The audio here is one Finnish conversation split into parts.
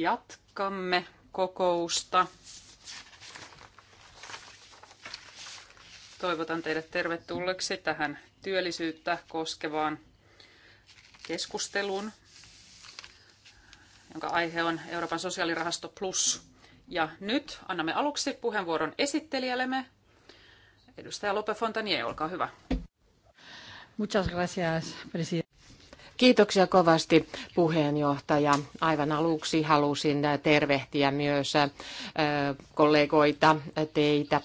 Jatkamme kokousta. Toivotan teidät tervetulleeksi tähän työllisyyttä koskevaan keskusteluun, jonka aihe on Euroopan sosiaalirahasto Plus. Ja nyt annamme aluksi puheenvuoron esittelijällemme, edustaja Lope Fontanier, olkaa hyvä. Muchas gracias, presidente. Kiitoksia kovasti puheenjohtaja. Aivan aluksi halusin tervehtiä myös äh, kollegoita, teitä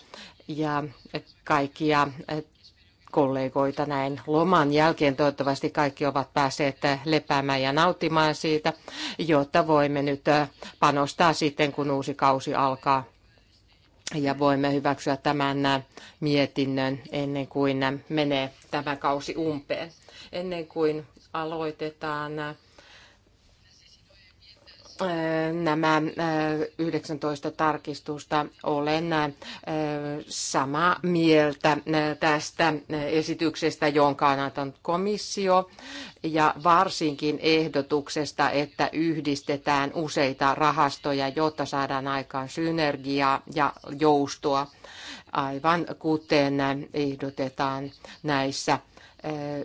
ja kaikkia äh, kollegoita näin loman jälkeen. Toivottavasti kaikki ovat päässeet lepäämään ja nauttimaan siitä, jotta voimme nyt äh, panostaa sitten, kun uusi kausi alkaa. Ja voimme hyväksyä tämän mietinnön ennen kuin menee tämä kausi umpeen. Ennen kuin aloitetaan äh, nämä 19 äh, tarkistusta. Olen äh, samaa mieltä tästä esityksestä, jonka on antanut komissio, ja varsinkin ehdotuksesta, että yhdistetään useita rahastoja, jotta saadaan aikaan synergiaa ja joustoa, aivan kuten ehdotetaan näissä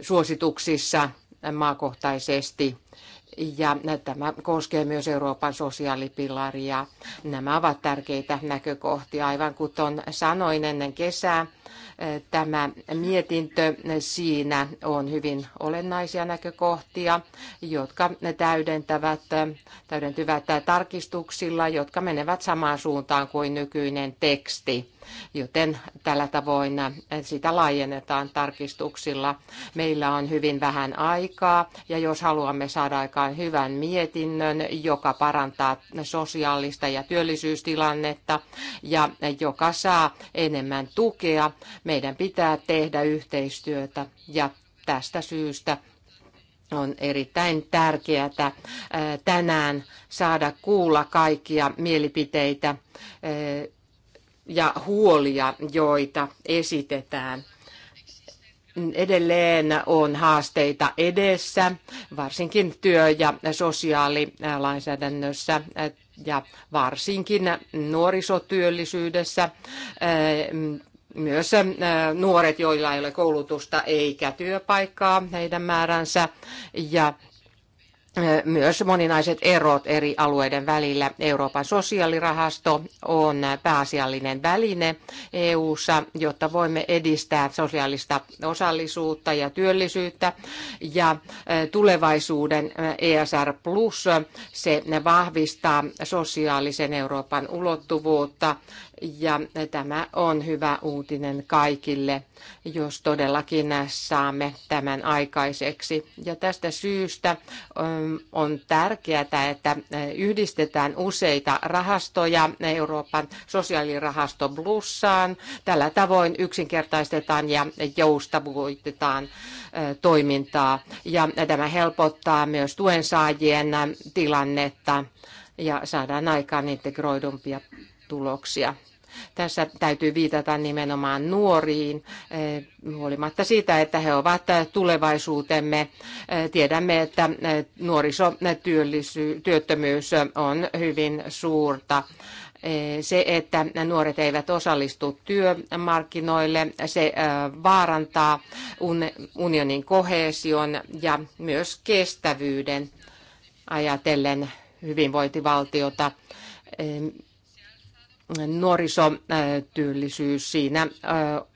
suosituksissa – maakohtaisesti. Ja tämä koskee myös Euroopan sosiaalipilaria. Nämä ovat tärkeitä näkökohtia. Aivan kuten sanoin ennen kesää, tämä mietintö, siinä on hyvin olennaisia näkökohtia, jotka täydentävät, täydentyvät tarkistuksilla, jotka menevät samaan suuntaan kuin nykyinen teksti joten tällä tavoin sitä laajennetaan tarkistuksilla. Meillä on hyvin vähän aikaa ja jos haluamme saada aikaan hyvän mietinnön, joka parantaa sosiaalista ja työllisyystilannetta ja joka saa enemmän tukea, meidän pitää tehdä yhteistyötä ja tästä syystä on erittäin tärkeää tänään saada kuulla kaikkia mielipiteitä ja huolia, joita esitetään. Edelleen on haasteita edessä, varsinkin työ- ja sosiaalilainsäädännössä ja varsinkin nuorisotyöllisyydessä. Myös nuoret, joilla ei ole koulutusta eikä työpaikkaa, heidän määränsä ja myös moninaiset erot eri alueiden välillä. Euroopan sosiaalirahasto on pääasiallinen väline EU:ssa, jotta voimme edistää sosiaalista osallisuutta ja työllisyyttä. Ja tulevaisuuden ESR Plus, se vahvistaa sosiaalisen Euroopan ulottuvuutta ja tämä on hyvä uutinen kaikille, jos todellakin saamme tämän aikaiseksi. Ja tästä syystä ähm, on tärkeää, että äh, yhdistetään useita rahastoja Euroopan sosiaalirahasto Blussaan. Tällä tavoin yksinkertaistetaan ja joustavoitetaan äh, toimintaa. Ja tämä helpottaa myös tuensaajien äh, tilannetta ja saadaan aikaan integroidumpia tuloksia. Tässä täytyy viitata nimenomaan nuoriin, eh, huolimatta siitä, että he ovat tulevaisuutemme. Eh, tiedämme, että eh, nuorisotyöttömyys on hyvin suurta se, että nuoret eivät osallistu työmarkkinoille, se vaarantaa unionin kohesion ja myös kestävyyden ajatellen hyvinvointivaltiota nuorisotyöllisyys. Siinä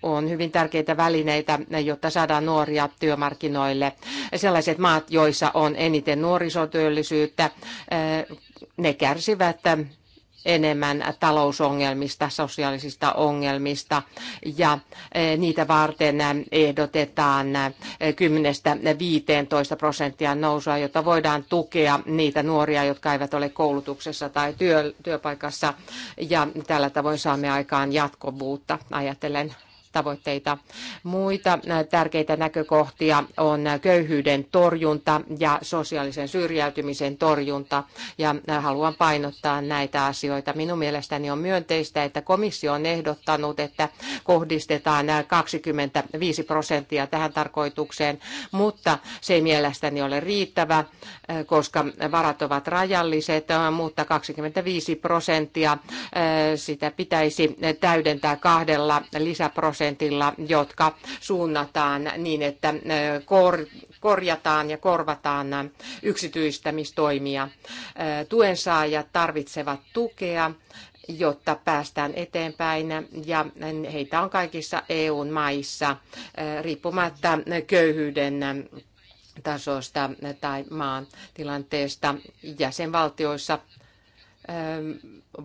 on hyvin tärkeitä välineitä, jotta saadaan nuoria työmarkkinoille. Sellaiset maat, joissa on eniten nuorisotyöllisyyttä, ne kärsivät enemmän talousongelmista, sosiaalisista ongelmista ja e, niitä varten ehdotetaan 10-15 prosenttia nousua, jotta voidaan tukea niitä nuoria, jotka eivät ole koulutuksessa tai työ, työpaikassa ja tällä tavoin saamme aikaan jatkuvuutta ajatellen tavoitteita. Muita tärkeitä näkökohtia on köyhyyden torjunta ja sosiaalisen syrjäytymisen torjunta. Ja haluan painottaa näitä asioita. Minun mielestäni on myönteistä, että komissio on ehdottanut, että kohdistetaan 25 prosenttia tähän tarkoitukseen, mutta se ei mielestäni ole riittävä, koska varat ovat rajalliset, mutta 25 prosenttia sitä pitäisi täydentää kahdella lisäprosentilla prosentilla, jotka suunnataan niin, että korjataan ja korvataan yksityistämistoimia. Tuensaajat tarvitsevat tukea jotta päästään eteenpäin ja heitä on kaikissa EUn maissa riippumatta köyhyyden tasosta tai maan tilanteesta jäsenvaltioissa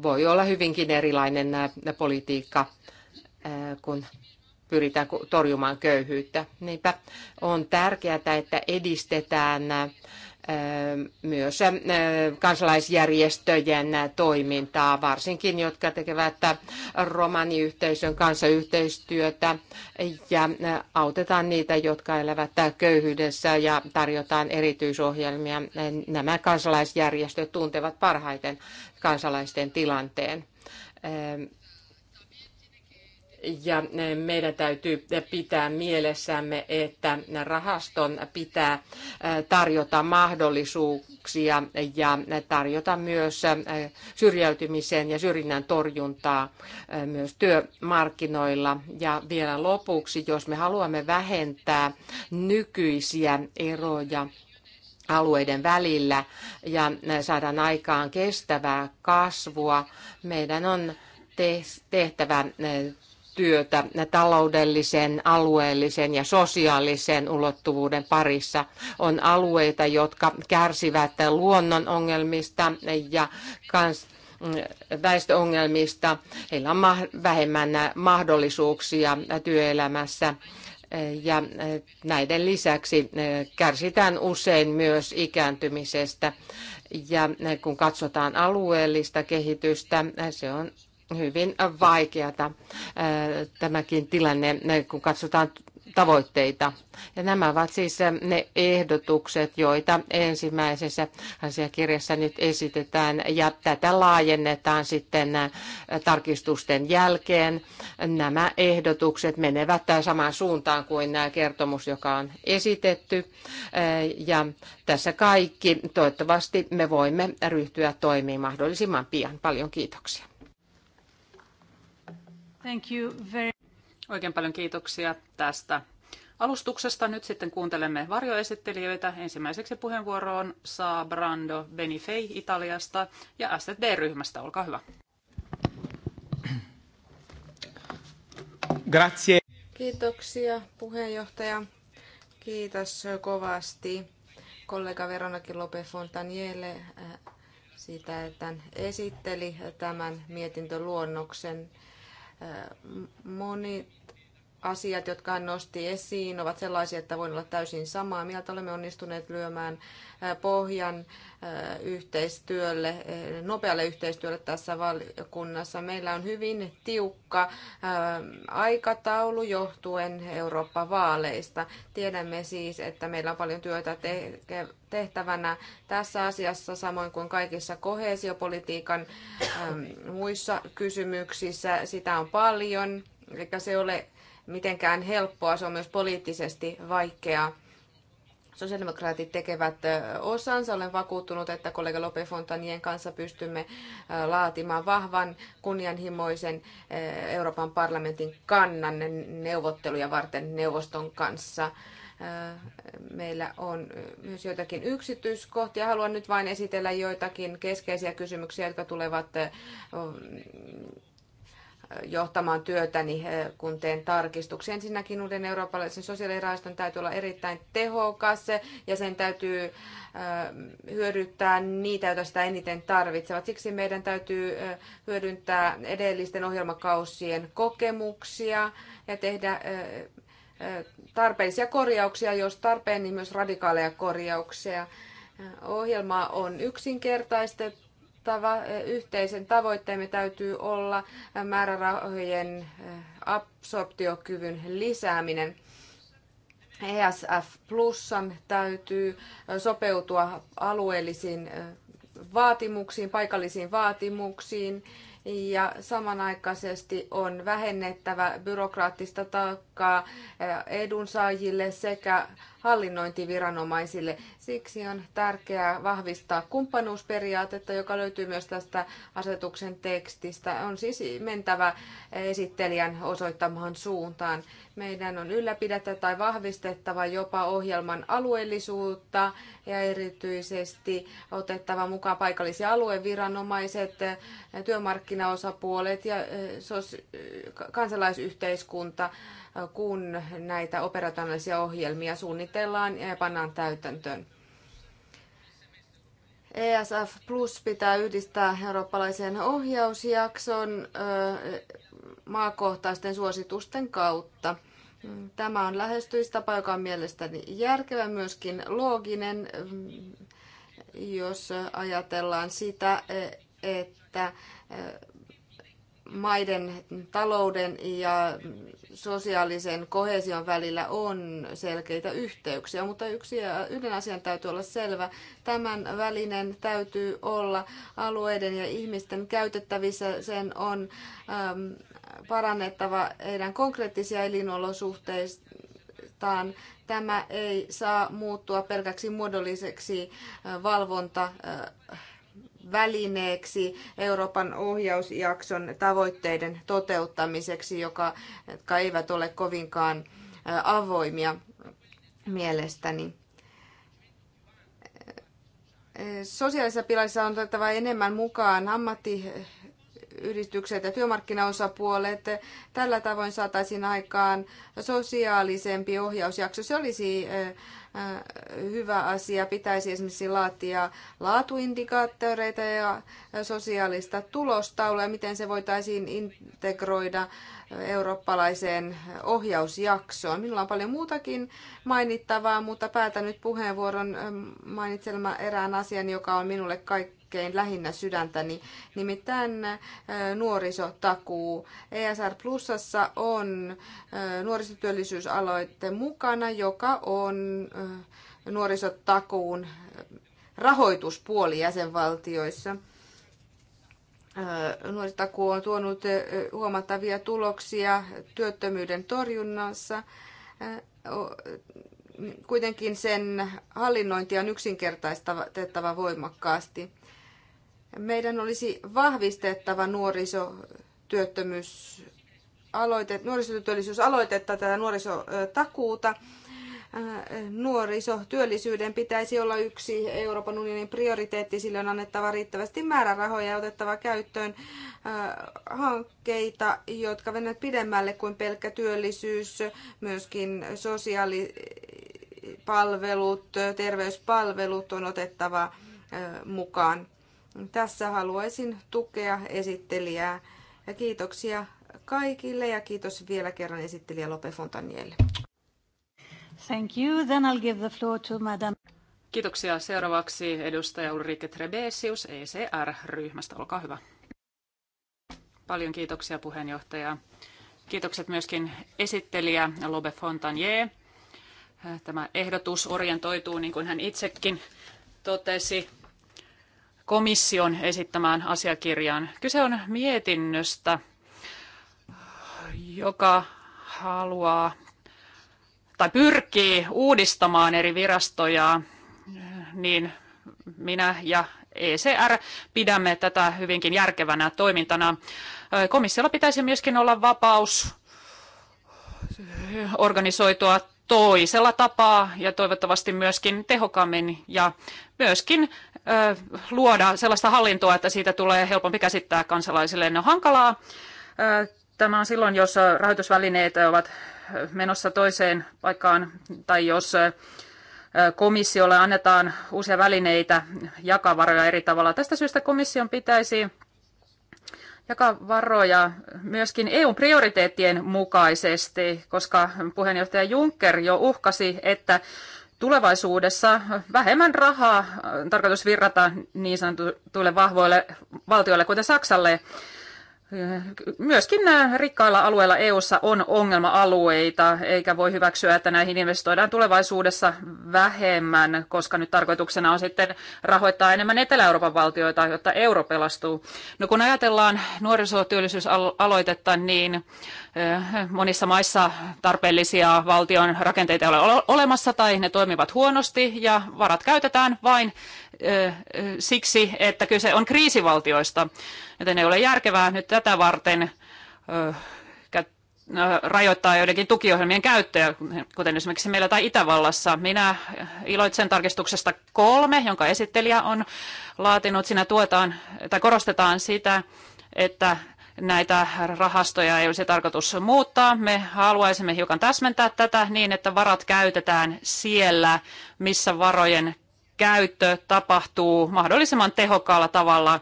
voi olla hyvinkin erilainen politiikka, kun pyritään torjumaan köyhyyttä. Niinpä on tärkeää, että edistetään myös kansalaisjärjestöjen toimintaa, varsinkin jotka tekevät romaniyhteisön kanssa yhteistyötä ja autetaan niitä, jotka elävät köyhyydessä ja tarjotaan erityisohjelmia. Nämä kansalaisjärjestöt tuntevat parhaiten kansalaisten tilanteen ja eh, meidän täytyy pitää mielessämme, että rahaston pitää eh, tarjota mahdollisuuksia ja tarjota myös eh, syrjäytymiseen ja syrjinnän torjuntaa myös työmarkkinoilla. Ja vielä lopuksi, jos me haluamme vähentää nykyisiä eroja alueiden välillä ja saadaan aikaan kestävää kasvua, meidän on tehtävä työtä taloudellisen, alueellisen ja sosiaalisen ulottuvuuden parissa. On alueita, jotka kärsivät luonnon ongelmista ja kans mm, väestöongelmista. Heillä on vähemmän mahdollisuuksia työelämässä ja eh, näiden lisäksi eh, kärsitään usein myös ikääntymisestä. Ja eh, kun katsotaan alueellista kehitystä, se on hyvin vaikeata äh, tämäkin tilanne, äh, kun katsotaan tavoitteita. Ja nämä ovat siis äh, ne ehdotukset, joita ensimmäisessä asiakirjassa nyt esitetään ja tätä laajennetaan sitten tarkistusten jälkeen. Nämä ehdotukset menevät samaan suuntaan kuin nämä kertomus, joka on esitetty. Ja tässä kaikki. Toivottavasti me voimme ryhtyä toimiin mahdollisimman pian. Paljon kiitoksia. Thank you very... Oikein paljon kiitoksia tästä alustuksesta. Nyt sitten kuuntelemme varjoesittelijöitä. Ensimmäiseksi puheenvuoroon saa Brando Benifei Italiasta ja SD-ryhmästä. Olkaa hyvä. Grazie. Kiitoksia puheenjohtaja. Kiitos kovasti kollega Veronakin Lope Fontanielle äh, siitä, että hän esitteli tämän mietintöluonnoksen. luonnoksen moni asiat, jotka hän nosti esiin, ovat sellaisia, että voin olla täysin samaa mieltä. Olemme onnistuneet lyömään pohjan yhteistyölle, nopealle yhteistyölle tässä valiokunnassa. Meillä on hyvin tiukka aikataulu johtuen Eurooppa-vaaleista. Tiedämme siis, että meillä on paljon työtä tehtävänä tässä asiassa, samoin kuin kaikissa kohesiopolitiikan muissa kysymyksissä. Sitä on paljon, eikä se ole mitenkään helppoa, se on myös poliittisesti vaikeaa. Sosiaalidemokraatit tekevät osansa. Olen vakuuttunut, että kollega Lope Fontanien kanssa pystymme laatimaan vahvan, kunnianhimoisen Euroopan parlamentin kannan neuvotteluja varten neuvoston kanssa. Meillä on myös joitakin yksityiskohtia. Haluan nyt vain esitellä joitakin keskeisiä kysymyksiä, jotka tulevat johtamaan työtäni, eh, kun teen tarkistuksia. Ensinnäkin uuden eurooppalaisen sosiaalirahaston täytyy olla erittäin tehokas ja sen täytyy eh, hyödyttää niitä, joita sitä eniten tarvitsevat. Siksi meidän täytyy eh, hyödyntää edellisten ohjelmakausien kokemuksia ja tehdä tarpeellisia korjauksia, jos tarpeen, niin myös radikaaleja korjauksia. Ohjelma on yksinkertaistettu tava, eh, Yhteisen tavoitteemme täytyy olla eh, määrärahojen eh, absorptiokyvyn lisääminen. ESF Plusan täytyy sopeutua alueellisiin vaatimuksiin, paikallisiin vaatimuksiin ja samanaikaisesti on vähennettävä byrokraattista taakkaa edunsaajille sekä hallinnointiviranomaisille. Siksi on tärkeää vahvistaa kumppanuusperiaatetta, joka löytyy myös tästä asetuksen tekstistä. On siis mentävä esittelijän osoittamaan suuntaan. Meidän on ylläpidettävä tai vahvistettava jopa ohjelman alueellisuutta ja erityisesti otettava mukaan paikallisia alueviranomaiset, työmarkkinaosapuolet ja eh, kansalaisyhteiskunta kun näitä operationaalisia ohjelmia suunnitellaan ja pannaan täytäntöön. ESF Plus pitää yhdistää eurooppalaisen ohjausjakson maakohtaisten suositusten kautta. Tämä on lähestyistapa, joka on mielestäni järkevä, myöskin looginen, mm, jos ajatellaan sitä, e, että maiden talouden ja sosiaalisen kohesion välillä on selkeitä yhteyksiä, mutta yksi, yhden asian täytyy olla selvä. Tämän välinen täytyy olla alueiden ja ihmisten käytettävissä. Sen on äm, parannettava heidän konkreettisia elinolosuhteistaan. Tämä ei saa muuttua pelkäksi muodolliseksi äh, valvonta. Äh, välineeksi Euroopan ohjausjakson tavoitteiden toteuttamiseksi, joka, jotka eivät ole kovinkaan avoimia mielestäni. Sosiaalisessa pilassa on otettava enemmän mukaan ammatti yhdistykset ja työmarkkinaosapuolet. Tällä tavoin saataisiin aikaan sosiaalisempi ohjausjakso. Se olisi hyvä asia. Pitäisi esimerkiksi laatia laatuindikaattoreita ja sosiaalista tulostaulua, miten se voitaisiin integroida eurooppalaiseen ohjausjaksoon. Minulla on paljon muutakin mainittavaa, mutta päätän nyt puheenvuoron mainitselma erään asian, joka on minulle kaikki kaikkein lähinnä sydäntäni, nimittäin nuorisotakuu. ESR Plusassa on nuorisotyöllisyysaloitte mukana, joka on nuorisotakuun rahoituspuoli jäsenvaltioissa. Nuorisotakuu on tuonut huomattavia tuloksia työttömyyden torjunnassa. Kuitenkin sen hallinnointia on yksinkertaistettava voimakkaasti. Meidän olisi vahvistettava nuorisotyöttömyys nuorisotyöllisyys nuorisotyöllisyysaloitetta, tätä nuorisotakuuta. Nuorisotyöllisyyden pitäisi olla yksi Euroopan unionin prioriteetti, sillä on annettava riittävästi määrärahoja ja otettava käyttöön äh, hankkeita, jotka menevät pidemmälle kuin pelkkä työllisyys, myöskin sosiaalipalvelut, terveyspalvelut on otettava äh, mukaan. Tässä haluaisin tukea esittelijää ja kiitoksia kaikille ja kiitos vielä kerran esittelijä Lope Fontanielle. Thank you. Then I'll give the floor to Madame. Kiitoksia. Seuraavaksi edustaja Ulrike Trebesius ECR-ryhmästä. Olkaa hyvä. Paljon kiitoksia puheenjohtaja. Kiitokset myöskin esittelijä Lobe Fontanier. Tämä ehdotus orientoituu, niin kuin hän itsekin totesi, komission esittämään asiakirjaan. Kyse on mietinnöstä, joka haluaa tai pyrkii uudistamaan eri virastoja, niin minä ja ECR pidämme tätä hyvinkin järkevänä toimintana. Komissiolla pitäisi myöskin olla vapaus organisoitua toisella tapaa ja toivottavasti myöskin tehokkaammin ja myöskin luoda sellaista hallintoa, että siitä tulee helpompi käsittää kansalaisille. Ne on hankalaa. Tämä on silloin, jos rahoitusvälineet ovat menossa toiseen paikkaan tai jos komissiolle annetaan uusia välineitä jakaa varoja eri tavalla. Tästä syystä komission pitäisi jakaa varoja myöskin EUn prioriteettien mukaisesti, koska puheenjohtaja Juncker jo uhkasi, että tulevaisuudessa vähemmän rahaa tarkoitus virrata niin sanotuille vahvoille valtioille, kuten Saksalle. Myöskin rikkailla alueilla EU:ssa on ongelma-alueita, eikä voi hyväksyä, että näihin investoidaan tulevaisuudessa vähemmän, koska nyt tarkoituksena on sitten rahoittaa enemmän Etelä-Euroopan valtioita, jotta euro pelastuu. No kun ajatellaan nuorisotyöllisyysaloitetta, niin monissa maissa tarpeellisia valtion rakenteita ei ole olemassa tai ne toimivat huonosti ja varat käytetään vain siksi, että kyse on kriisivaltioista, joten ei ole järkevää nyt tätä varten rajoittaa joidenkin tukiohjelmien käyttöä, kuten esimerkiksi meillä tai Itävallassa. Minä iloitsen tarkistuksesta kolme, jonka esittelijä on laatinut. Siinä tuetaan, tai korostetaan sitä, että näitä rahastoja ei olisi tarkoitus muuttaa. Me haluaisimme hiukan täsmentää tätä niin, että varat käytetään siellä, missä varojen käyttö tapahtuu mahdollisimman tehokkaalla tavalla.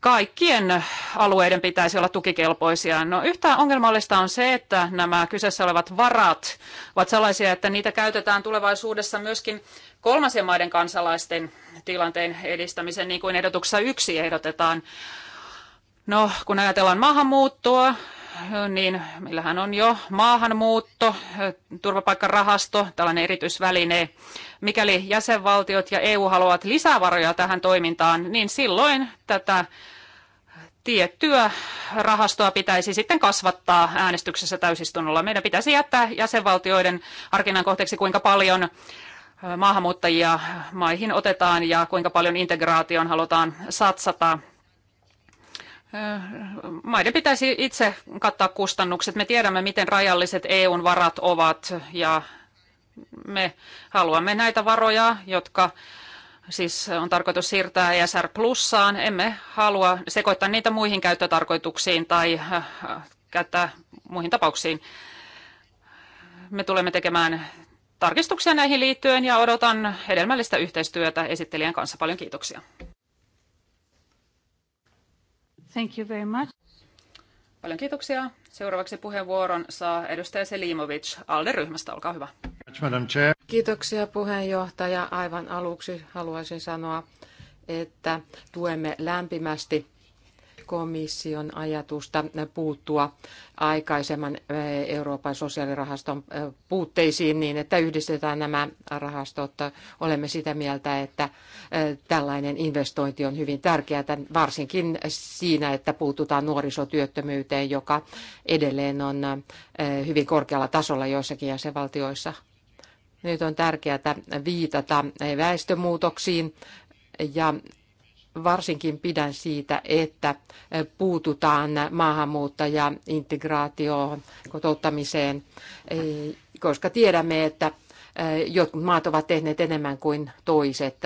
Kaikkien alueiden pitäisi olla tukikelpoisia. No, yhtä ongelmallista on se, että nämä kyseessä olevat varat ovat sellaisia, että niitä käytetään tulevaisuudessa myöskin kolmansien maiden kansalaisten tilanteen edistämiseen, niin kuin ehdotuksessa yksi ehdotetaan No, kun ajatellaan maahanmuuttoa, niin meillähän on jo maahanmuutto, turvapaikkarahasto, tällainen erityisväline. Mikäli jäsenvaltiot ja EU haluavat lisävaroja tähän toimintaan, niin silloin tätä tiettyä rahastoa pitäisi sitten kasvattaa äänestyksessä täysistunnolla. Meidän pitäisi jättää jäsenvaltioiden harkinnan kohteeksi, kuinka paljon maahanmuuttajia maihin otetaan ja kuinka paljon integraation halutaan satsata Maiden pitäisi itse kattaa kustannukset. Me tiedämme, miten rajalliset EUn varat ovat ja me haluamme näitä varoja, jotka siis on tarkoitus siirtää ESR plussaan. Emme halua sekoittaa niitä muihin käyttötarkoituksiin tai äh, käyttää muihin tapauksiin. Me tulemme tekemään tarkistuksia näihin liittyen ja odotan hedelmällistä yhteistyötä esittelijän kanssa. Paljon kiitoksia. Thank you very much. Paljon kiitoksia. Seuraavaksi puheenvuoron saa edustaja Selimovic ALDE-ryhmästä. Olkaa hyvä. Kiitoksia puheenjohtaja. Aivan aluksi haluaisin sanoa, että tuemme lämpimästi komission ajatusta puuttua aikaisemman eh, Euroopan sosiaalirahaston eh, puutteisiin niin, että yhdistetään nämä rahastot. Olemme sitä mieltä, että eh, tällainen investointi on hyvin tärkeää, varsinkin siinä, että puututaan nuorisotyöttömyyteen, joka edelleen on hyvin korkealla tasolla joissakin jäsenvaltioissa. Nyt on tärkeää viitata väestömuutoksiin ja varsinkin pidän siitä, että puututaan maahanmuuttaja integraatioon, kotouttamiseen, koska tiedämme, että jotkut maat ovat tehneet enemmän kuin toiset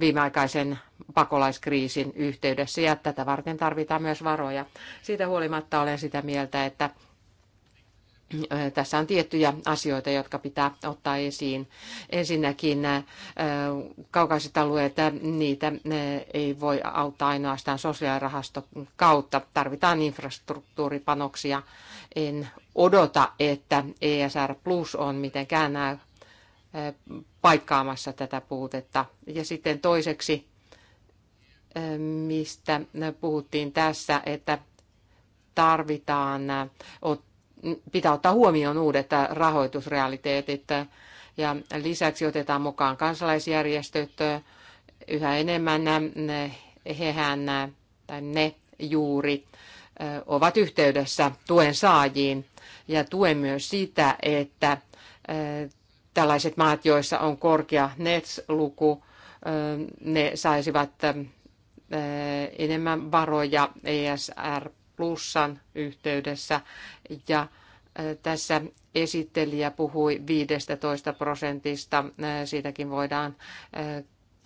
viimeaikaisen pakolaiskriisin yhteydessä ja tätä varten tarvitaan myös varoja. Siitä huolimatta olen sitä mieltä, että tässä on tiettyjä asioita, jotka pitää ottaa esiin. Ensinnäkin nämä kaukaiset alueet, niitä ei voi auttaa ainoastaan sosiaalirahasto kautta. Tarvitaan infrastruktuuripanoksia. En odota, että ESR Plus on mitenkään nämä paikkaamassa tätä puutetta. Ja sitten toiseksi, mistä puhuttiin tässä, että tarvitaan pitää ottaa huomioon uudet rahoitusrealiteetit ja lisäksi otetaan mukaan kansalaisjärjestöt yhä enemmän. Hehän tai ne juuri ovat yhteydessä tuen saajiin ja tuen myös sitä, että tällaiset maat, joissa on korkea NETS-luku, ne saisivat enemmän varoja ESR plussan yhteydessä ja tässä esittelijä puhui 15 prosentista. Siitäkin voidaan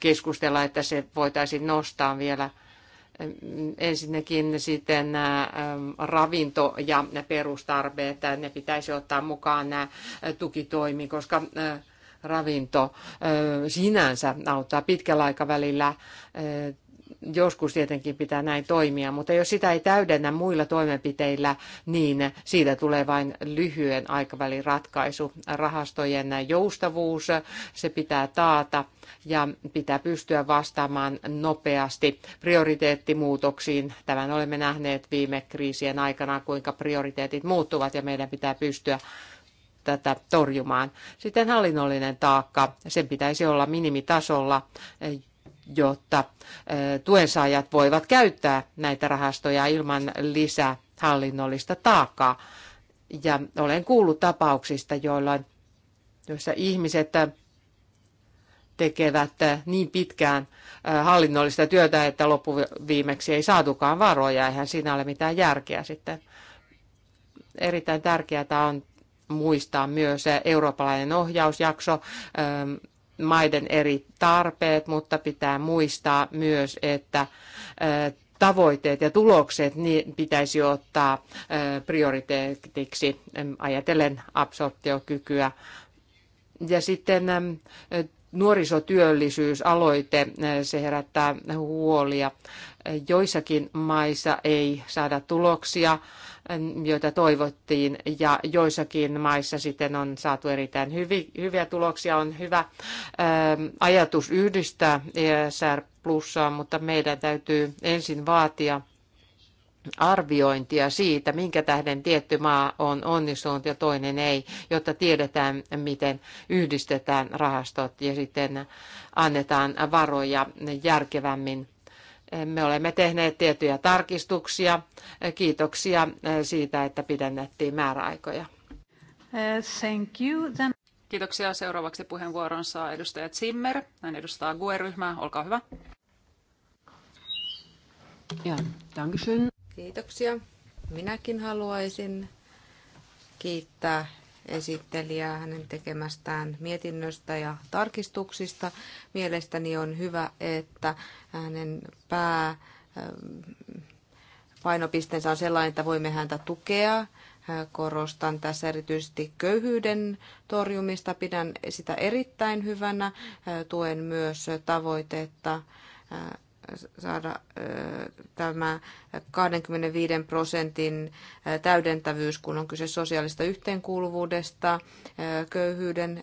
keskustella, että se voitaisiin nostaa vielä ensinnäkin sitten ravinto ja perustarpeet, ne pitäisi ottaa mukaan nämä tukitoimi, koska ravinto sinänsä auttaa pitkällä aikavälillä joskus tietenkin pitää näin toimia, mutta jos sitä ei täydennä muilla toimenpiteillä, niin siitä tulee vain lyhyen aikavälin ratkaisu. Rahastojen joustavuus, se pitää taata ja pitää pystyä vastaamaan nopeasti prioriteettimuutoksiin. Tämän olemme nähneet viime kriisien aikana, kuinka prioriteetit muuttuvat ja meidän pitää pystyä tätä torjumaan. Sitten hallinnollinen taakka, sen pitäisi olla minimitasolla, jotta tuensaajat voivat käyttää näitä rahastoja ilman lisää hallinnollista taakkaa. Ja olen kuullut tapauksista, joilla, joissa ihmiset tekevät niin pitkään hallinnollista työtä, että loppuviimeksi ei saatukaan varoja, eihän siinä ole mitään järkeä sitten. Erittäin tärkeää on muistaa myös eurooppalainen ohjausjakso, maiden eri tarpeet, mutta pitää muistaa myös, että tavoitteet ja tulokset niin pitäisi ottaa prioriteetiksi ajatellen absorptiokykyä. Ja sitten nuorisotyöllisyysaloite, se herättää huolia. Joissakin maissa ei saada tuloksia joita toivottiin, ja joissakin maissa sitten on saatu erittäin hyvi, hyviä tuloksia. On hyvä ajatus yhdistää ESR plusaan, mutta meidän täytyy ensin vaatia arviointia siitä, minkä tähden tietty maa on onnistunut ja toinen ei, jotta tiedetään, miten yhdistetään rahastot ja sitten annetaan varoja järkevämmin me olemme tehneet tiettyjä tarkistuksia. Kiitoksia eh, siitä, että pidennettiin määräaikoja. Eh, thank you. Then... Kiitoksia. Seuraavaksi puheenvuoron saa edustaja Zimmer. Hän edustaa GUE-ryhmää. Olkaa hyvä. Ja, Dankeschön. Kiitoksia. Minäkin haluaisin kiittää esittelijää hänen tekemästään mietinnöstä ja tarkistuksista. Mielestäni on hyvä, että hänen pää ähm, painopisteensä on sellainen, että voimme häntä tukea. Äh, korostan tässä erityisesti köyhyyden torjumista. Pidän sitä erittäin hyvänä. Äh, tuen myös tavoitetta äh, saada tämä 25 prosentin täydentävyys, kun on kyse sosiaalista yhteenkuuluvuudesta, köyhyyden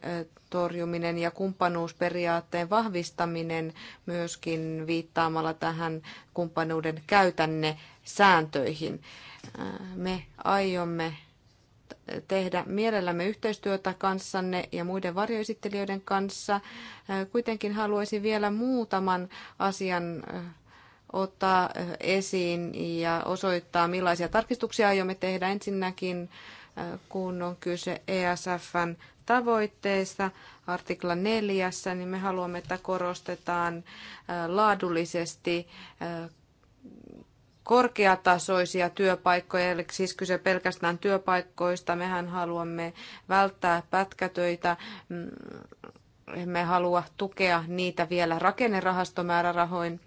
torjuminen ja kumppanuusperiaatteen vahvistaminen myöskin viittaamalla tähän kumppanuuden käytänne sääntöihin. Me aiomme tehdä mielellämme yhteistyötä kanssanne ja muiden varjoesittelijöiden kanssa. Kuitenkin haluaisin vielä muutaman asian ottaa esiin ja osoittaa, millaisia tarkistuksia aiomme tehdä. Ensinnäkin, kun on kyse ESFn tavoitteista, artikla neljässä, niin me haluamme, että korostetaan laadullisesti korkeatasoisia työpaikkoja, eli siis kyse pelkästään työpaikkoista. Mehän haluamme välttää pätkätöitä, mm, emme halua tukea niitä vielä rakennerahastomäärärahoin.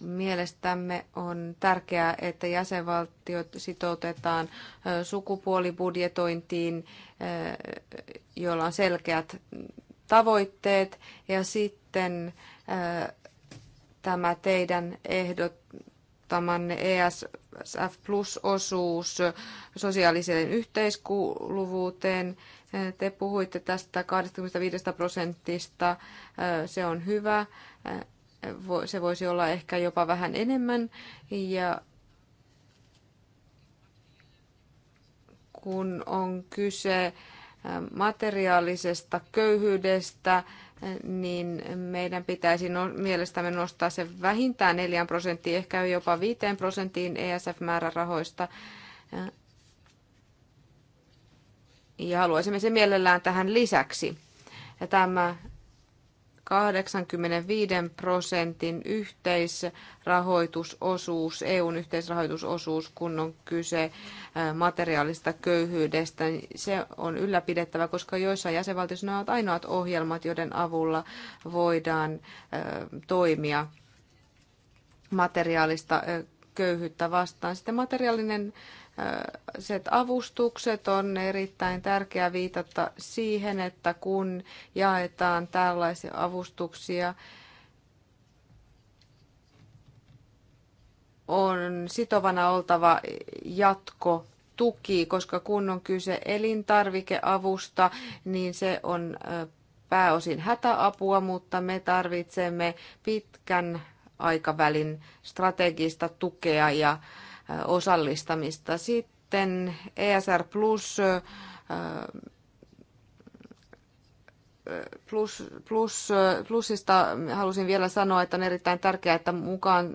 Mielestämme on tärkeää, että jäsenvaltiot sitoutetaan sukupuolibudjetointiin, jolla on selkeät tavoitteet, ja sitten tämä teidän ehdottamanne ESF Plus-osuus sosiaaliseen yhteiskuuluvuuteen. Te puhuitte tästä 25 prosentista, se on hyvä. Se voisi olla ehkä jopa vähän enemmän. Ja kun on kyse materiaalisesta köyhyydestä, niin meidän pitäisi no, mielestämme nostaa se vähintään 4 prosenttiin, ehkä jopa 5 prosenttiin ESF-määrärahoista. Ja haluaisimme se mielellään tähän lisäksi. Ja tämä 85 prosentin yhteisrahoitusosuus, EUn yhteisrahoitusosuus, kun on kyse materiaalista köyhyydestä, se on ylläpidettävä, koska joissain jäsenvaltioissa ne ovat ainoat ohjelmat, joiden avulla voidaan toimia materiaalista köyhyyttä vastaan. Sitten materiaalinen avustukset on erittäin tärkeää viitata siihen, että kun jaetaan tällaisia avustuksia, on sitovana oltava jatko tuki, koska kun on kyse elintarvikeavusta, niin se on pääosin hätäapua, mutta me tarvitsemme pitkän aikavälin strategista tukea ja osallistamista. Sitten ESR Plus plus, plus, plusista halusin vielä sanoa, että on erittäin tärkeää, että mukaan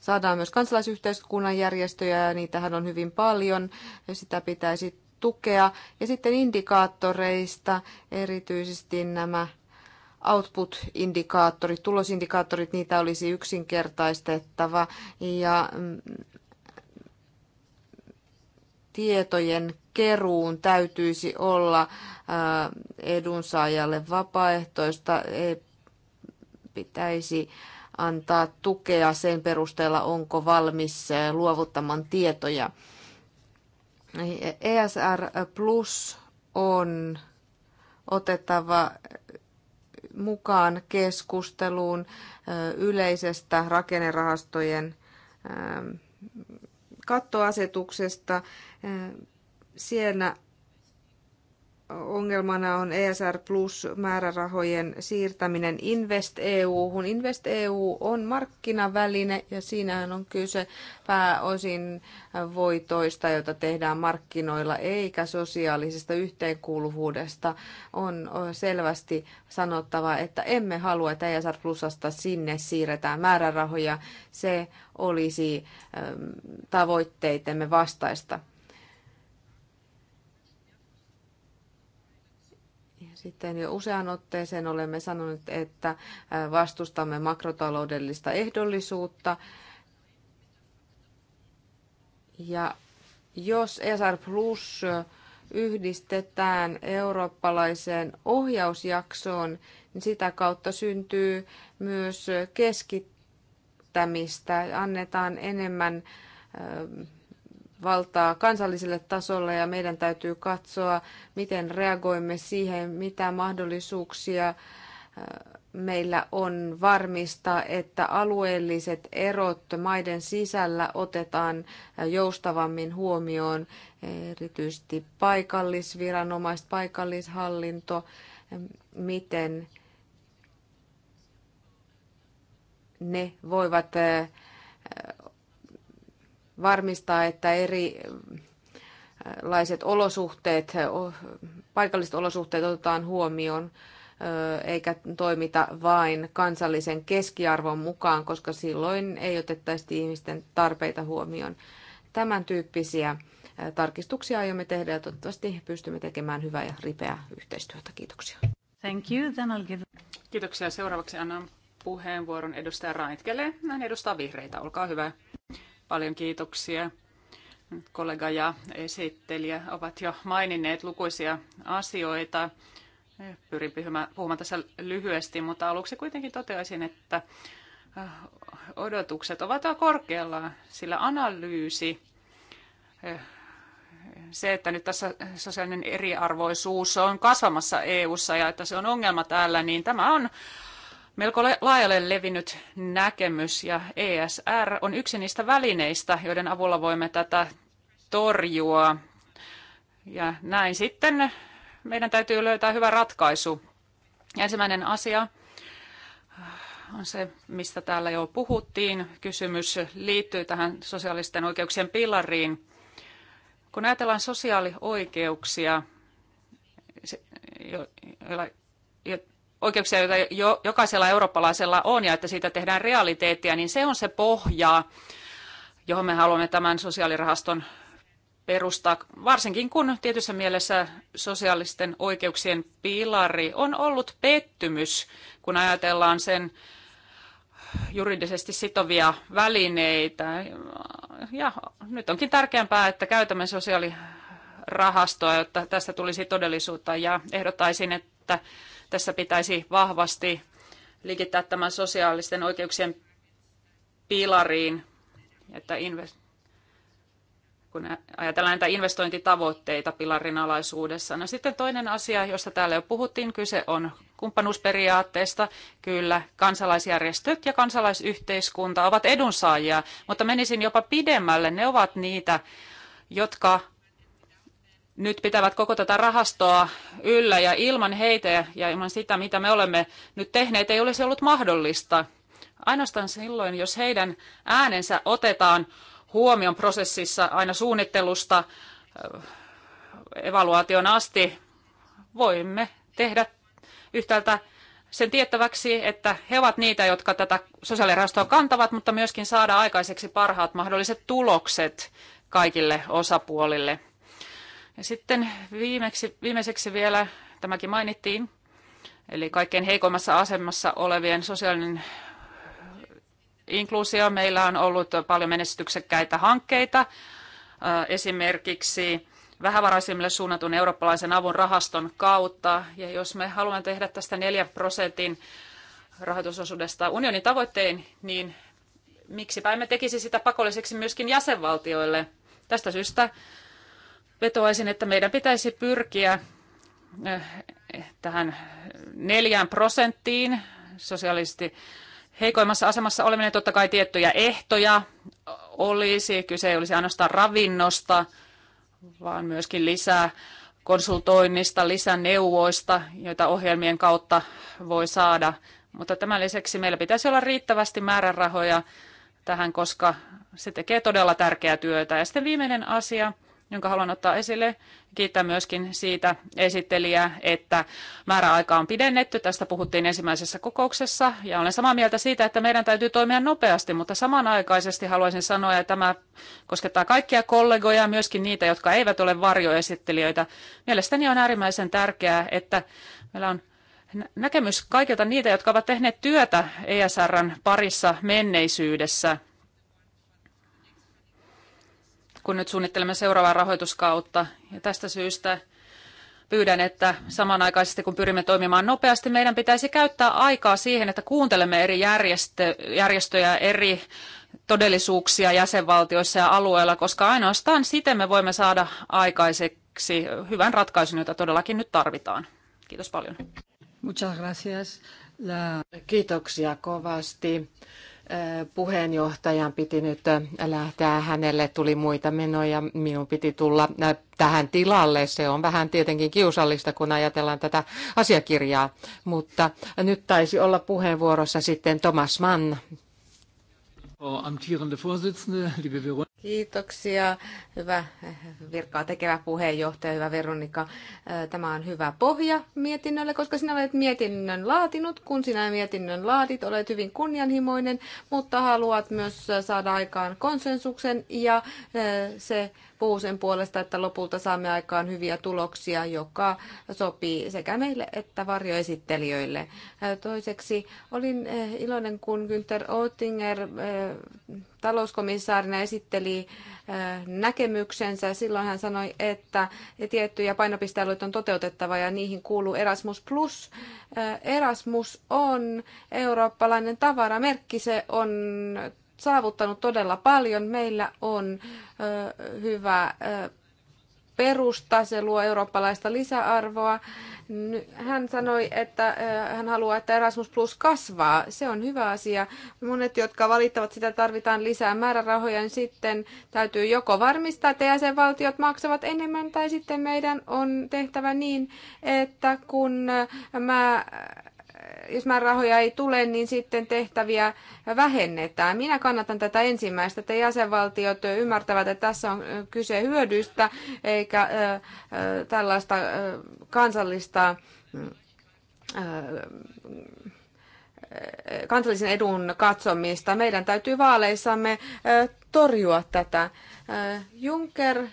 saadaan myös kansalaisyhteiskunnan järjestöjä, ja niitähän on hyvin paljon, ja sitä pitäisi tukea. Ja sitten indikaattoreista, erityisesti nämä output-indikaattorit, tulosindikaattorit, niitä olisi yksinkertaistettava, ja mm, tietojen keruun täytyisi olla äh, edunsaajalle vapaaehtoista. pitäisi antaa tukea sen perusteella, onko valmis äh, luovuttamaan tietoja. ESR Plus on otettava mukaan keskusteluun äh, yleisestä rakennerahastojen ähm, kattoasetuksesta. Eh, siellä ongelmana on ESR Plus määrärahojen siirtäminen Invest EU-hun. Invest EU on markkinaväline ja siinähän on kyse pääosin voitoista, joita tehdään markkinoilla, eikä sosiaalisesta yhteenkuuluvuudesta. On selvästi sanottava, että emme halua, että ESR Plusasta sinne siirretään määrärahoja. Se olisi tavoitteitemme vastaista. Sitten jo usean otteeseen olemme sanoneet, että vastustamme makrotaloudellista ehdollisuutta. Ja jos ESR Plus yhdistetään eurooppalaiseen ohjausjaksoon, niin sitä kautta syntyy myös keskittämistä. Annetaan enemmän valtaa kansalliselle tasolle ja meidän täytyy katsoa, miten reagoimme siihen, mitä mahdollisuuksia äh, meillä on varmistaa, että alueelliset erot maiden sisällä otetaan äh, joustavammin huomioon, erityisesti paikallisviranomaiset, paikallishallinto, äh, miten ne voivat varmistaa, että eri laiset olosuhteet, paikalliset olosuhteet otetaan huomioon eikä toimita vain kansallisen keskiarvon mukaan, koska silloin ei otettaisi ihmisten tarpeita huomioon. Tämän tyyppisiä tarkistuksia aiomme tehdä ja toivottavasti pystymme tekemään hyvää ja ripeää yhteistyötä. Kiitoksia. Thank you. Then I'll give... Kiitoksia. Seuraavaksi annan puheenvuoron edustaja Raitkelle. Hän edustaa vihreitä. Olkaa hyvä. Paljon kiitoksia. Kollega ja esittelijä ovat jo maininneet lukuisia asioita. Pyrin puhumaan tässä lyhyesti, mutta aluksi kuitenkin toteaisin, että äh, odotukset ovat jo korkealla, sillä analyysi, äh, se, että nyt tässä sosiaalinen eriarvoisuus on kasvamassa EU:ssa ja että se on ongelma täällä, niin tämä on melko laajalle levinnyt näkemys ja ESR on yksi niistä välineistä, joiden avulla voimme tätä torjua. Ja näin sitten meidän täytyy löytää hyvä ratkaisu. Ensimmäinen asia äh, on se, mistä täällä jo puhuttiin. Kysymys liittyy tähän sosiaalisten oikeuksien pilariin. Kun ajatellaan sosiaalioikeuksia, joilla oikeuksia, joita jo, jokaisella eurooppalaisella on ja että siitä tehdään realiteettia, niin se on se pohja, johon me haluamme tämän sosiaalirahaston perustaa, varsinkin kun tietyssä mielessä sosiaalisten oikeuksien pilari on ollut pettymys, kun ajatellaan sen juridisesti sitovia välineitä. Ja nyt onkin tärkeämpää, että käytämme sosiaalirahastoa, jotta tästä tulisi todellisuutta ja ehdottaisin, että tässä pitäisi vahvasti liikittää tämän sosiaalisten oikeuksien pilariin, että invest- kun ajatellaan näitä investointitavoitteita pilarin alaisuudessa. No sitten toinen asia, josta täällä jo puhuttiin, kyse on kumppanuusperiaatteesta. Kyllä, kansalaisjärjestöt ja kansalaisyhteiskunta ovat edunsaajia, mutta menisin jopa pidemmälle. Ne ovat niitä, jotka nyt pitävät koko tätä rahastoa yllä ja ilman heitä ja ilman sitä, mitä me olemme nyt tehneet, ei olisi ollut mahdollista. Ainoastaan silloin, jos heidän äänensä otetaan huomion prosessissa aina suunnittelusta äh, evaluaation asti, voimme tehdä yhtäältä sen tiettäväksi, että he ovat niitä, jotka tätä sosiaalirahastoa kantavat, mutta myöskin saada aikaiseksi parhaat mahdolliset tulokset kaikille osapuolille. Ja sitten viimeksi, viimeiseksi vielä, tämäkin mainittiin, eli kaikkein heikoimmassa asemassa olevien sosiaalinen inkluusio. Meillä on ollut paljon menestyksekkäitä hankkeita, äh, esimerkiksi vähävaraisimmille suunnatun eurooppalaisen avun rahaston kautta. Ja jos me haluamme tehdä tästä 4 prosentin rahoitusosuudesta unionin tavoitteen, niin miksipä emme tekisi sitä pakolliseksi myöskin jäsenvaltioille. Tästä syystä vetoaisin, että meidän pitäisi pyrkiä eh, tähän neljään prosenttiin sosiaalisesti heikoimmassa asemassa oleminen, totta kai tiettyjä ehtoja olisi, kyse ei olisi ainoastaan ravinnosta, vaan myöskin lisää konsultoinnista, lisäneuvoista, joita ohjelmien kautta voi saada. Mutta tämän lisäksi meillä pitäisi olla riittävästi määrärahoja tähän, koska se tekee todella tärkeää työtä. Ja sitten viimeinen asia, jonka haluan ottaa esille. Kiittää myöskin siitä esittelijää, että määräaika on pidennetty. Tästä puhuttiin ensimmäisessä kokouksessa ja olen samaa mieltä siitä, että meidän täytyy toimia nopeasti, mutta samanaikaisesti haluaisin sanoa, että tämä koskettaa kaikkia kollegoja, myöskin niitä, jotka eivät ole varjoesittelijöitä. Mielestäni on äärimmäisen tärkeää, että meillä on näkemys kaikilta niitä, jotka ovat tehneet työtä ESRn parissa menneisyydessä – kun nyt suunnittelemme seuraavaa rahoituskautta. Ja tästä syystä pyydän, että samanaikaisesti kun pyrimme toimimaan nopeasti, meidän pitäisi käyttää aikaa siihen, että kuuntelemme eri järjestö, järjestöjä, eri todellisuuksia jäsenvaltioissa ja alueilla, koska ainoastaan siten me voimme saada aikaiseksi hyvän ratkaisun, jota todellakin nyt tarvitaan. Kiitos paljon. Muchas gracias. La... Kiitoksia kovasti puheenjohtajan piti nyt lähteä, hänelle tuli muita menoja, minun piti tulla tähän tilalle. Se on vähän tietenkin kiusallista, kun ajatellaan tätä asiakirjaa, mutta nyt taisi olla puheenvuorossa sitten Thomas Mann Kiitoksia, hyvä virkaa tekevä puheenjohtaja, hyvä Veronika. Tämä on hyvä pohja mietinnölle, koska sinä olet mietinnön laatinut. Kun sinä mietinnön laadit, olet hyvin kunnianhimoinen, mutta haluat myös saada aikaan konsensuksen ja se puhuu sen puolesta, että lopulta saamme aikaan hyviä tuloksia, joka sopii sekä meille että varjoesittelijöille. Toiseksi olin eh, iloinen, kun Günther Oettinger eh, talouskomissaarina esitteli eh, näkemyksensä. Silloin hän sanoi, että tiettyjä painopistealueita on toteutettava ja niihin kuuluu Erasmus Plus. Erasmus on eurooppalainen tavaramerkki, se on saavuttanut todella paljon. Meillä on hyvä perusta, se luo eurooppalaista lisäarvoa. Hän sanoi, että hän haluaa, että Erasmus Plus kasvaa. Se on hyvä asia. Monet, jotka valittavat sitä, tarvitaan lisää määrärahoja, niin sitten täytyy joko varmistaa, että jäsenvaltiot maksavat enemmän, tai sitten meidän on tehtävä niin, että kun mä jos määrärahoja ei tule, niin sitten tehtäviä vähennetään. Minä kannatan tätä ensimmäistä, että jäsenvaltiot ymmärtävät, että tässä on kyse hyödystä eikä tällaista kansallista kansallisen edun katsomista. Meidän täytyy vaaleissamme torjua tätä. Juncker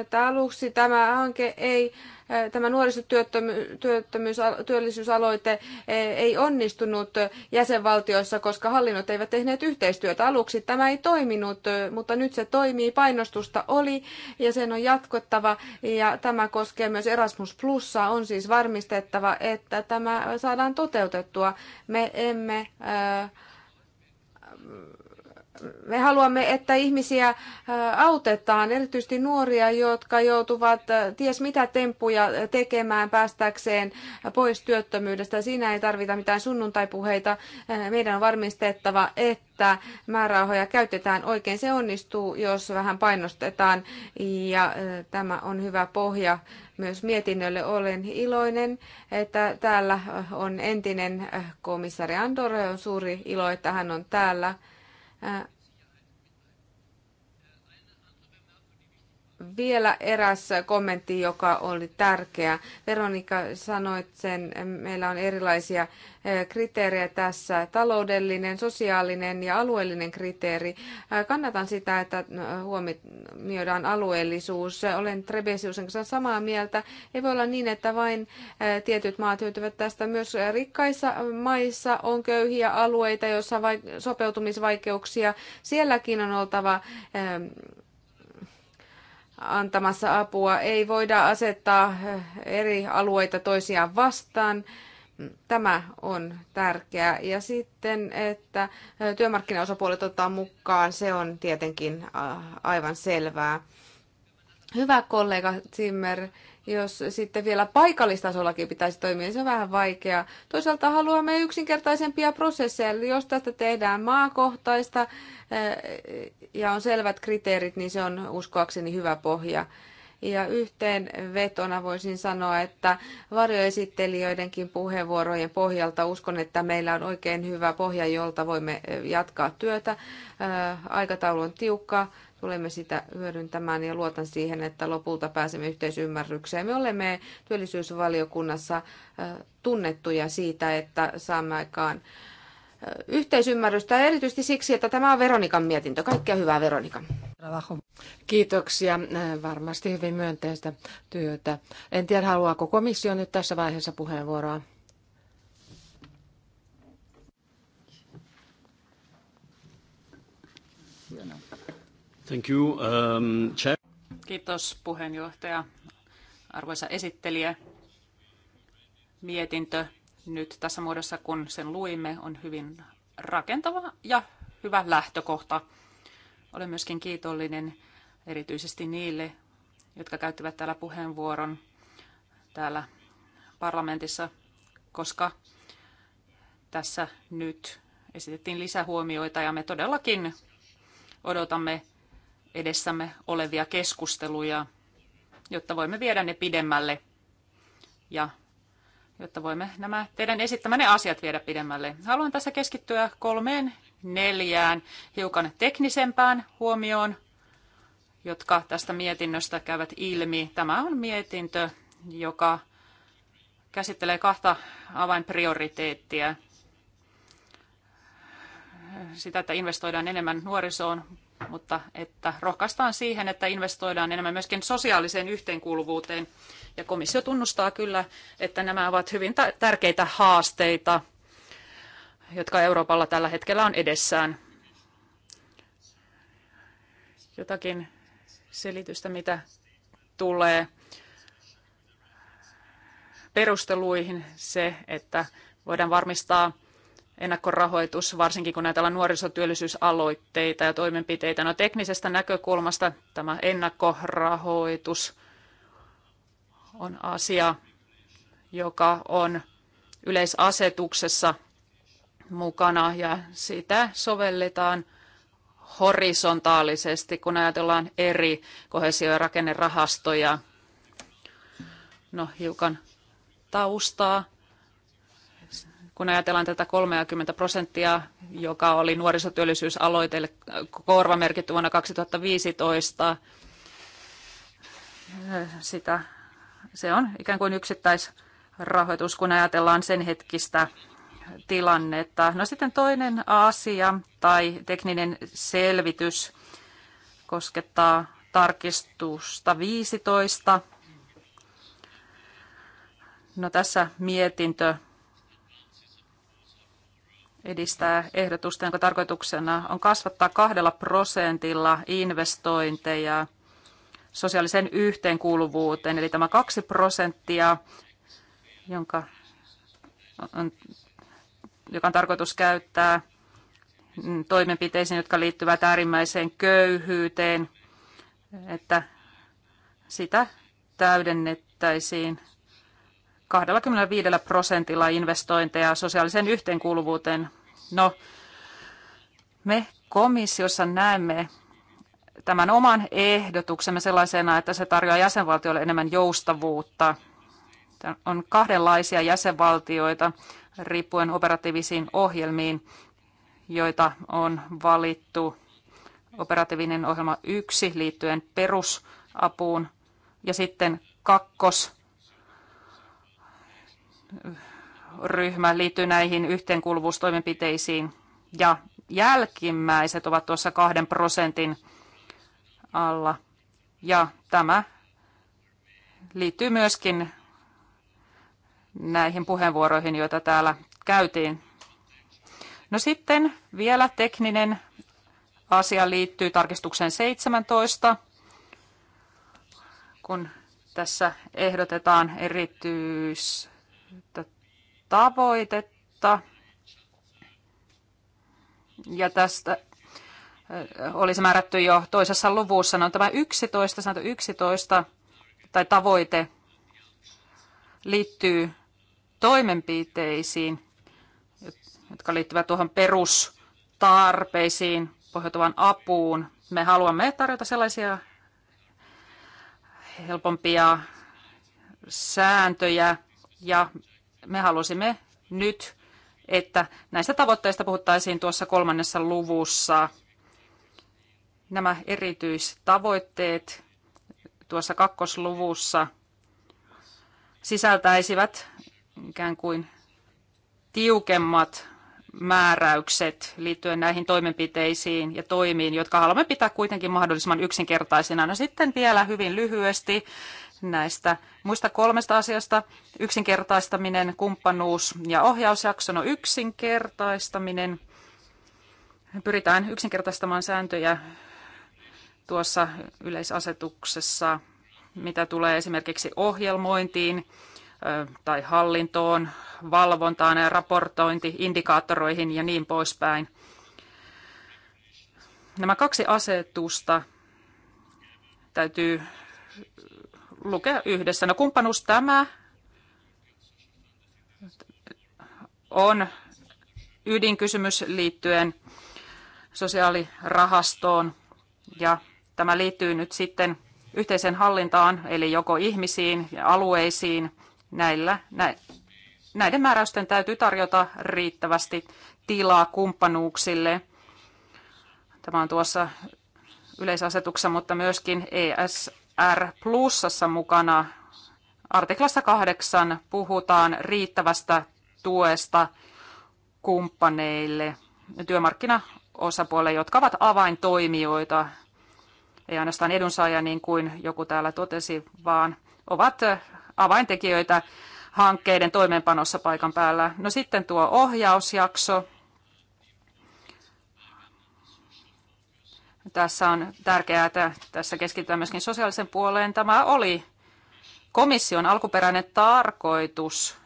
että aluksi tämä hanke ei, äh, tämä nuorisotyöllisyysaloite äh, ei onnistunut jäsenvaltioissa, koska hallinnot eivät tehneet yhteistyötä. Aluksi tämä ei toiminut, äh, mutta nyt se toimii. Painostusta oli ja sen on jatkottava ja tämä koskee myös Erasmus Plussa. On siis varmistettava, että tämä saadaan toteutettua. Me emme äh, me haluamme, että ihmisiä autetaan, erityisesti nuoria, jotka joutuvat ties mitä temppuja tekemään päästäkseen pois työttömyydestä. Siinä ei tarvita mitään sunnuntaipuheita. Meidän on varmistettava, että määrärahoja käytetään oikein. Se onnistuu, jos vähän painostetaan ja tämä on hyvä pohja myös mietinnölle. Olen iloinen, että täällä on entinen komissari Andor. On suuri ilo, että hän on täällä vielä eräs kommentti, joka oli tärkeä. Veronika sanoi sen, meillä on erilaisia eh, kriteerejä tässä, taloudellinen, sosiaalinen ja alueellinen kriteeri. Eh, kannatan sitä, että eh, huomioidaan alueellisuus. Olen Trebesiusen kanssa samaa mieltä. Ei voi olla niin, että vain tietyt maat hyötyvät tästä. Myös rikkaissa maissa on köyhiä alueita, joissa sopeutumisvaikeuksia. Sielläkin on oltava antamassa apua. Ei voida asettaa eri alueita toisiaan vastaan. Tämä on tärkeää. Ja sitten, että työmarkkinaosapuolet ottaa mukaan, se on tietenkin aivan selvää. Hyvä kollega Zimmer, jos sitten vielä paikallistasollakin pitäisi toimia, niin se on vähän vaikeaa. Toisaalta haluamme yksinkertaisempia prosesseja, eli jos tästä tehdään maakohtaista eh, ja on selvät kriteerit, niin se on uskoakseni hyvä pohja. Ja yhteenvetona voisin sanoa, että varjoesittelijöidenkin puheenvuorojen pohjalta uskon, että meillä on oikein hyvä pohja, jolta voimme eh, jatkaa työtä. Eh, aikataulu on tiukka, tulemme sitä hyödyntämään ja luotan siihen, että lopulta pääsemme yhteisymmärrykseen. Me olemme työllisyysvaliokunnassa tunnettuja siitä, että saamme aikaan yhteisymmärrystä ja erityisesti siksi, että tämä on Veronikan mietintö. Kaikkea hyvää Veronika. Kiitoksia. Varmasti hyvin myönteistä työtä. En tiedä, haluaako komissio nyt tässä vaiheessa puheenvuoroa. Thank you, um, chair. Kiitos puheenjohtaja. Arvoisa esittelijä, mietintö nyt tässä muodossa, kun sen luimme, on hyvin rakentava ja hyvä lähtökohta. Olen myöskin kiitollinen erityisesti niille, jotka käyttivät täällä puheenvuoron täällä parlamentissa, koska tässä nyt esitettiin lisähuomioita ja me todellakin odotamme edessämme olevia keskusteluja, jotta voimme viedä ne pidemmälle ja jotta voimme nämä teidän esittämänne asiat viedä pidemmälle. Haluan tässä keskittyä kolmeen neljään hiukan teknisempään huomioon, jotka tästä mietinnöstä käyvät ilmi. Tämä on mietintö, joka käsittelee kahta avainprioriteettia. Sitä, että investoidaan enemmän nuorisoon, mutta että rohkaistaan siihen, että investoidaan enemmän myöskin sosiaaliseen yhteenkuuluvuuteen. Ja komissio tunnustaa kyllä, että nämä ovat hyvin tärkeitä haasteita, jotka Euroopalla tällä hetkellä on edessään. Jotakin selitystä, mitä tulee perusteluihin, se, että voidaan varmistaa ennakkorahoitus, varsinkin kun näitä nuorisotyöllisyysaloitteita ja toimenpiteitä. No teknisestä näkökulmasta tämä ennakkorahoitus on asia, joka on yleisasetuksessa mukana ja sitä sovelletaan horisontaalisesti, kun ajatellaan eri kohesio- ja rakennerahastoja. No hiukan taustaa kun ajatellaan tätä 30 prosenttia, joka oli nuorisotyöllisyysaloitteelle korvamerkitty vuonna 2015, sitä, se on ikään kuin yksittäisrahoitus, kun ajatellaan sen hetkistä tilannetta. No sitten toinen asia tai tekninen selvitys koskettaa tarkistusta 15. No tässä mietintö edistää ehdotusta, jonka tarkoituksena on kasvattaa kahdella prosentilla investointeja sosiaaliseen yhteenkuuluvuuteen. Eli tämä kaksi prosenttia, jonka on, joka on tarkoitus käyttää toimenpiteisiin, jotka liittyvät äärimmäiseen köyhyyteen, että sitä täydennettäisiin 25 prosentilla investointeja sosiaaliseen yhteenkuuluvuuteen. No, me komissiossa näemme tämän oman ehdotuksemme sellaisena, että se tarjoaa jäsenvaltioille enemmän joustavuutta. On kahdenlaisia jäsenvaltioita riippuen operatiivisiin ohjelmiin, joita on valittu. Operatiivinen ohjelma 1 liittyen perusapuun ja sitten kakkos ryhmä liittyy näihin yhteenkuuluvuustoimenpiteisiin ja jälkimmäiset ovat tuossa kahden prosentin alla. Ja tämä liittyy myöskin näihin puheenvuoroihin, joita täällä käytiin. No sitten vielä tekninen asia liittyy tarkistukseen 17, kun tässä ehdotetaan erityis tavoitetta. Ja tästä äh, olisi määrätty jo toisessa luvussa. No, tämä 11, sanottu 11 tai tavoite liittyy toimenpiteisiin, jotka liittyvät tuohon perustarpeisiin pohjautuvan apuun. Me haluamme tarjota sellaisia helpompia sääntöjä, ja me halusimme nyt, että näistä tavoitteista puhuttaisiin tuossa kolmannessa luvussa. Nämä erityistavoitteet tuossa kakkosluvussa sisältäisivät ikään kuin tiukemmat määräykset liittyen näihin toimenpiteisiin ja toimiin, jotka haluamme pitää kuitenkin mahdollisimman yksinkertaisina. No sitten vielä hyvin lyhyesti näistä muista kolmesta asiasta. Yksinkertaistaminen, kumppanuus ja ohjausjakso. No yksinkertaistaminen. Pyritään yksinkertaistamaan sääntöjä tuossa yleisasetuksessa, mitä tulee esimerkiksi ohjelmointiin tai hallintoon, valvontaan ja raportointi, indikaattoroihin ja niin poispäin. Nämä kaksi asetusta täytyy lukea yhdessä. No kumppanuus tämä on ydinkysymys liittyen sosiaalirahastoon ja tämä liittyy nyt sitten yhteiseen hallintaan, eli joko ihmisiin ja alueisiin. Näillä, näiden määräysten täytyy tarjota riittävästi tilaa kumppanuuksille. Tämä on tuossa yleisasetuksessa, mutta myöskin ES R plussassa mukana. Artiklassa kahdeksan puhutaan riittävästä tuesta kumppaneille, työmarkkinaosapuolille, jotka ovat avaintoimijoita, ei ainoastaan edunsaaja niin kuin joku täällä totesi, vaan ovat avaintekijöitä hankkeiden toimeenpanossa paikan päällä. No sitten tuo ohjausjakso, Tässä on tärkeää, että tässä keskitytään myöskin sosiaalisen puoleen. Tämä oli komission alkuperäinen tarkoitus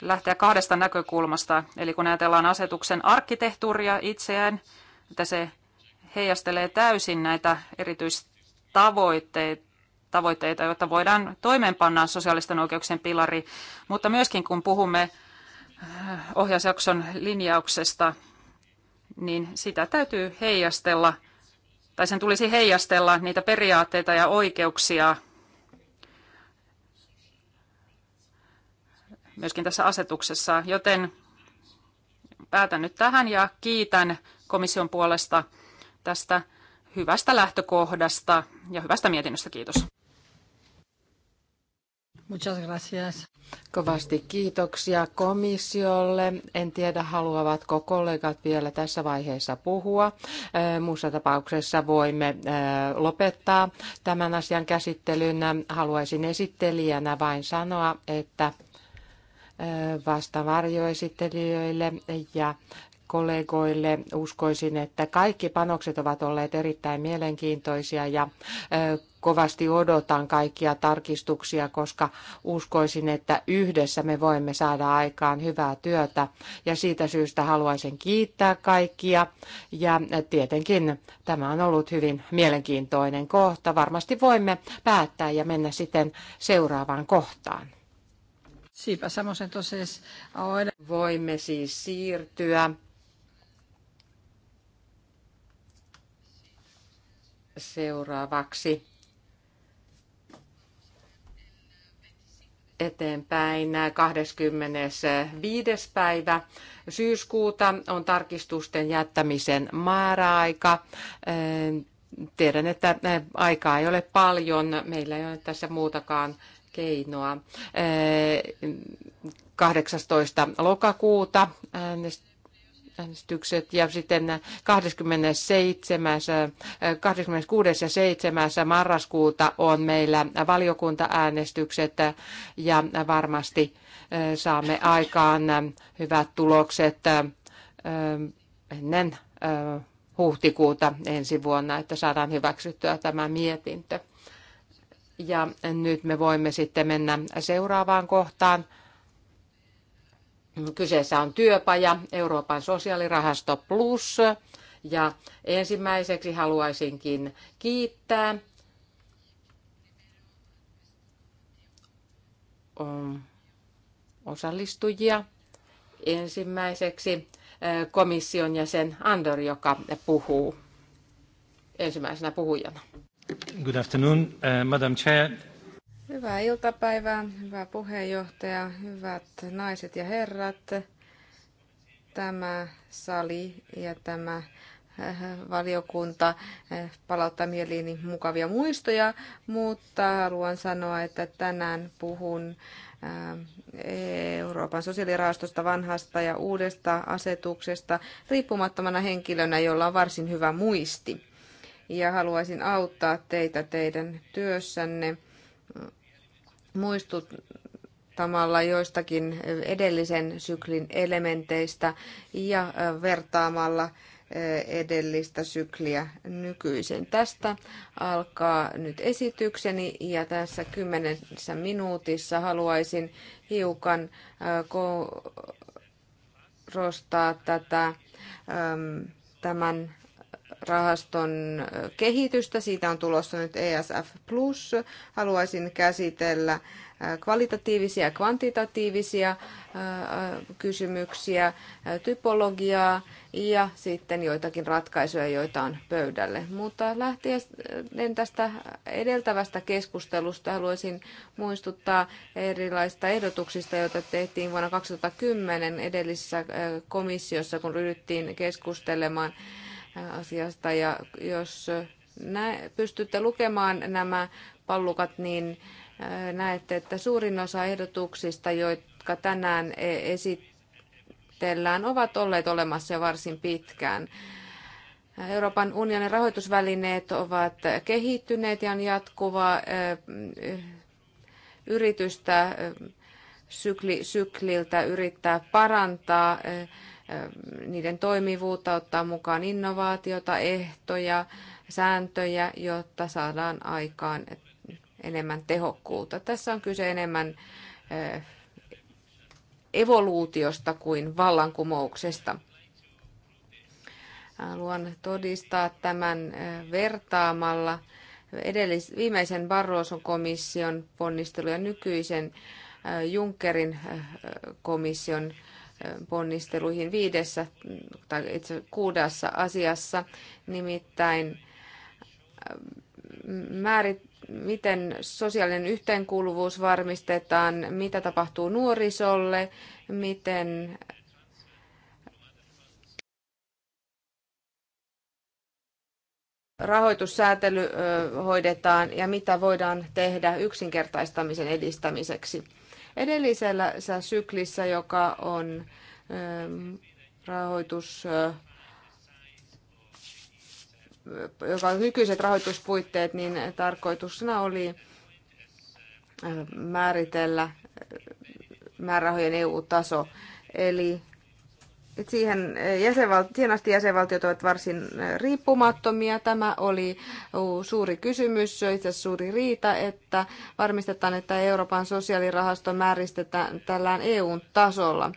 lähteä kahdesta näkökulmasta. Eli kun ajatellaan asetuksen arkkitehtuuria itseään, että se heijastelee täysin näitä erityistavoitteita, tavoitteita, joita voidaan toimeenpanna sosiaalisten oikeuksien pilari, mutta myöskin kun puhumme eh, ohjausjakson linjauksesta, niin sitä täytyy heijastella – tai sen tulisi heijastella niitä periaatteita ja oikeuksia myöskin tässä asetuksessa, joten päätän nyt tähän ja kiitän komission puolesta tästä hyvästä lähtökohdasta ja hyvästä mietinnöstä. Kiitos. Muchas gracias. Kovasti kiitoksia komissiolle. En tiedä, haluavatko kollegat vielä tässä vaiheessa puhua. Äh, muussa tapauksessa voimme äh, lopettaa tämän asian käsittelyn. Haluaisin esittelijänä vain sanoa, että äh, vasta varjoesittelijöille ja kollegoille. Uskoisin, että kaikki panokset ovat olleet erittäin mielenkiintoisia ja kovasti odotan kaikkia tarkistuksia, koska uskoisin, että yhdessä me voimme saada aikaan hyvää työtä. Ja siitä syystä haluaisin kiittää kaikkia. Ja tietenkin tämä on ollut hyvin mielenkiintoinen kohta. Varmasti voimme päättää ja mennä sitten seuraavaan kohtaan. Siipä samoin tosiaan. Voimme siis siirtyä seuraavaksi eteenpäin 25. päivä syyskuuta on tarkistusten jättämisen määräaika. Äh, tiedän, että äh, aikaa ei ole paljon. Meillä ei ole tässä muutakaan keinoa. 18. Äh, lokakuuta äänestykset ja sitten 27, 26. Äh, ja 7. marraskuuta on meillä valiokuntaäänestykset ja varmasti äh, saamme aikaan äh, hyvät tulokset ennen huhtikuuta ensi vuonna, että saadaan hyväksyttyä tämä mietintö. Ja nyt me voimme sitten mennä seuraavaan kohtaan. Kyseessä on työpaja Euroopan sosiaalirahasto Plus. Ja ensimmäiseksi haluaisinkin kiittää um, osallistujia. Ensimmäiseksi eh, komission jäsen Andor, joka puhuu ensimmäisenä puhujana. Good afternoon, uh, Madam Chair. Hyvää iltapäivää, hyvä puheenjohtaja, hyvät naiset ja herrat. Tämä sali ja tämä äh, valiokunta äh, palauttaa mieliini mukavia muistoja, mutta haluan sanoa, että tänään puhun äh, Euroopan sosiaalirahastosta vanhasta ja uudesta asetuksesta riippumattomana henkilönä, jolla on varsin hyvä muisti. Ja haluaisin auttaa teitä teidän työssänne muistuttamalla joistakin edellisen syklin elementeistä ja vertaamalla eh, edellistä sykliä nykyisen. Tästä alkaa nyt esitykseni ja tässä kymmenessä minuutissa haluaisin hiukan eh, korostaa tätä, ehm, tämän rahaston kehitystä. Siitä on tulossa nyt ESF+. Plus. Haluaisin käsitellä kvalitatiivisia ja kvantitatiivisia kysymyksiä, typologiaa ja sitten joitakin ratkaisuja, joita on pöydälle. Mutta lähtien tästä edeltävästä keskustelusta haluaisin muistuttaa erilaista ehdotuksista, joita tehtiin vuonna 2010 edellisessä komissiossa, kun ryhdyttiin keskustelemaan asiasta. Ja jos nä- pystytte lukemaan nämä pallukat, niin näette, että suurin osa ehdotuksista, jotka tänään e, esitellään, ovat olleet olemassa jo varsin pitkään. Euroopan unionin rahoitusvälineet ovat kehittyneet ja on jatkuva yritystä sykli, sykliltä yrittää parantaa niiden toimivuutta, ottaa mukaan innovaatiota, ehtoja, sääntöjä, jotta saadaan aikaan enemmän tehokkuutta. Tässä on kyse enemmän evoluutiosta kuin vallankumouksesta. Haluan todistaa tämän vertaamalla edellis, viimeisen Barroson komission ponnisteluja nykyisen Junckerin komission ponnisteluihin viidessä tai itse kuudessa asiassa, nimittäin ähm, määrit, miten sosiaalinen yhteenkuuluvuus varmistetaan, mitä tapahtuu nuorisolle, miten rahoitussäätely hoidetaan ja mitä voidaan tehdä yksinkertaistamisen edistämiseksi. Edellisellä syklissä, joka on ähm, rahoitus äh, joka on nykyiset rahoituspuitteet, niin tarkoituksena oli äh, määritellä äh, määrärahojen EU-taso. Eli siihen, eh, jäsenval, siihen asti jäsenvaltiot ovat varsin eh, riippumattomia. Tämä oli suuri kysymys, itse asiassa suuri riita, että varmistetaan, että Euroopan sosiaalirahasto määristetään tällään EUn tasolla.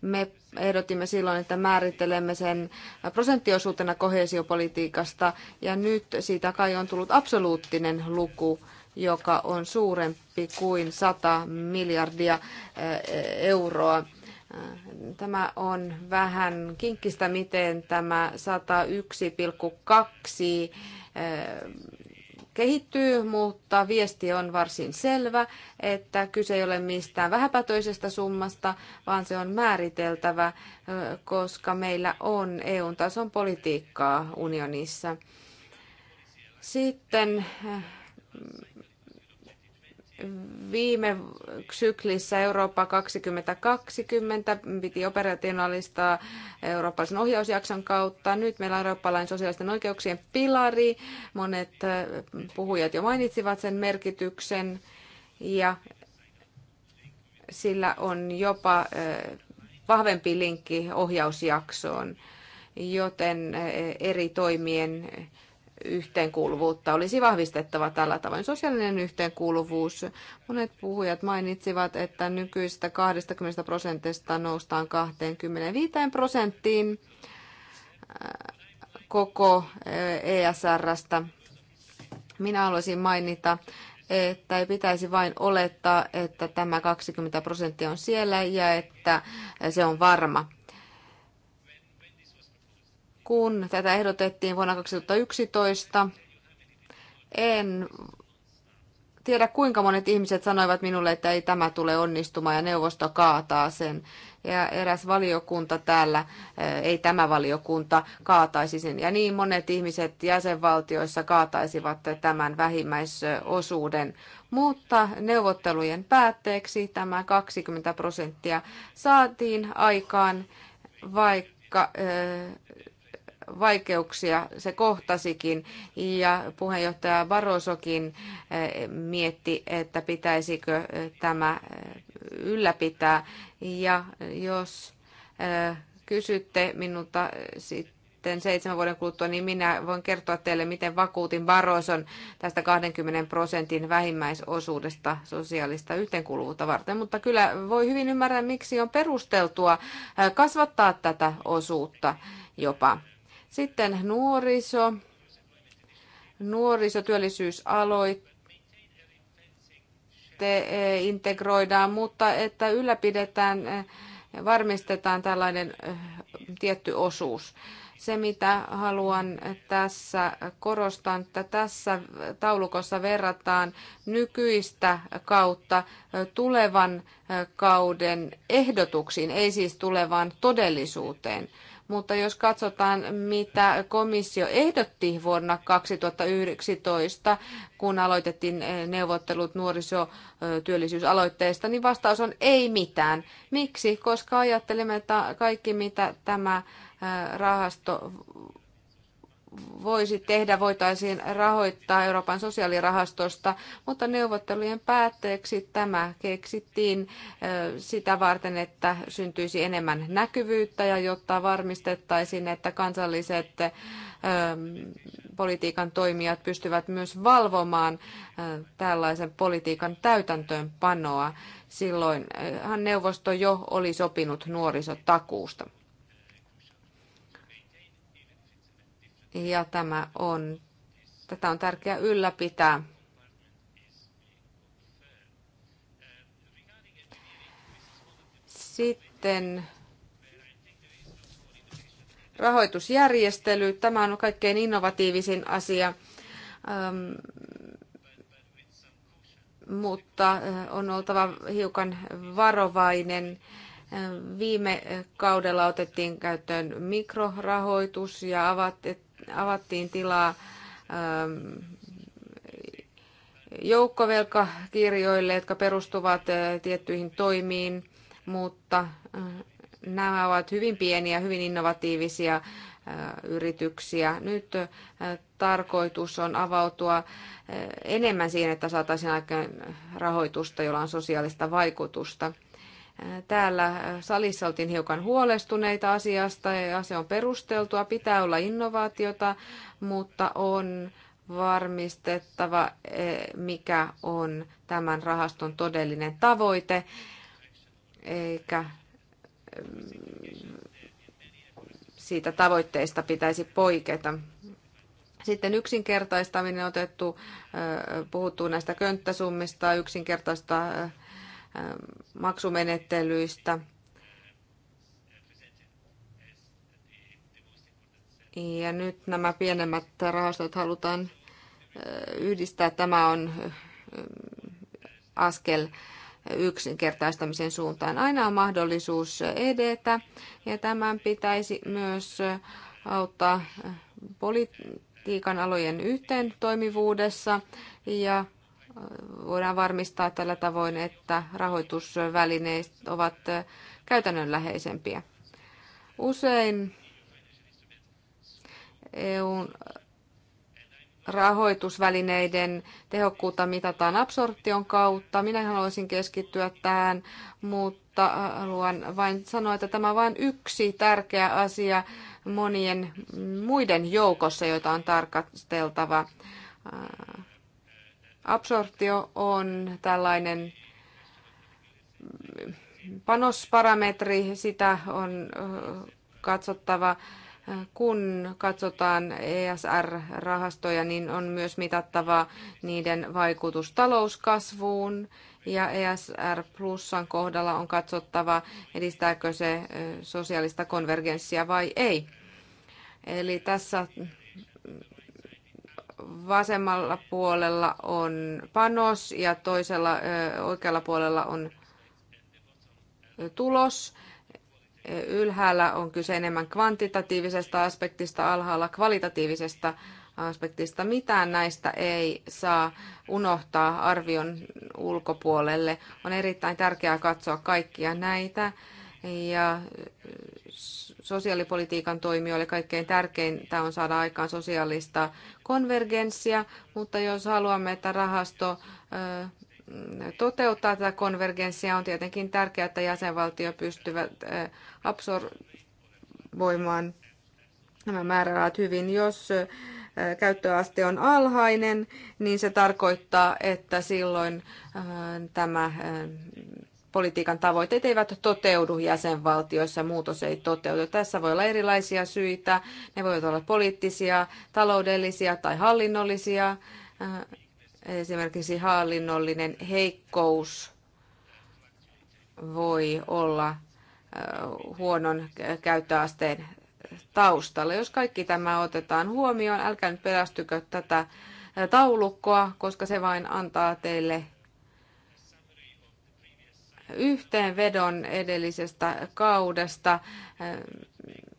Me ehdotimme silloin, että määrittelemme sen prosenttiosuutena kohesiopolitiikasta, ja nyt siitä kai on tullut absoluuttinen luku, joka on suurempi kuin 100 miljardia eh, euroa Tämä on vähän kinkkistä, miten tämä 101,2 eh, kehittyy, mutta viesti on varsin selvä, että kyse ei ole mistään vähäpätöisestä summasta, vaan se on määriteltävä, eh, koska meillä on EU-tason politiikkaa unionissa. Sitten eh, viime syklissä Eurooppa 2020 piti operationaalista eurooppalaisen ohjausjakson kautta. Nyt meillä on eurooppalainen sosiaalisten oikeuksien pilari. Monet puhujat jo mainitsivat sen merkityksen ja sillä on jopa vahvempi linkki ohjausjaksoon, joten eri toimien yhteenkuuluvuutta olisi vahvistettava tällä tavoin. Sosiaalinen yhteenkuuluvuus. Monet puhujat mainitsivat, että nykyistä 20 prosentista noustaan 25 prosenttiin äh, koko äh, ESRstä. Minä haluaisin mainita, että ei pitäisi vain olettaa, että tämä 20 prosenttia on siellä ja että se on varma kun tätä ehdotettiin vuonna 2011, en tiedä kuinka monet ihmiset sanoivat minulle, että ei tämä tule onnistumaan ja neuvosto kaataa sen. Ja eräs valiokunta täällä, eh, ei tämä valiokunta, kaataisi sen. Ja niin monet ihmiset jäsenvaltioissa kaataisivat tämän vähimmäisosuuden. Mutta neuvottelujen päätteeksi tämä 20 prosenttia saatiin aikaan, vaikka eh, vaikeuksia se kohtasikin ja puheenjohtaja Barosokin eh, mietti, että pitäisikö eh, tämä eh, ylläpitää. Ja jos kysytte minulta sitten seitsemän vuoden kuluttua, niin minä voin kertoa teille, miten vakuutin Baroson tästä 20 prosentin vähimmäisosuudesta sosiaalista yhteenkuuluvuutta varten. Mutta kyllä voi hyvin ymmärtää, miksi on perusteltua kasvattaa tätä osuutta jopa. Sitten nuoriso, nuorisotyöllisyysaloitte eh, integroidaan, mutta että ylläpidetään, eh, varmistetaan tällainen eh, tietty osuus. Se, mitä haluan tässä korostaa, että tässä taulukossa verrataan nykyistä kautta tulevan kauden ehdotuksiin, ei siis tulevaan todellisuuteen mutta jos katsotaan, mitä komissio ehdotti vuonna 2019, kun aloitettiin eh, neuvottelut nuorisotyöllisyysaloitteesta, niin vastaus on ei mitään. Miksi? Koska ajattelemme, että kaikki mitä tämä eh, rahasto voisi tehdä, voitaisiin rahoittaa Euroopan sosiaalirahastosta, mutta neuvottelujen päätteeksi tämä keksittiin sitä varten, että syntyisi enemmän näkyvyyttä ja jotta varmistettaisiin, että kansalliset politiikan toimijat pystyvät myös valvomaan tällaisen politiikan täytäntöönpanoa. Silloinhan neuvosto jo oli sopinut nuorisotakuusta. Ja tämä on, tätä on tärkeää ylläpitää. Sitten rahoitusjärjestely. Tämä on kaikkein innovatiivisin asia, ähm, mutta on oltava hiukan varovainen. Viime kaudella otettiin käyttöön mikrorahoitus ja avat, avattiin tilaa ähm, joukkovelkakirjoille, jotka perustuvat äh, tiettyihin toimiin, mutta äh, nämä ovat hyvin pieniä, hyvin innovatiivisia äh, yrityksiä. Nyt tarkoitus on avautua enemmän siihen, että saataisiin aikaan rahoitusta, jolla on sosiaalista vaikutusta. Täällä äh, salissa oltiin hiukan huolestuneita asiasta ja se on perusteltua. Pitää olla innovaatiota, mutta on varmistettava, eh, mikä on tämän rahaston todellinen tavoite, eikä mm, siitä tavoitteista pitäisi poiketa. Sitten yksinkertaistaminen otettu, eh, puhuttu näistä könttäsummista, yksinkertaista eh, Ähm, maksumenettelyistä. Ja nyt nämä pienemmät rahastot halutaan äh, yhdistää. Tämä on äh, askel yksinkertaistamisen suuntaan. Aina on mahdollisuus edetä ja tämän pitäisi myös auttaa äh, politiikan alojen yhteen toimivuudessa ja voidaan varmistaa tällä tavoin, että rahoitusvälineet ovat käytännönläheisempiä. Usein EUn rahoitusvälineiden tehokkuutta mitataan absorption kautta. Minä haluaisin keskittyä tähän, mutta haluan vain sanoa, että tämä on vain yksi tärkeä asia monien muiden joukossa, joita on tarkasteltava. Absorptio on tällainen panosparametri, sitä on katsottava. Kun katsotaan ESR-rahastoja, niin on myös mitattava niiden vaikutus talouskasvuun ja ESR Plusan kohdalla on katsottava, edistääkö se sosiaalista konvergenssia vai ei. Eli tässä vasemmalla puolella on panos ja toisella oikealla puolella on tulos. Ylhäällä on kyse enemmän kvantitatiivisesta aspektista, alhaalla kvalitatiivisesta aspektista. Mitään näistä ei saa unohtaa arvion ulkopuolelle. On erittäin tärkeää katsoa kaikkia näitä ja sosiaalipolitiikan toimijoille kaikkein tärkeintä on saada aikaan sosiaalista konvergenssia, mutta jos haluamme, että rahasto toteuttaa tätä konvergenssia, on tietenkin tärkeää, että jäsenvaltio pystyvät absorboimaan nämä määrärahat hyvin. Jos käyttöaste on alhainen, niin se tarkoittaa, että silloin tämä politiikan tavoitteet eivät toteudu jäsenvaltioissa, muutos ei toteudu. Tässä voi olla erilaisia syitä, ne voivat olla poliittisia, taloudellisia tai hallinnollisia. Äh, esimerkiksi hallinnollinen heikkous voi olla äh, huonon käyttöasteen taustalla. Jos kaikki tämä otetaan huomioon, älkää nyt pelästykö tätä äh, taulukkoa, koska se vain antaa teille yhteenvedon edellisestä kaudesta eh,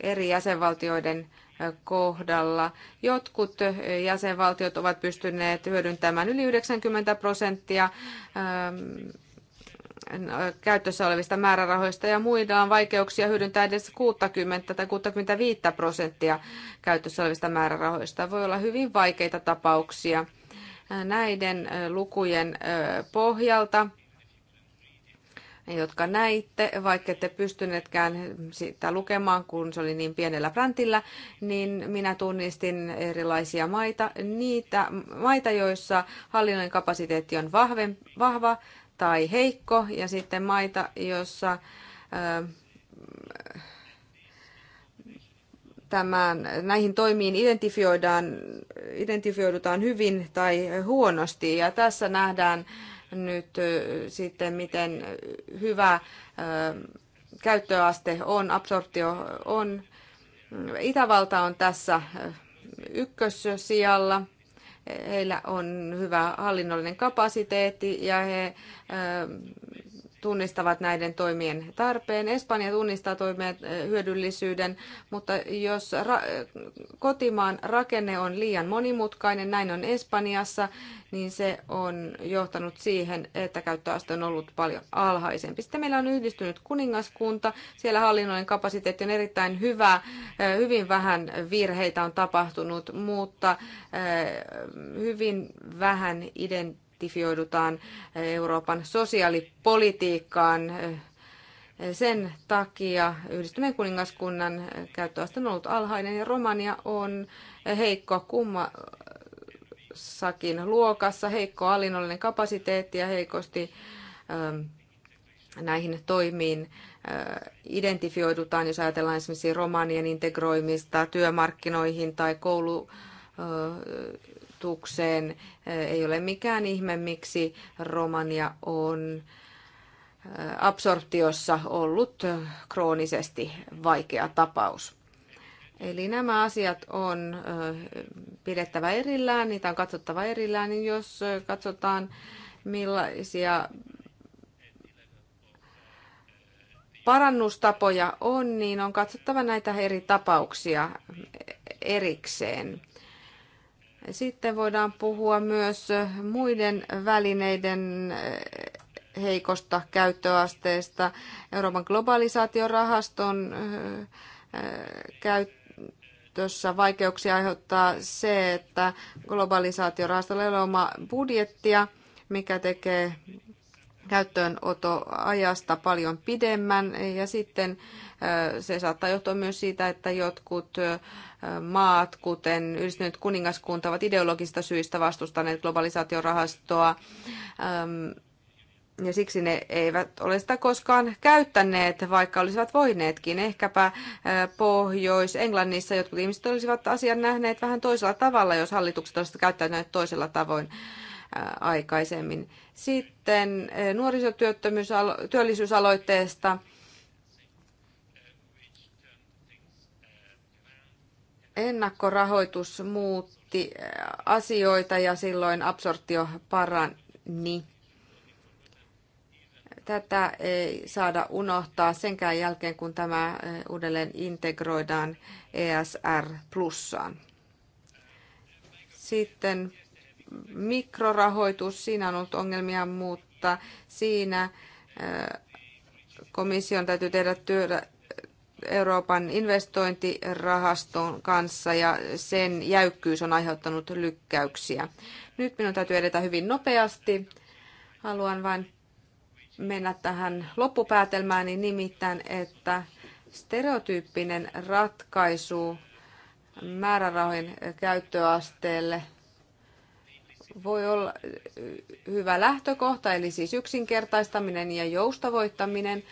eri jäsenvaltioiden eh, kohdalla. Jotkut eh, jäsenvaltiot ovat pystyneet hyödyntämään yli 90 prosenttia ehm, no, käytössä olevista määrärahoista ja muilla on vaikeuksia hyödyntää edes 60 tai 65 prosenttia käytössä olevista määrärahoista. Voi olla hyvin vaikeita tapauksia näiden lukujen pohjalta jotka näitte, vaikka ette pystyneetkään sitä lukemaan, kun se oli niin pienellä präntillä, niin minä tunnistin erilaisia maita, niitä maita, joissa hallinnon kapasiteetti on vahve, vahva tai heikko, ja sitten maita, joissa tämän, näihin toimiin identifioidaan, identifioidutaan hyvin tai huonosti. Ja tässä nähdään nyt sitten, miten hyvä käyttöaste on, absorptio on. Itävalta on tässä ykkössijalla. Heillä on hyvä hallinnollinen kapasiteetti ja he tunnistavat näiden toimien tarpeen. Espanja tunnistaa toimien eh, hyödyllisyyden, mutta jos ra- kotimaan rakenne on liian monimutkainen, näin on Espanjassa, niin se on johtanut siihen, että käyttöaste on ollut paljon alhaisempi. Sitten meillä on yhdistynyt kuningaskunta. Siellä hallinnollinen kapasiteetti on erittäin hyvä. Eh, hyvin vähän virheitä on tapahtunut, mutta eh, hyvin vähän identiteettiä identifioidutaan Euroopan sosiaalipolitiikkaan. Sen takia yhdistyneen kuningaskunnan käyttöaste on ollut alhainen ja Romania on heikko kumma, sakin luokassa, heikko hallinnollinen kapasiteetti ja heikosti ähm, näihin toimiin äh, identifioidutaan, jos ajatellaan esimerkiksi romanien integroimista työmarkkinoihin tai koulu äh, edustukseen. Äh, ei ole mikään ihme, miksi Romania on äh, absorptiossa ollut äh, kroonisesti vaikea tapaus. Eli nämä asiat on pidettävä erillään, niitä on katsottava erillään, niin jos katsotaan millaisia parannustapoja on, niin on katsottava näitä eri tapauksia erikseen. Sitten voidaan puhua myös muiden välineiden eh, heikosta käyttöasteesta. Euroopan globalisaatiorahaston eh, eh, käytössä vaikeuksia aiheuttaa se, että globalisaatiorahastolla ei ole oma budjettia, mikä tekee käyttöönotoajasta paljon pidemmän ja sitten se saattaa johtua myös siitä, että jotkut maat, kuten yhdistynyt kuningaskunta, ovat ideologisista syistä vastustaneet globalisaatiorahastoa ja siksi ne eivät ole sitä koskaan käyttäneet, vaikka olisivat voineetkin. Ehkäpä Pohjois-Englannissa jotkut ihmiset olisivat asian nähneet vähän toisella tavalla, jos hallitukset olisivat käyttäneet toisella tavoin aikaisemmin. Sitten nuorisotyöllisyysaloitteesta. Ennakkorahoitus muutti asioita ja silloin absorptio parani tätä ei saada unohtaa senkään jälkeen, kun tämä uudelleen integroidaan ESR plussaan. Sitten mikrorahoitus, siinä on ollut ongelmia, mutta siinä äh, komission täytyy tehdä työtä Euroopan investointirahaston kanssa ja sen jäykkyys on aiheuttanut lykkäyksiä. Nyt minun täytyy edetä hyvin nopeasti. Haluan vain mennä tähän loppupäätelmään, niin nimittäin, että stereotyyppinen ratkaisu määrärahojen käyttöasteelle – voi olla eh, hyvä lähtökohta, eli siis yksinkertaistaminen ja joustavoittaminen,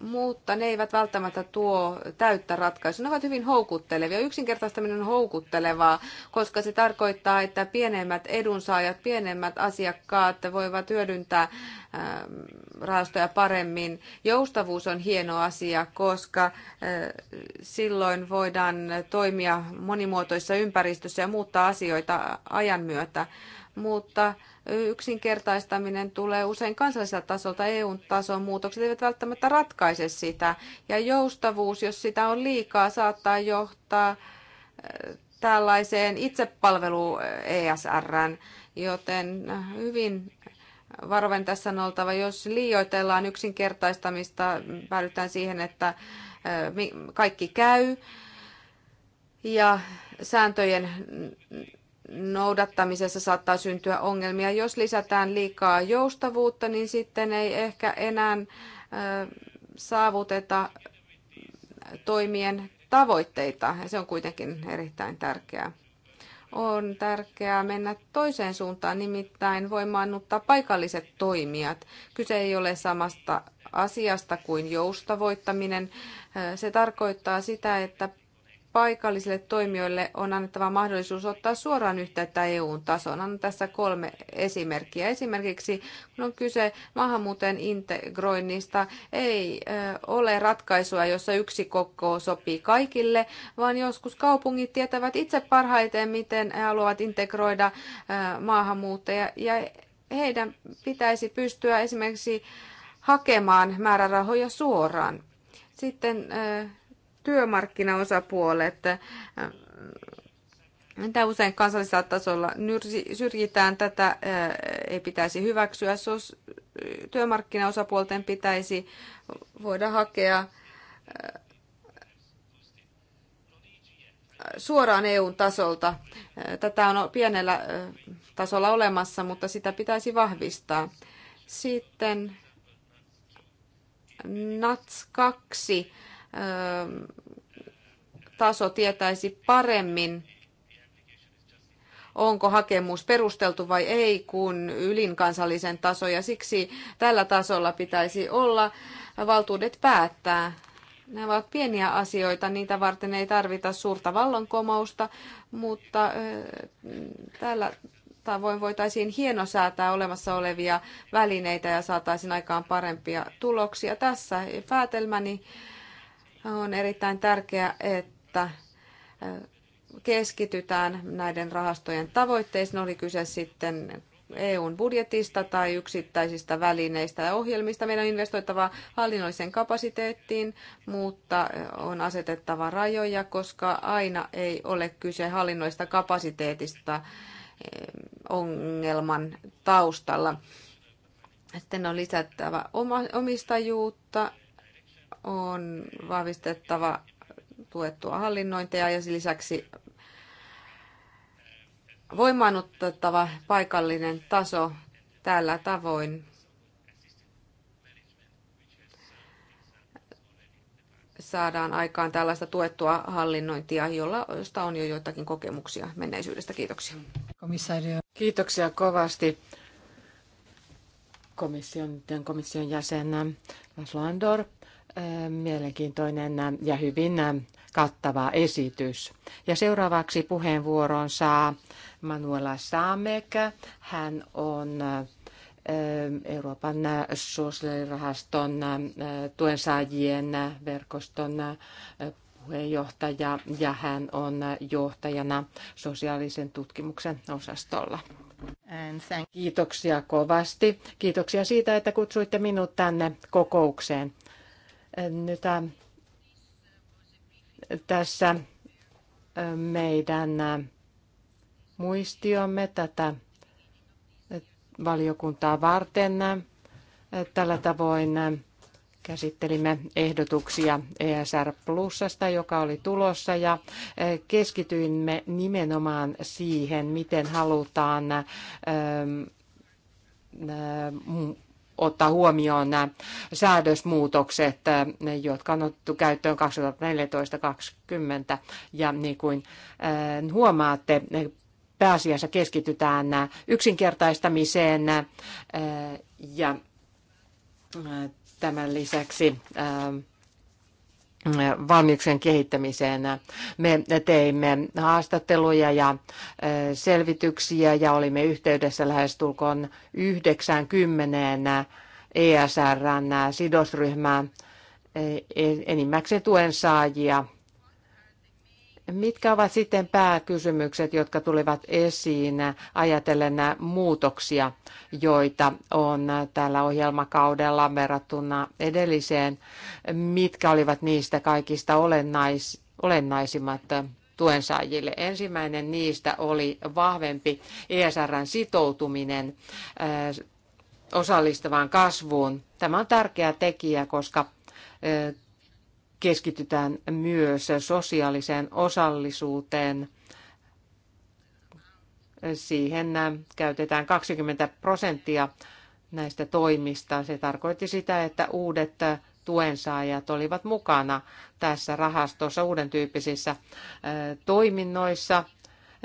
mutta ne eivät välttämättä tuo täyttä ratkaisua. Ne ovat hyvin houkuttelevia. Yksinkertaistaminen on houkuttelevaa, koska se tarkoittaa, että pienemmät edunsaajat, pienemmät asiakkaat voivat hyödyntää ähm, rahastoja paremmin. Joustavuus on hieno asia, koska äh, silloin voidaan toimia monimuotoisessa ympäristössä ja muuttaa asioita ajan myötä. Mutta yksinkertaistaminen tulee usein kansalliselta tasolta EU-tason muutokset eivät välttämättä ratkaise sitä. Ja joustavuus, jos sitä on liikaa, saattaa johtaa äh, tällaiseen itsepalvelu äh, ESRään, joten äh, hyvin varoven tässä on oltava. Jos liioitellaan yksinkertaistamista, päädytään siihen, että kaikki käy ja sääntöjen noudattamisessa saattaa syntyä ongelmia. Jos lisätään liikaa joustavuutta, niin sitten ei ehkä enää saavuteta toimien tavoitteita, ja se on kuitenkin erittäin tärkeää. On tärkeää mennä toiseen suuntaan, nimittäin voimaannuttaa paikalliset toimijat. Kyse ei ole samasta asiasta kuin joustavoittaminen. Se tarkoittaa sitä, että paikallisille toimijoille on annettava mahdollisuus ottaa suoraan yhteyttä EU:n tasoon Annan tässä kolme esimerkkiä. Esimerkiksi kun on kyse maahanmuuteen integroinnista, ei ole ratkaisua, jossa yksi koko sopii kaikille, vaan joskus kaupungit tietävät itse parhaiten, miten he haluavat integroida maahanmuuttajia. Ja heidän pitäisi pystyä esimerkiksi hakemaan määrärahoja suoraan. Sitten työmarkkinaosapuolet. Mitä usein kansallisella tasolla syrjitään, tätä ei pitäisi hyväksyä. Työmarkkinaosapuolten pitäisi voida hakea suoraan EU-tasolta. Tätä on pienellä tasolla olemassa, mutta sitä pitäisi vahvistaa. Sitten NATS 2 Ähm, taso tietäisi paremmin, onko hakemus perusteltu vai ei, kuin ylinkansallisen taso. Ja siksi tällä tasolla pitäisi olla valtuudet päättää. Nämä ovat pieniä asioita, niitä varten ei tarvita suurta vallankomousta, mutta tällä tavoin voitaisiin hienosäätää olemassa olevia välineitä ja saataisiin aikaan parempia tuloksia. Tässä päätelmäni. On erittäin tärkeää, että keskitytään näiden rahastojen tavoitteisiin, oli kyse sitten EUn budjetista tai yksittäisistä välineistä ja ohjelmista. Meidän on investoitava hallinnolliseen kapasiteettiin, mutta on asetettava rajoja, koska aina ei ole kyse hallinnoista kapasiteetista ongelman taustalla. Sitten on lisättävä omistajuutta on vahvistettava tuettua hallinnointia ja lisäksi voimaannutettava paikallinen taso tällä tavoin. saadaan aikaan tällaista tuettua hallinnointia, jolla, josta on jo joitakin kokemuksia menneisyydestä. Kiitoksia. Komissario. Kiitoksia kovasti komission, komission jäsenä Laslo Andor mielenkiintoinen ja hyvin kattava esitys. Ja seuraavaksi puheenvuoron saa Manuela Saamek. Hän on Euroopan sosiaalirahaston tuensaajien verkoston puheenjohtaja ja hän on johtajana sosiaalisen tutkimuksen osastolla. Kiitoksia kovasti. Kiitoksia siitä, että kutsuitte minut tänne kokoukseen. Nyt tässä meidän muistiomme tätä valiokuntaa varten. Tällä tavoin käsittelimme ehdotuksia ESR Plusasta, joka oli tulossa, ja keskityimme nimenomaan siihen, miten halutaan ottaa huomioon nämä säädösmuutokset, äh, jotka on otettu käyttöön 2014-2020. Ja niin kuin äh, huomaatte, pääasiassa keskitytään äh, yksinkertaistamiseen ja tämän lisäksi Mm, valmiuksien kehittämiseen. Me teimme haastatteluja ja äh, selvityksiä ja olimme yhteydessä lähestulkoon 90 ESRn sidosryhmää e, e, enimmäkseen tuen saajia Mitkä ovat sitten pääkysymykset, jotka tulivat esiin ajatellen muutoksia, joita on tällä ohjelmakaudella verrattuna edelliseen? Mitkä olivat niistä kaikista olennais, olennaisimmat tuensaajille? Ensimmäinen niistä oli vahvempi ESRn sitoutuminen osallistavaan kasvuun. Tämä on tärkeä tekijä, koska keskitytään myös sosiaaliseen osallisuuteen. Siihen käytetään 20 prosenttia näistä toimista. Se tarkoitti sitä, että uudet tuensaajat olivat mukana tässä rahastossa uuden tyyppisissä toiminnoissa.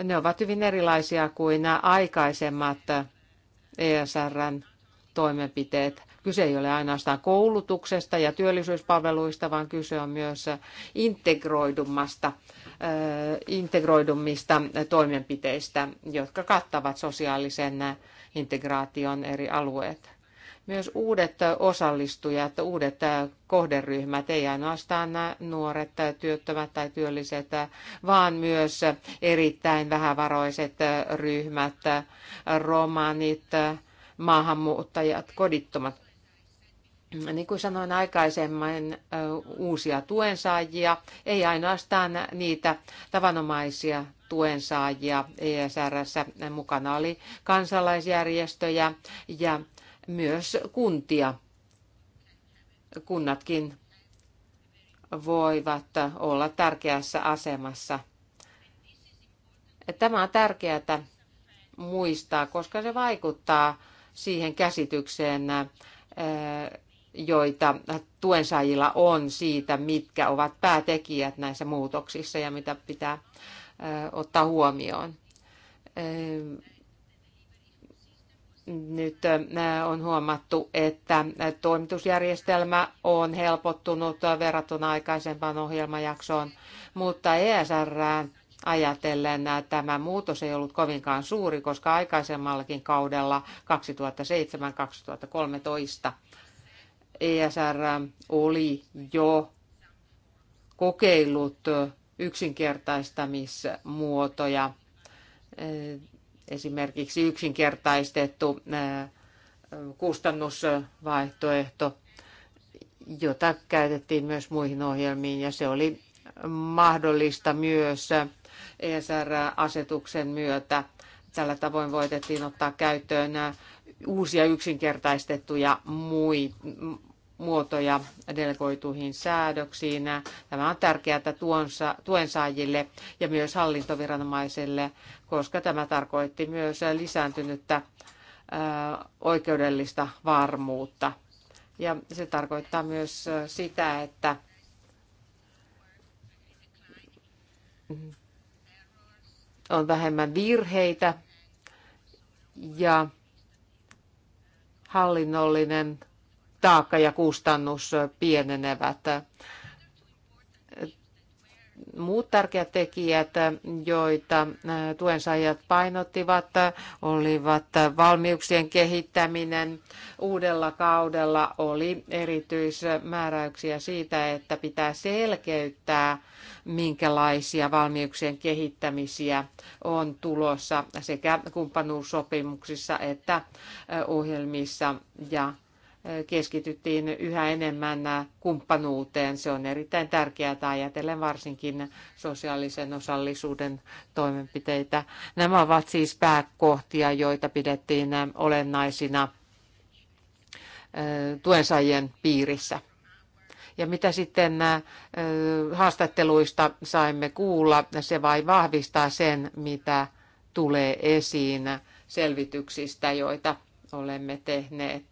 Ne ovat hyvin erilaisia kuin nämä aikaisemmat ESRn toimenpiteet. Kyse ei ole ainoastaan koulutuksesta ja työllisyyspalveluista, vaan kyse on myös integroidummasta, integroidummista toimenpiteistä, jotka kattavat sosiaalisen integraation eri alueet. Myös uudet osallistujat, uudet kohderyhmät, ei ainoastaan nuoret, työttömät tai työlliset, vaan myös erittäin vähävaroiset ryhmät, romanit, maahanmuuttajat, kodittomat Mm, niin kuin sanoin aikaisemmin, uusia tuensaajia, ei ainoastaan niitä tavanomaisia tuensaajia. ESRssä mukana oli kansalaisjärjestöjä ja myös kuntia. Kunnatkin voivat olla tärkeässä asemassa. Tämä on tärkeää muistaa, koska se vaikuttaa siihen käsitykseen, joita tuensaajilla on siitä, mitkä ovat päätekijät näissä muutoksissa ja mitä pitää ottaa huomioon. Nyt on huomattu, että toimitusjärjestelmä on helpottunut verrattuna aikaisempaan ohjelmajaksoon, mutta ESR ajatellen tämä muutos ei ollut kovinkaan suuri, koska aikaisemmallakin kaudella 2007-2013 ESR oli jo kokeillut yksinkertaistamismuotoja, eh, esimerkiksi yksinkertaistettu eh, kustannusvaihtoehto, jota käytettiin myös muihin ohjelmiin ja se oli mahdollista myös ESR-asetuksen myötä. Tällä tavoin voitettiin ottaa käyttöön eh, uusia yksinkertaistettuja muotoja delegoituihin säädöksiin. Tämä on tärkeää tuensaajille ja myös hallintoviranomaisille, koska tämä tarkoitti myös lisääntynyttä oikeudellista varmuutta. Ja se tarkoittaa myös sitä, että on vähemmän virheitä ja hallinnollinen taakka ja kustannus pienenevät. Muut tärkeät tekijät, joita tuensaajat painottivat, olivat valmiuksien kehittäminen. Uudella kaudella oli erityismääräyksiä siitä, että pitää selkeyttää, minkälaisia valmiuksien kehittämisiä on tulossa sekä kumppanuussopimuksissa että ohjelmissa ja keskityttiin yhä enemmän kumppanuuteen. Se on erittäin tärkeää ajatellen varsinkin sosiaalisen osallisuuden toimenpiteitä. Nämä ovat siis pääkohtia, joita pidettiin olennaisina tuensaajien piirissä. Ja mitä sitten haastatteluista saimme kuulla, se vain vahvistaa sen, mitä tulee esiin selvityksistä, joita olemme tehneet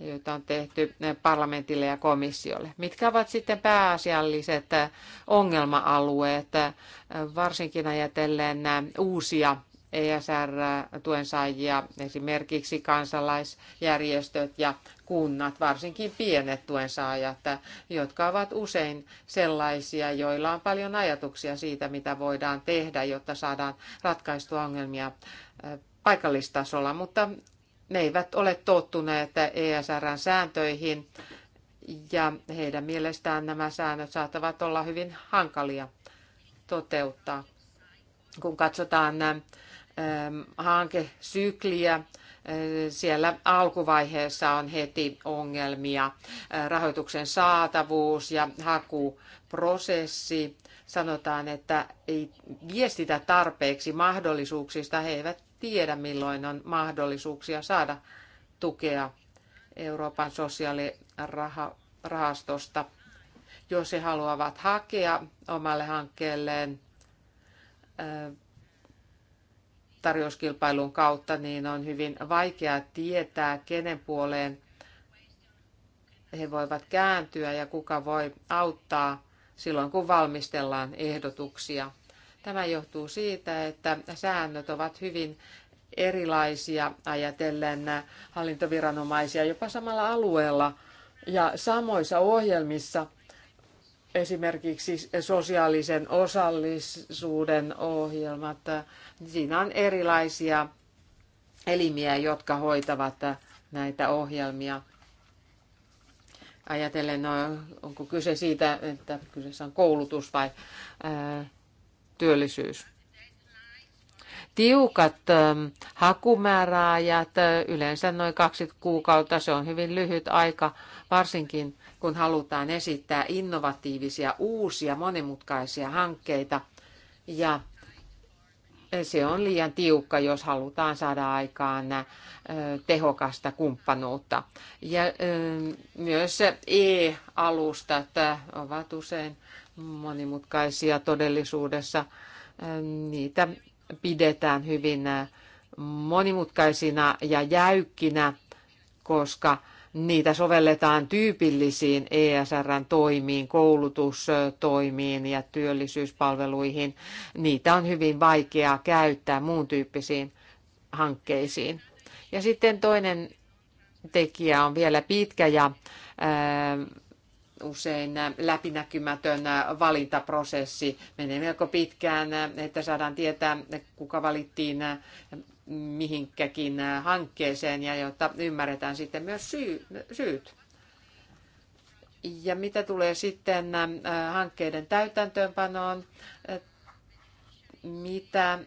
joita on tehty parlamentille ja komissiolle. Mitkä ovat sitten pääasialliset ongelma-alueet, varsinkin ajatellen uusia ESR-tuen saajia, esimerkiksi kansalaisjärjestöt ja kunnat, varsinkin pienet tuen saajat, jotka ovat usein sellaisia, joilla on paljon ajatuksia siitä, mitä voidaan tehdä, jotta saadaan ratkaistua ongelmia paikallistasolla, mutta ne eivät ole tottuneet ESRn sääntöihin ja heidän mielestään nämä säännöt saattavat olla hyvin hankalia toteuttaa. Kun katsotaan nämä hankesykliä, äh, siellä alkuvaiheessa on heti ongelmia. Äh, rahoituksen saatavuus ja hakuprosessi. Sanotaan, että ei viestitä tarpeeksi mahdollisuuksista. He eivät tiedä, milloin on mahdollisuuksia saada tukea Euroopan sosiaalirahastosta, jos he haluavat hakea omalle hankkeelleen äh, tarjouskilpailun kautta, niin on hyvin vaikea tietää, kenen puoleen he voivat kääntyä ja kuka voi auttaa silloin, kun valmistellaan ehdotuksia. Tämä johtuu siitä, että säännöt ovat hyvin erilaisia ajatellen hallintoviranomaisia jopa samalla alueella ja samoissa ohjelmissa esimerkiksi sosiaalisen osallisuuden ohjelmat. Siinä on erilaisia elimiä, jotka hoitavat näitä ohjelmia. Ajatellen, no, onko kyse siitä, että kyseessä on koulutus vai työllisyys. Tiukat ähm, hakumääräajat, äh, yleensä noin kaksi kuukautta, se on hyvin lyhyt aika, varsinkin kun halutaan esittää innovatiivisia, uusia, monimutkaisia hankkeita. Ja se on liian tiukka, jos halutaan saada aikaan äh, tehokasta kumppanuutta. Ja ähm, myös e-alustat äh, ovat usein monimutkaisia todellisuudessa. Niitä pidetään hyvin monimutkaisina ja jäykkinä, koska niitä sovelletaan tyypillisiin esr toimiin, koulutustoimiin ja työllisyyspalveluihin. Niitä on hyvin vaikeaa käyttää muun tyyppisiin hankkeisiin. Ja sitten toinen tekijä on vielä pitkä ja usein läpinäkymätön valintaprosessi. Menee melko pitkään, että saadaan tietää, kuka valittiin mihinkäkin hankkeeseen ja jotta ymmärretään sitten myös syy, syyt. Ja mitä tulee sitten äh, hankkeiden täytäntöönpanoon, äh, mitä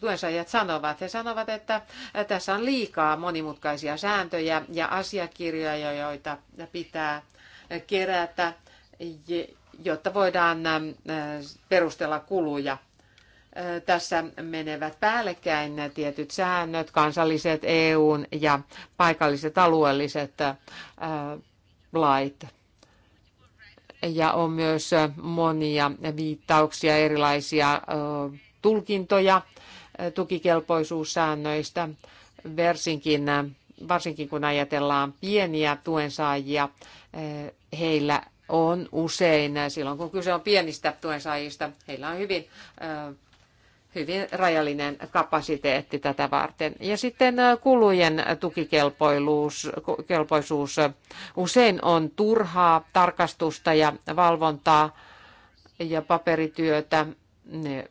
tuensaajat sanovat. He sanovat, että tässä on liikaa monimutkaisia sääntöjä ja asiakirjoja, joita pitää kerätä, jotta voidaan perustella kuluja. Tässä menevät päällekkäin tietyt säännöt, kansalliset EUn ja paikalliset alueelliset lait ja on myös monia viittauksia, erilaisia tulkintoja tukikelpoisuussäännöistä, varsinkin, varsinkin kun ajatellaan pieniä tuensaajia, heillä on usein, silloin kun kyse on pienistä tuensaajista, heillä on hyvin, hyvin rajallinen kapasiteetti tätä varten. Ja sitten kulujen tukikelpoisuus. Usein on turhaa tarkastusta ja valvontaa ja paperityötä. Ne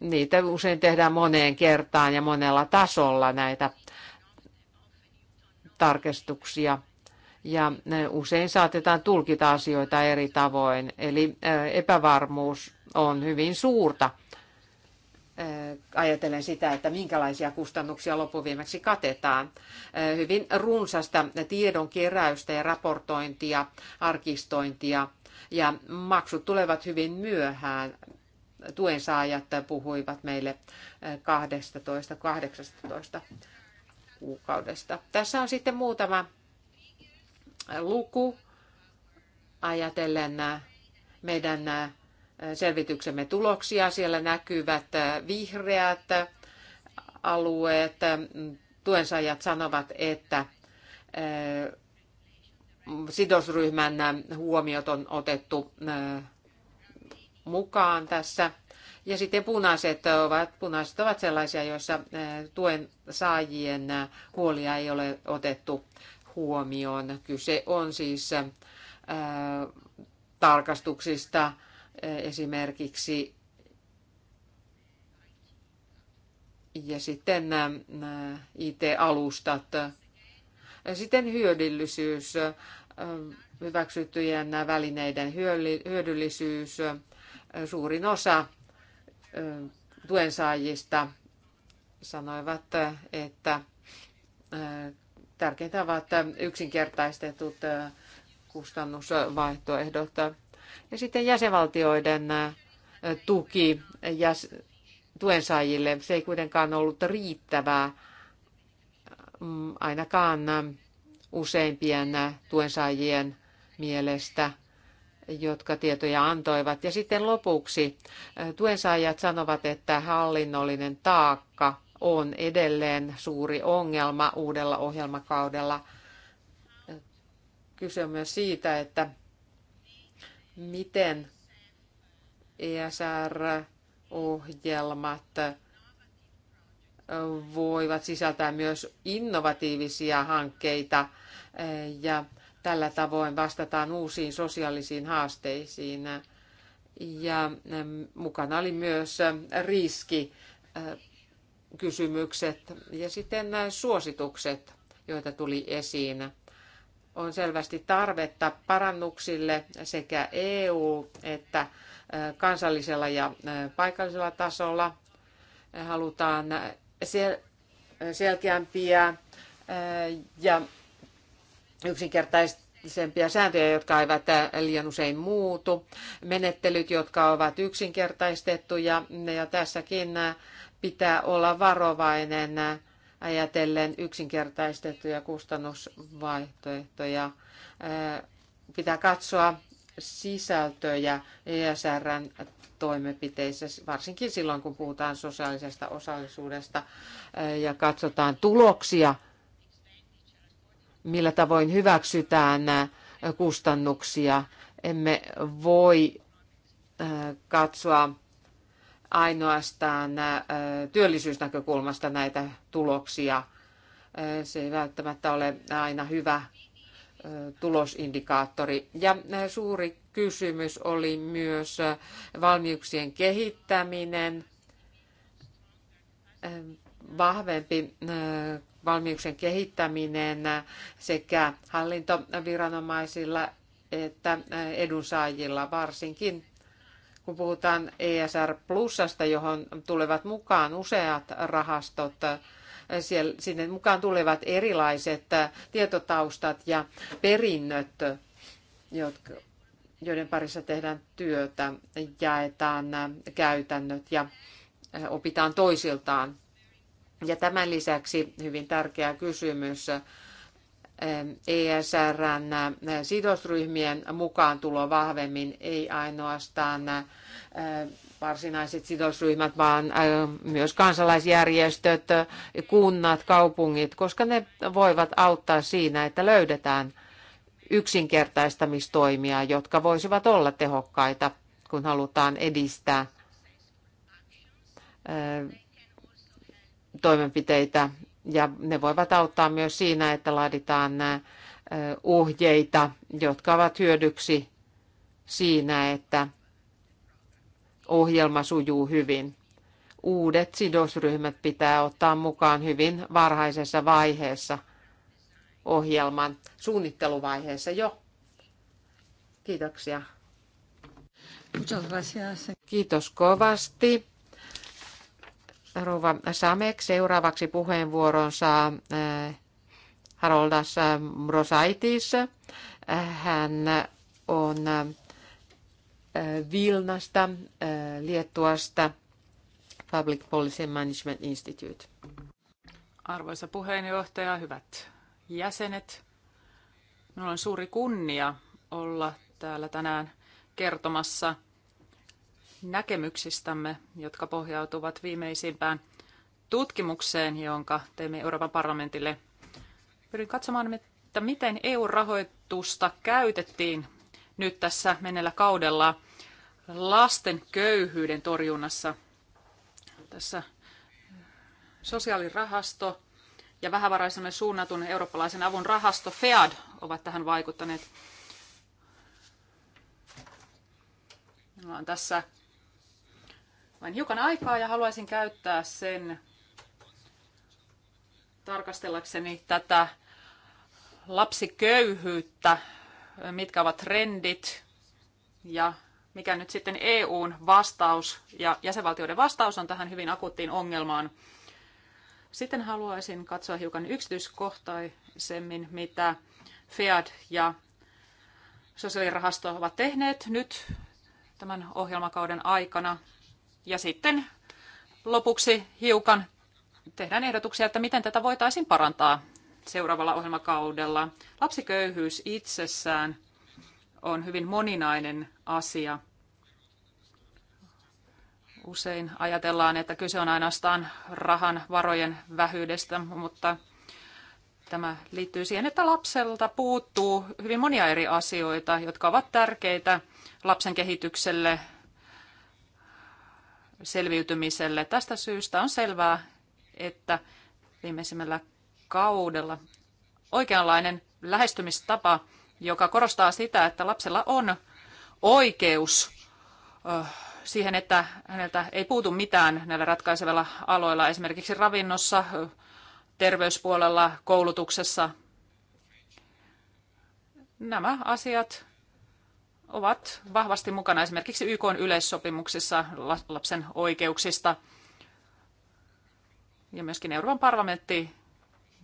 niitä usein tehdään moneen kertaan ja monella tasolla näitä tarkistuksia. Ja e, usein saatetaan tulkita asioita eri tavoin, eli e, epävarmuus on hyvin suurta. E, ajatellen sitä, että minkälaisia kustannuksia loppuviimeksi katetaan. Hyvin runsasta tiedon keräystä ja raportointia, arkistointia ja maksut tulevat hyvin myöhään tuen saajat puhuivat meille 12-18 eh, kuukaudesta. Tässä on sitten muutama luku ajatellen eh, meidän eh, selvityksemme tuloksia. Siellä näkyvät vihreät alueet. Tuensaajat sanovat, että sidosryhmän huomiot on otettu mukaan tässä. Ja sitten punaiset ovat, punaiset ovat sellaisia, joissa eh, tuen saajien eh, huolia ei ole otettu huomioon. Kyse on siis äh, tarkastuksista äh, esimerkiksi ja sitten nämä IT-alustat. Sitten hyödyllisyys, hyväksyttyjen välineiden hyödyllisyys, suurin osa tuensaajista sanoivat, että tärkeintä ovat yksinkertaistetut kustannusvaihtoehdot. Ja sitten jäsenvaltioiden tuki ja tuensaajille, se ei kuitenkaan ollut riittävää mm, ainakaan useimpien tuensaajien mielestä – jotka tietoja antoivat. Ja sitten lopuksi tuensaajat sanovat, että hallinnollinen taakka on edelleen suuri ongelma uudella ohjelmakaudella. Kyse on myös siitä, että miten ESR-ohjelmat voivat sisältää myös innovatiivisia hankkeita ja Tällä tavoin vastataan uusiin sosiaalisiin haasteisiin. Ja ähm, mukana oli myös äh, riski äh, kysymykset ja sitten nämä äh, suositukset, joita tuli esiin. On selvästi tarvetta parannuksille sekä EU- että kansallisella ja paikallisella tasolla. Halutaan selkeämpiä ja yksinkertaisempia sääntöjä, jotka eivät liian usein muutu, menettelyt, jotka ovat yksinkertaistettuja, ja tässäkin pitää olla varovainen ajatellen yksinkertaistettuja kustannusvaihtoehtoja. Pitää katsoa sisältöjä ESRn toimenpiteissä, varsinkin silloin kun puhutaan sosiaalisesta osallisuudesta ja katsotaan tuloksia millä tavoin hyväksytään kustannuksia. Emme voi katsoa ainoastaan työllisyysnäkökulmasta näitä tuloksia. Se ei välttämättä ole aina hyvä tulosindikaattori. Ja suuri kysymys oli myös valmiuksien kehittäminen, vahvempi valmiuksen kehittäminen sekä hallintoviranomaisilla että edunsaajilla varsinkin kun puhutaan ESR Plusasta, johon tulevat mukaan useat rahastot, siellä, sinne mukaan tulevat erilaiset tietotaustat ja perinnöt, jotka, joiden parissa tehdään työtä, jaetaan käytännöt ja opitaan toisiltaan. Ja tämän lisäksi hyvin tärkeä kysymys ESRn eh, e eh, sidosryhmien mukaan tulo vahvemmin, ei ainoastaan eh, varsinaiset sidosryhmät, vaan myös kansalaisjärjestöt, kunnat, kaupungit, koska ne voivat auttaa siinä, että löydetään yksinkertaistamistoimia, jotka voisivat olla tehokkaita, kun halutaan edistää toimenpiteitä ja ne voivat auttaa myös siinä, että laaditaan nämä ohjeita, jotka ovat hyödyksi siinä, että ohjelma sujuu hyvin. Uudet sidosryhmät pitää ottaa mukaan hyvin varhaisessa vaiheessa ohjelman suunnitteluvaiheessa jo. Kiitoksia. Kiitos kovasti. Rova Samek seuraavaksi puheenvuoron saa eh, Haroldas Brosaitis. Hän on eh, Vilnasta, eh, Liettuasta, Public Policy Management Institute. Arvoisa puheenjohtaja, hyvät jäsenet. Minulla on suuri kunnia olla täällä tänään kertomassa – näkemyksistämme, jotka pohjautuvat viimeisimpään tutkimukseen, jonka teimme Euroopan parlamentille. Pyrin katsomaan, että miten EU-rahoitusta käytettiin nyt tässä menellä kaudella lasten köyhyyden torjunnassa. Tässä sosiaalirahasto ja vähävaraisemme suunnatun eurooppalaisen avun rahasto FEAD ovat tähän vaikuttaneet. Minulla on tässä vain hiukan aikaa ja haluaisin käyttää sen tarkastellakseni tätä lapsiköyhyyttä, mitkä ovat trendit ja mikä nyt sitten EUn vastaus ja jäsenvaltioiden vastaus on tähän hyvin akuuttiin ongelmaan. Sitten haluaisin katsoa hiukan yksityiskohtaisemmin, mitä FEAD ja sosiaalirahasto ovat tehneet nyt tämän ohjelmakauden aikana ja sitten lopuksi hiukan tehdään ehdotuksia, että miten tätä voitaisiin parantaa seuraavalla ohjelmakaudella. Lapsiköyhyys itsessään on hyvin moninainen asia. Usein ajatellaan, että kyse on ainoastaan rahan varojen vähyydestä, mutta tämä liittyy siihen, että lapselta puuttuu hyvin monia eri asioita, jotka ovat tärkeitä lapsen kehitykselle, selviytymiselle. Tästä syystä on selvää, että viimeisimmällä kaudella oikeanlainen lähestymistapa, joka korostaa sitä, että lapsella on oikeus siihen, että häneltä ei puutu mitään näillä ratkaisevilla aloilla, esimerkiksi ravinnossa, terveyspuolella, koulutuksessa. Nämä asiat ovat vahvasti mukana esimerkiksi YK yleissopimuksissa lapsen oikeuksista. Ja myöskin Euroopan parlamentti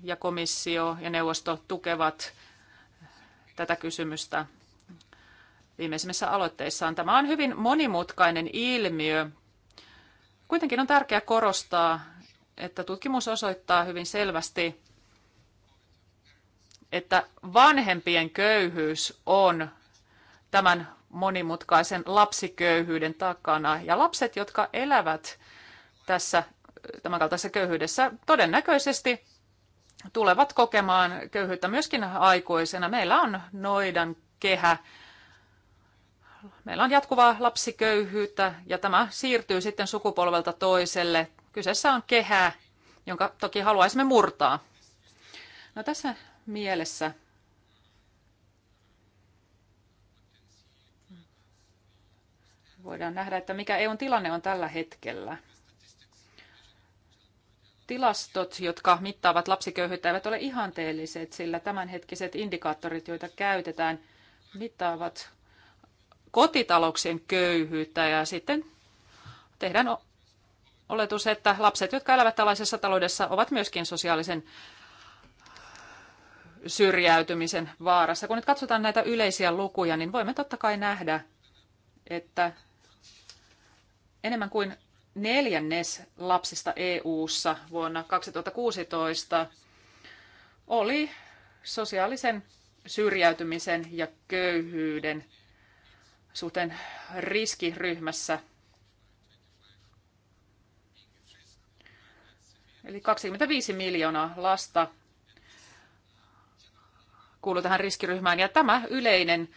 ja komissio ja neuvosto tukevat tätä kysymystä viimeisimmissä aloitteissaan. Tämä on hyvin monimutkainen ilmiö. Kuitenkin on tärkeää korostaa, että tutkimus osoittaa hyvin selvästi, että vanhempien köyhyys on tämän monimutkaisen lapsiköyhyyden takana. Ja lapset, jotka elävät tässä kaltaisessa köyhyydessä, todennäköisesti tulevat kokemaan köyhyyttä myöskin aikuisena. Meillä on noidan kehä. Meillä on jatkuvaa lapsiköyhyyttä ja tämä siirtyy sitten sukupolvelta toiselle. Kyseessä on kehä, jonka toki haluaisimme murtaa. No tässä mielessä voidaan nähdä, että mikä EUn tilanne on tällä hetkellä. Tilastot, jotka mittaavat lapsiköyhyyttä, eivät ole ihanteelliset, sillä tämänhetkiset indikaattorit, joita käytetään, mittaavat kotitalouksien köyhyyttä ja sitten tehdään oletus, että lapset, jotka elävät tällaisessa taloudessa, ovat myöskin sosiaalisen syrjäytymisen vaarassa. Kun nyt katsotaan näitä yleisiä lukuja, niin voimme totta kai nähdä, että Enemmän kuin neljännes lapsista EU:ssa vuonna 2016 oli sosiaalisen syrjäytymisen ja köyhyyden suhteen riskiryhmässä. Eli 25 miljoonaa lasta kuuluu tähän riskiryhmään. Ja tämä yleinen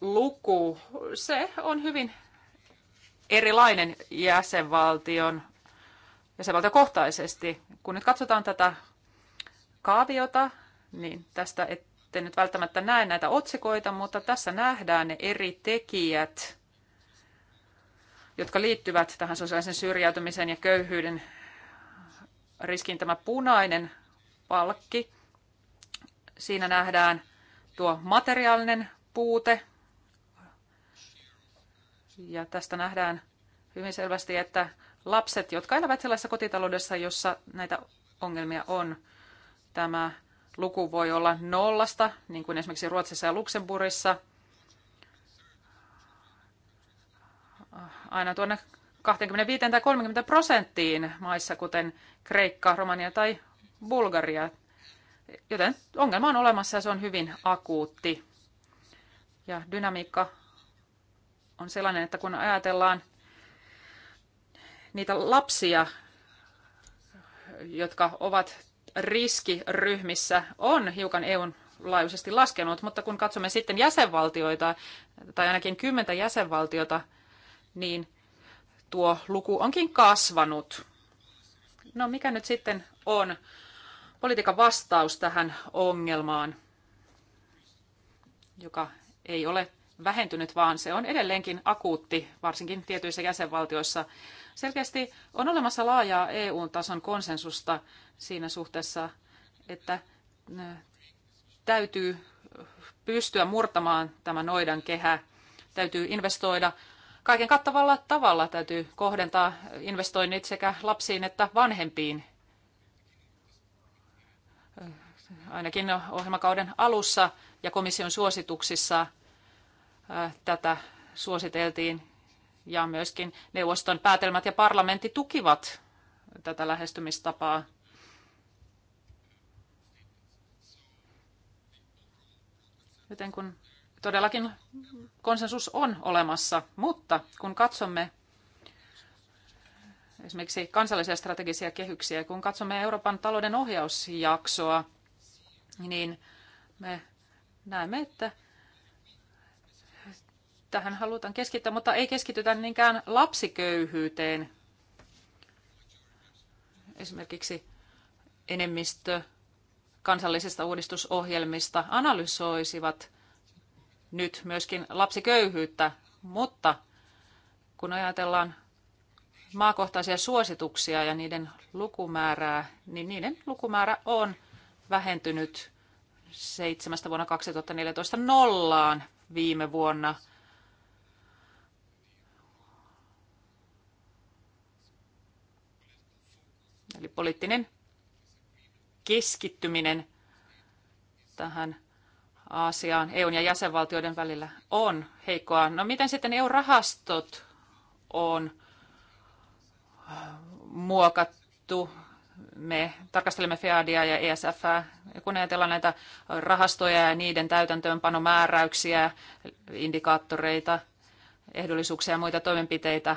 luku, se on hyvin erilainen jäsenvaltion, jäsenvaltiokohtaisesti. Kun nyt katsotaan tätä kaaviota, niin tästä ette nyt välttämättä näe näitä otsikoita, mutta tässä nähdään ne eri tekijät, jotka liittyvät tähän sosiaalisen syrjäytymisen ja köyhyyden riskiin tämä punainen palkki. Siinä nähdään tuo materiaalinen puute, ja tästä nähdään hyvin selvästi, että lapset, jotka elävät sellaisessa kotitaloudessa, jossa näitä ongelmia on, tämä luku voi olla nollasta, niin kuin esimerkiksi Ruotsissa ja Luxemburgissa, aina tuonne 25 tai 30 prosenttiin maissa, kuten Kreikka, Romania tai Bulgaria. Joten ongelma on olemassa ja se on hyvin akuutti. Ja dynamiikka on sellainen, että kun ajatellaan niitä lapsia, jotka ovat riskiryhmissä, on hiukan EUn laajuisesti laskenut, mutta kun katsomme sitten jäsenvaltioita, tai ainakin kymmentä jäsenvaltiota, niin tuo luku onkin kasvanut. No mikä nyt sitten on politiikan vastaus tähän ongelmaan, joka ei ole vähentynyt, vaan se on edelleenkin akuutti, varsinkin tietyissä jäsenvaltioissa. Selkeästi on olemassa laajaa EU-tason konsensusta siinä suhteessa, että äh, täytyy pystyä murtamaan tämä noidan kehä, täytyy investoida kaiken kattavalla tavalla, täytyy kohdentaa investoinnit sekä lapsiin että vanhempiin. Äh, ainakin ohjelmakauden alussa ja komission suosituksissa – tätä suositeltiin ja myöskin neuvoston päätelmät ja parlamentti tukivat tätä lähestymistapaa. Joten kun todellakin konsensus on olemassa, mutta kun katsomme esimerkiksi kansallisia strategisia kehyksiä, kun katsomme Euroopan talouden ohjausjaksoa, niin me näemme, että tähän halutaan keskittää, mutta ei keskitytä niinkään lapsiköyhyyteen. Esimerkiksi enemmistö kansallisista uudistusohjelmista analysoisivat nyt myöskin lapsiköyhyyttä, mutta kun ajatellaan maakohtaisia suosituksia ja niiden lukumäärää, niin niiden lukumäärä on vähentynyt seitsemästä vuonna 2014 nollaan viime vuonna – Eli poliittinen keskittyminen tähän asiaan EUn ja jäsenvaltioiden välillä on heikkoa. No miten sitten EU-rahastot on äh, muokattu? Me tarkastelemme FEADia ja ESF, kun ajatellaan näitä rahastoja ja niiden täytäntöönpanomääräyksiä, indikaattoreita, ehdollisuuksia ja muita toimenpiteitä,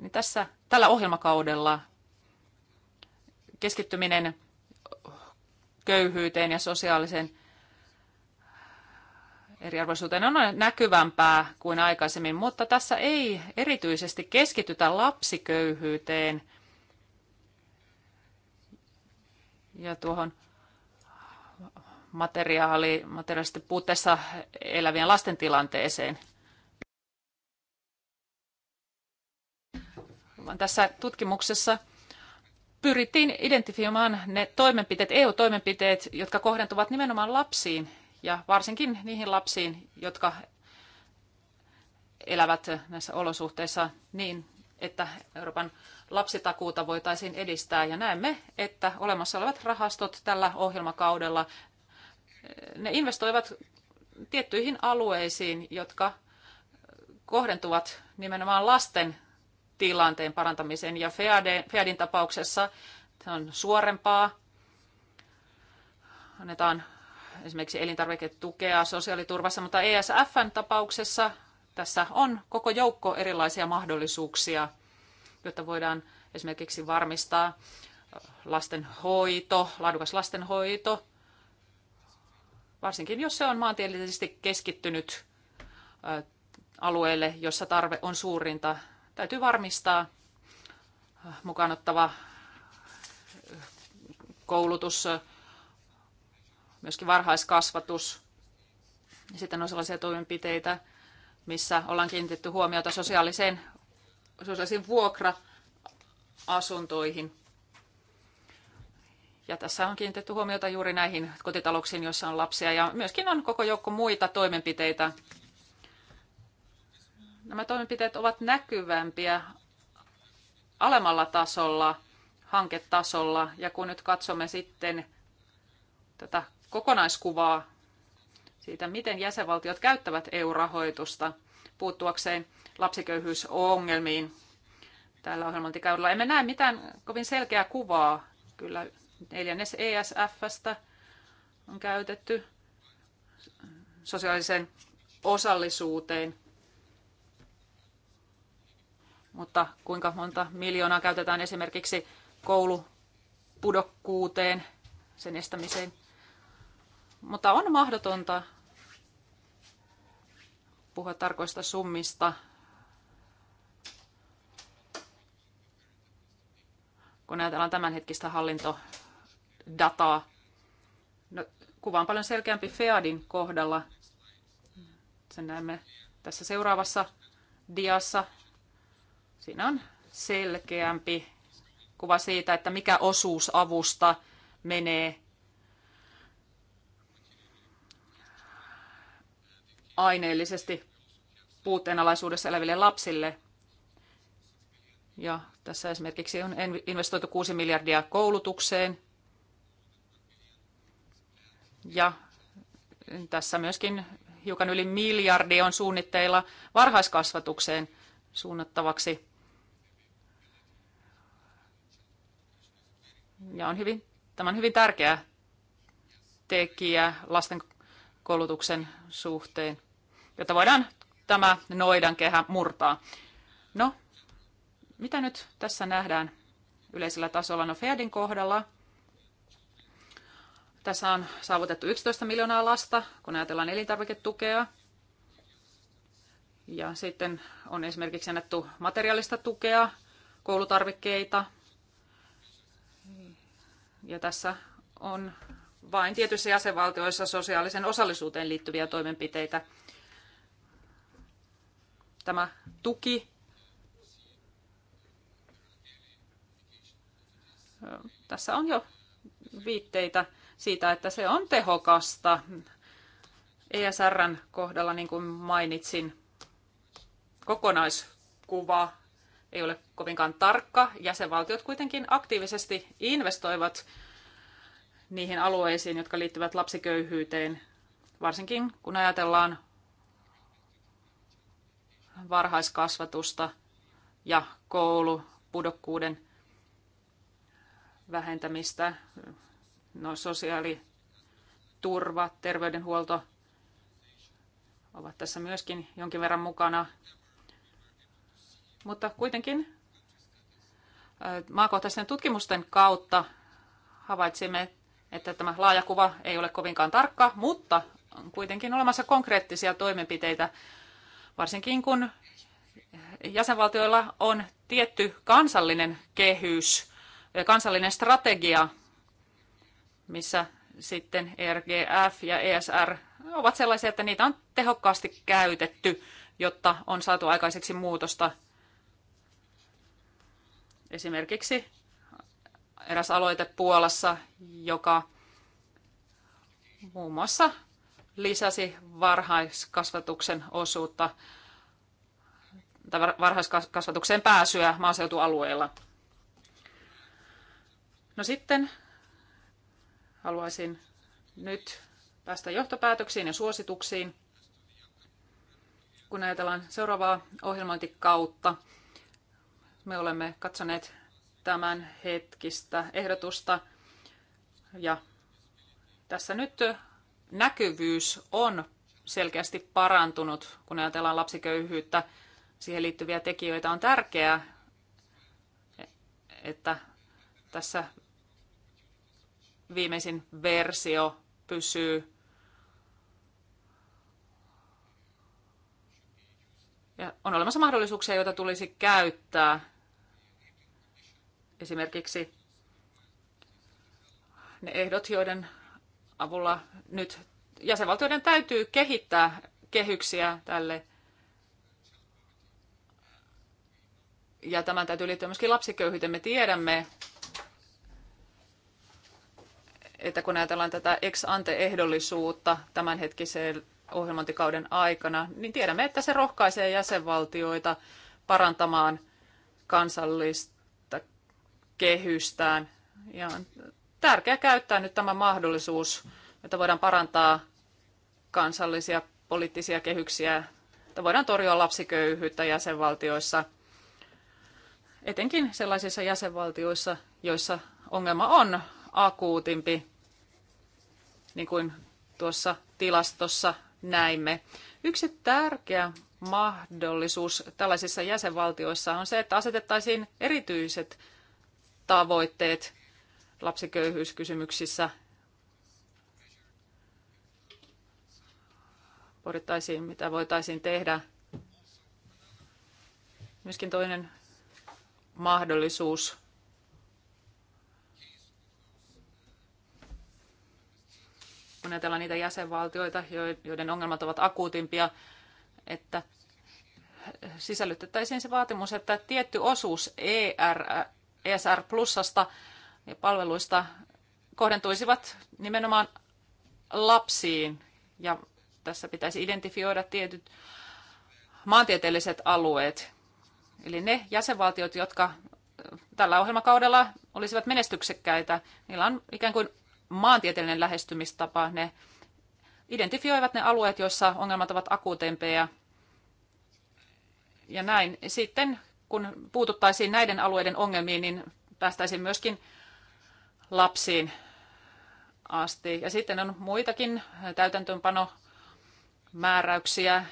niin tässä, tällä ohjelmakaudella keskittyminen köyhyyteen ja sosiaaliseen eriarvoisuuteen on näkyvämpää kuin aikaisemmin, mutta tässä ei erityisesti keskitytä lapsiköyhyyteen ja tuohon materiaali, materiaalisesti puutteessa elävien lasten tilanteeseen. tässä tutkimuksessa pyrittiin identifioimaan ne toimenpiteet, EU-toimenpiteet, jotka kohdentuvat nimenomaan lapsiin ja varsinkin niihin lapsiin, jotka elävät näissä olosuhteissa niin, että Euroopan lapsitakuuta voitaisiin edistää. Ja näemme, että olemassa olevat rahastot tällä ohjelmakaudella, ne investoivat tiettyihin alueisiin, jotka kohdentuvat nimenomaan lasten tilanteen parantamiseen. Ja FEADin tapauksessa se on suorempaa. Annetaan esimerkiksi elintarviketukea sosiaaliturvassa, mutta ESFn tapauksessa tässä on koko joukko erilaisia mahdollisuuksia, jotta voidaan esimerkiksi varmistaa lastenhoito, laadukas lastenhoito, varsinkin jos se on maantieteellisesti keskittynyt alueelle, jossa tarve on suurinta täytyy varmistaa äh, mukaanottava äh, koulutus, äh, myöskin varhaiskasvatus. Sitten on sellaisia toimenpiteitä, missä ollaan kiinnitetty huomiota sosiaaliseen, sosiaalisiin vuokra-asuntoihin. Ja tässä on kiinnitetty huomiota juuri näihin kotitalouksiin, joissa on lapsia ja myöskin on koko joukko muita toimenpiteitä, nämä toimenpiteet ovat näkyvämpiä alemmalla tasolla, hanketasolla. Ja kun nyt katsomme sitten tätä kokonaiskuvaa siitä, miten jäsenvaltiot käyttävät EU-rahoitusta puuttuakseen lapsiköyhyysongelmiin tällä ohjelmointikaudella. Emme näe mitään kovin selkeää kuvaa. Kyllä neljännes ESFstä on käytetty sosiaaliseen osallisuuteen – mutta kuinka monta miljoonaa käytetään esimerkiksi koulupudokkuuteen, sen estämiseen. Mutta on mahdotonta puhua tarkoista summista, kun ajatellaan tämänhetkistä hallintodataa. No, kuva on paljon selkeämpi FEADin kohdalla. Sen näemme tässä seuraavassa diassa Siinä on selkeämpi kuva siitä, että mikä osuus avusta menee aineellisesti puutteenalaisuudessa eläville lapsille. Ja tässä esimerkiksi on investoitu 6 miljardia koulutukseen. Ja tässä myöskin hiukan yli miljardi on suunnitteilla varhaiskasvatukseen suunnattavaksi. Ja on hyvin, tämä on hyvin tärkeä tekijä lasten koulutuksen suhteen, jotta voidaan tämä noidan kehä murtaa. No, mitä nyt tässä nähdään yleisellä tasolla? No Fedin kohdalla tässä on saavutettu 11 miljoonaa lasta, kun ajatellaan elintarviketukea. Ja sitten on esimerkiksi annettu materiaalista tukea, koulutarvikkeita, ja tässä on vain tietyissä jäsenvaltioissa sosiaalisen osallisuuteen liittyviä toimenpiteitä. Tämä tuki tässä on jo viitteitä siitä, että se on tehokasta ESRn kohdalla, niin kuin mainitsin, kokonaiskuva ei ole kovinkaan tarkka. Jäsenvaltiot kuitenkin aktiivisesti investoivat niihin alueisiin, jotka liittyvät lapsiköyhyyteen, varsinkin kun ajatellaan varhaiskasvatusta ja koulupudokkuuden vähentämistä, no, sosiaaliturva, terveydenhuolto ovat tässä myöskin jonkin verran mukana. Mutta kuitenkin äh, maakohtaisten tutkimusten kautta havaitsimme, että tämä laaja kuva ei ole kovinkaan tarkka, mutta on kuitenkin olemassa konkreettisia toimenpiteitä, varsinkin kun jäsenvaltioilla on tietty kansallinen kehys, äh, kansallinen strategia, missä sitten ERGF ja ESR ovat sellaisia, että niitä on tehokkaasti käytetty, jotta on saatu aikaiseksi muutosta Esimerkiksi eräs aloite Puolassa, joka muun muassa lisäsi varhaiskasvatuksen osuutta tai varhaiskasvatukseen pääsyä maaseutualueilla. No sitten haluaisin nyt päästä johtopäätöksiin ja suosituksiin, kun ajatellaan seuraavaa ohjelmointikautta – me olemme katsoneet tämän hetkistä ehdotusta ja tässä nyt näkyvyys on selkeästi parantunut, kun ajatellaan lapsiköyhyyttä. Siihen liittyviä tekijöitä on tärkeää, että tässä viimeisin versio pysyy ja on olemassa mahdollisuuksia, joita tulisi käyttää Esimerkiksi ne ehdot, joiden avulla nyt jäsenvaltioiden täytyy kehittää kehyksiä tälle. Ja tämän täytyy liittyä myöskin lapsiköyhyyteen. Me tiedämme, että kun ajatellaan tätä ex ante ehdollisuutta tämänhetkisen ohjelmointikauden aikana, niin tiedämme, että se rohkaisee jäsenvaltioita parantamaan kansallista kehystään. Ja on tärkeää käyttää nyt tämä mahdollisuus, että voidaan parantaa kansallisia poliittisia kehyksiä, että voidaan torjua lapsiköyhyyttä jäsenvaltioissa, etenkin sellaisissa jäsenvaltioissa, joissa ongelma on akuutimpi, niin kuin tuossa tilastossa näimme. Yksi tärkeä mahdollisuus tällaisissa jäsenvaltioissa on se, että asetettaisiin erityiset tavoitteet lapsiköyhyyskysymyksissä pohdittaisiin, mitä voitaisiin tehdä. Myöskin toinen mahdollisuus kun ajatellaan niitä jäsenvaltioita, joiden ongelmat ovat akuutimpia, että sisällytettäisiin se vaatimus, että tietty osuus ER, ESR Plusasta ja palveluista kohdentuisivat nimenomaan lapsiin. Ja tässä pitäisi identifioida tietyt maantieteelliset alueet. Eli ne jäsenvaltiot, jotka tällä ohjelmakaudella olisivat menestyksekkäitä, niillä on ikään kuin maantieteellinen lähestymistapa. Ne identifioivat ne alueet, joissa ongelmat ovat akuutempia. Ja näin sitten kun puututtaisiin näiden alueiden ongelmiin, niin päästäisiin myöskin lapsiin asti. Ja sitten on muitakin täytäntöönpanomääräyksiä,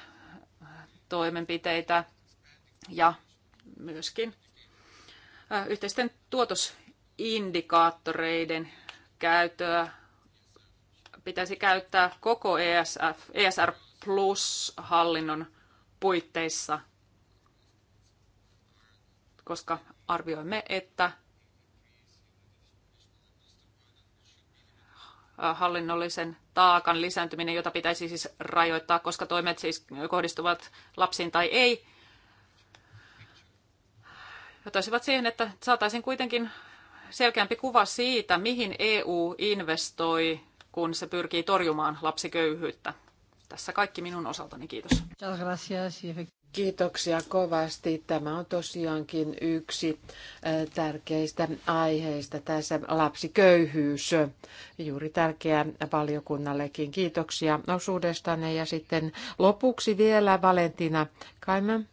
toimenpiteitä ja myöskin yhteisten tuotosindikaattoreiden käyttöä pitäisi käyttää koko ESF, ESR Plus hallinnon puitteissa – koska arvioimme, että hallinnollisen taakan lisääntyminen, jota pitäisi siis rajoittaa, koska toimet siis kohdistuvat lapsiin tai ei, johtaisivat siihen, että saataisiin kuitenkin selkeämpi kuva siitä, mihin EU investoi, kun se pyrkii torjumaan lapsiköyhyyttä. Tässä kaikki minun osaltani. Kiitos. Kiitoksia kovasti. Tämä on tosiaankin yksi tärkeistä aiheista tässä lapsiköyhyys. Juuri tärkeää valiokunnallekin. Kiitoksia osuudestanne. Ja sitten lopuksi vielä Valentina Kaiman.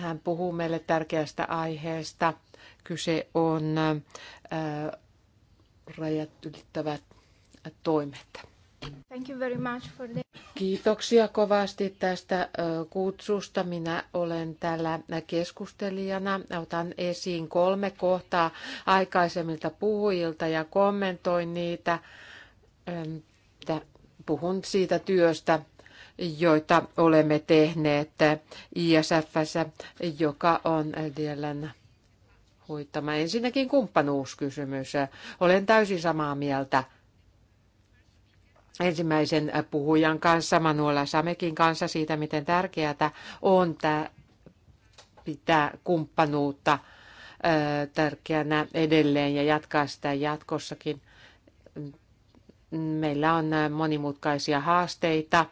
Hän puhuu meille tärkeästä aiheesta. Kyse on rajat ylittävät toimet. Thank you very much for the... Kiitoksia kovasti tästä kutsusta. Minä olen täällä keskustelijana. Otan esiin kolme kohtaa aikaisemmilta puhujilta ja kommentoin niitä. Puhun siitä työstä, joita olemme tehneet ISF, joka on LDLn hoitama. Ensinnäkin kumppanuuskysymys. Olen täysin samaa mieltä ensimmäisen puhujan kanssa, Manuela Samekin kanssa, siitä, miten tärkeää on tämä pitää kumppanuutta tärkeänä edelleen ja jatkaa sitä jatkossakin. Meillä on monimutkaisia haasteita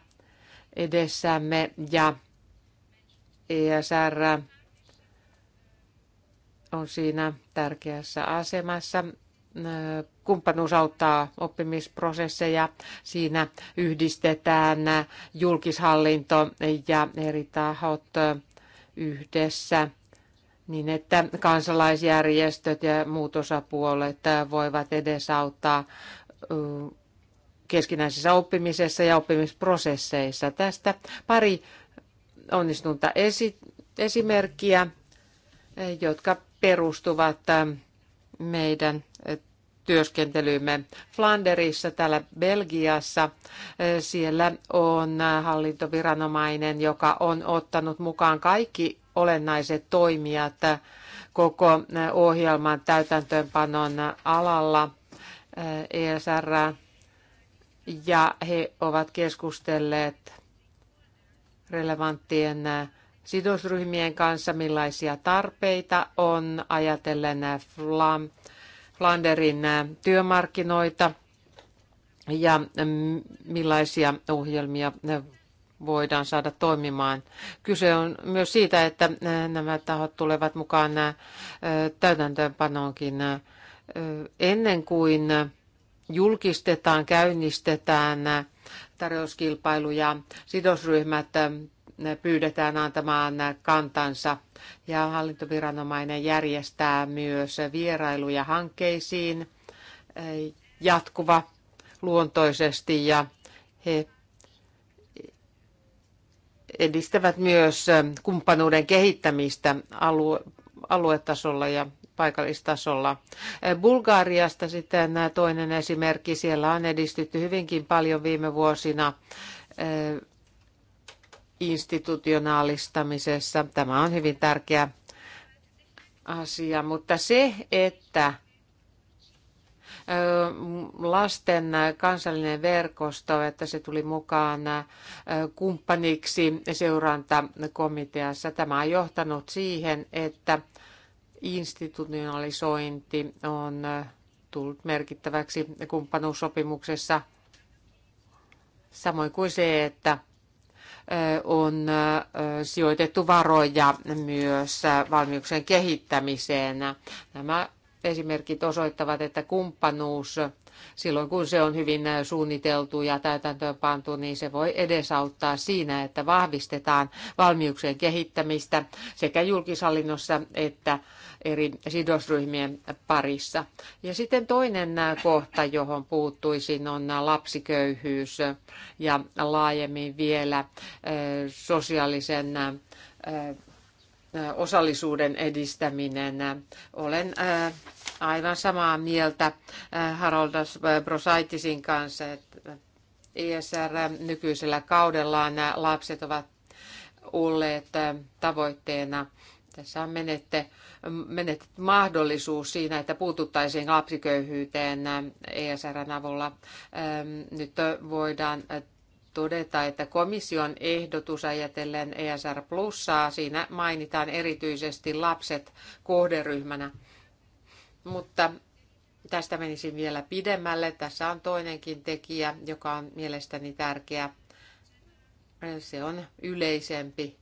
edessämme ja ESR on siinä tärkeässä asemassa kumppanuus auttaa oppimisprosesseja. Siinä yhdistetään julkishallinto ja eri tahot yhdessä niin, että kansalaisjärjestöt ja muut osapuolet voivat edesauttaa keskinäisessä oppimisessa ja oppimisprosesseissa. Tästä pari onnistunutta esi- esimerkkiä, jotka perustuvat meidän työskentelymme Flanderissa täällä Belgiassa. Siellä on hallintoviranomainen, joka on ottanut mukaan kaikki olennaiset toimijat koko ohjelman täytäntöönpanon alalla ESR ja he ovat keskustelleet relevanttien sidosryhmien kanssa, millaisia tarpeita on ajatellen FLAM Flanderin työmarkkinoita ja millaisia ohjelmia voidaan saada toimimaan. Kyse on myös siitä, että nämä tahot tulevat mukaan täytäntöönpanoonkin ennen kuin julkistetaan, käynnistetään tarjouskilpailuja. Sidosryhmät pyydetään antamaan kantansa ja hallintoviranomainen järjestää myös vierailuja hankkeisiin eh, jatkuva luontoisesti ja he edistävät myös eh, kumppanuuden kehittämistä alue, aluetasolla ja paikallistasolla. Eh, Bulgaariasta sitten toinen esimerkki. Siellä on edistytty hyvinkin paljon viime vuosina institutionaalistamisessa. Tämä on hyvin tärkeä asia, mutta se, että lasten kansallinen verkosto, että se tuli mukaan kumppaniksi seurantakomiteassa. Tämä on johtanut siihen, että institutionalisointi on tullut merkittäväksi kumppanuussopimuksessa, samoin kuin se, että on sijoitettu varoja myös valmiuksien kehittämiseen. Nämä esimerkit osoittavat, että kumppanuus silloin kun se on hyvin suunniteltu ja täytäntöön pantu, niin se voi edesauttaa siinä, että vahvistetaan valmiuksien kehittämistä sekä julkishallinnossa että eri sidosryhmien parissa. Ja sitten toinen kohta, johon puuttuisin, on lapsiköyhyys ja laajemmin vielä sosiaalisen osallisuuden edistäminen. Olen aivan samaa mieltä Haroldas Brosaitisin kanssa, että ESR nykyisellä kaudellaan nämä lapset ovat olleet tavoitteena. Tässä menette menetetty mahdollisuus siinä, että puututtaisiin lapsiköyhyyteen ESRn avulla. Nyt voidaan todeta, että komission ehdotus ajatellen ESR Plussaa, siinä mainitaan erityisesti lapset kohderyhmänä. Mutta tästä menisin vielä pidemmälle. Tässä on toinenkin tekijä, joka on mielestäni tärkeä. Se on yleisempi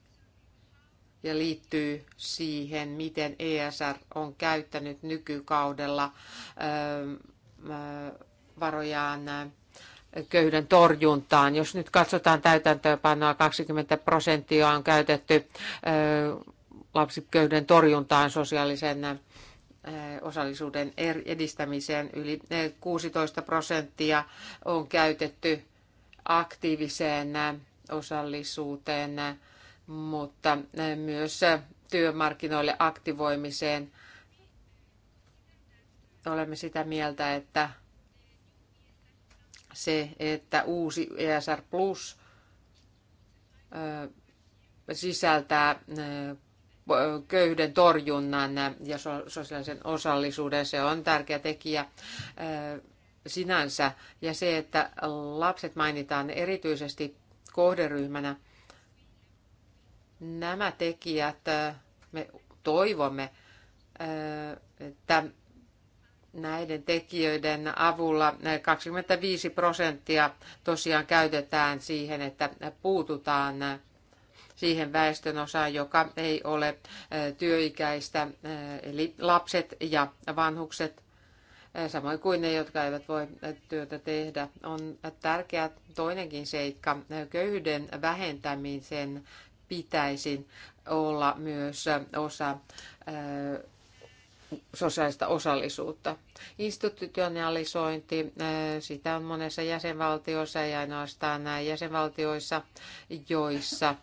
ja liittyy siihen, miten ESR on käyttänyt nykykaudella ähm, äh, varojaan äh, köyhyyden torjuntaan. Jos nyt katsotaan täytäntöönpanoa, 20 prosenttia on käytetty äh, lapsiköyhyyden torjuntaan sosiaalisen osallisuuden er-, edistämiseen. Yli 16 prosenttia on käytetty aktiiviseen osallisuuteen mutta eh, myös eh, työmarkkinoille aktivoimiseen. Olemme sitä mieltä, että se, että uusi ESR Plus eh, sisältää köyhyyden torjunnan ja sosiaalisen osallisuuden. Se on tärkeä tekijä sinänsä. Ja se, että lapset mainitaan erityisesti kohderyhmänä, nämä tekijät, me toivomme, että näiden tekijöiden avulla 25 prosenttia tosiaan käytetään siihen, että puututaan siihen väestönosaan, joka ei ole työikäistä, eli lapset ja vanhukset, samoin kuin ne, jotka eivät voi työtä tehdä. On tärkeää toinenkin seikka, köyhyyden vähentämisen pitäisi olla myös osa äh, sosiaalista osallisuutta. Institutionalisointi, äh, sitä on monessa jäsenvaltioissa ja ainoastaan jäsenvaltioissa, joissa äh,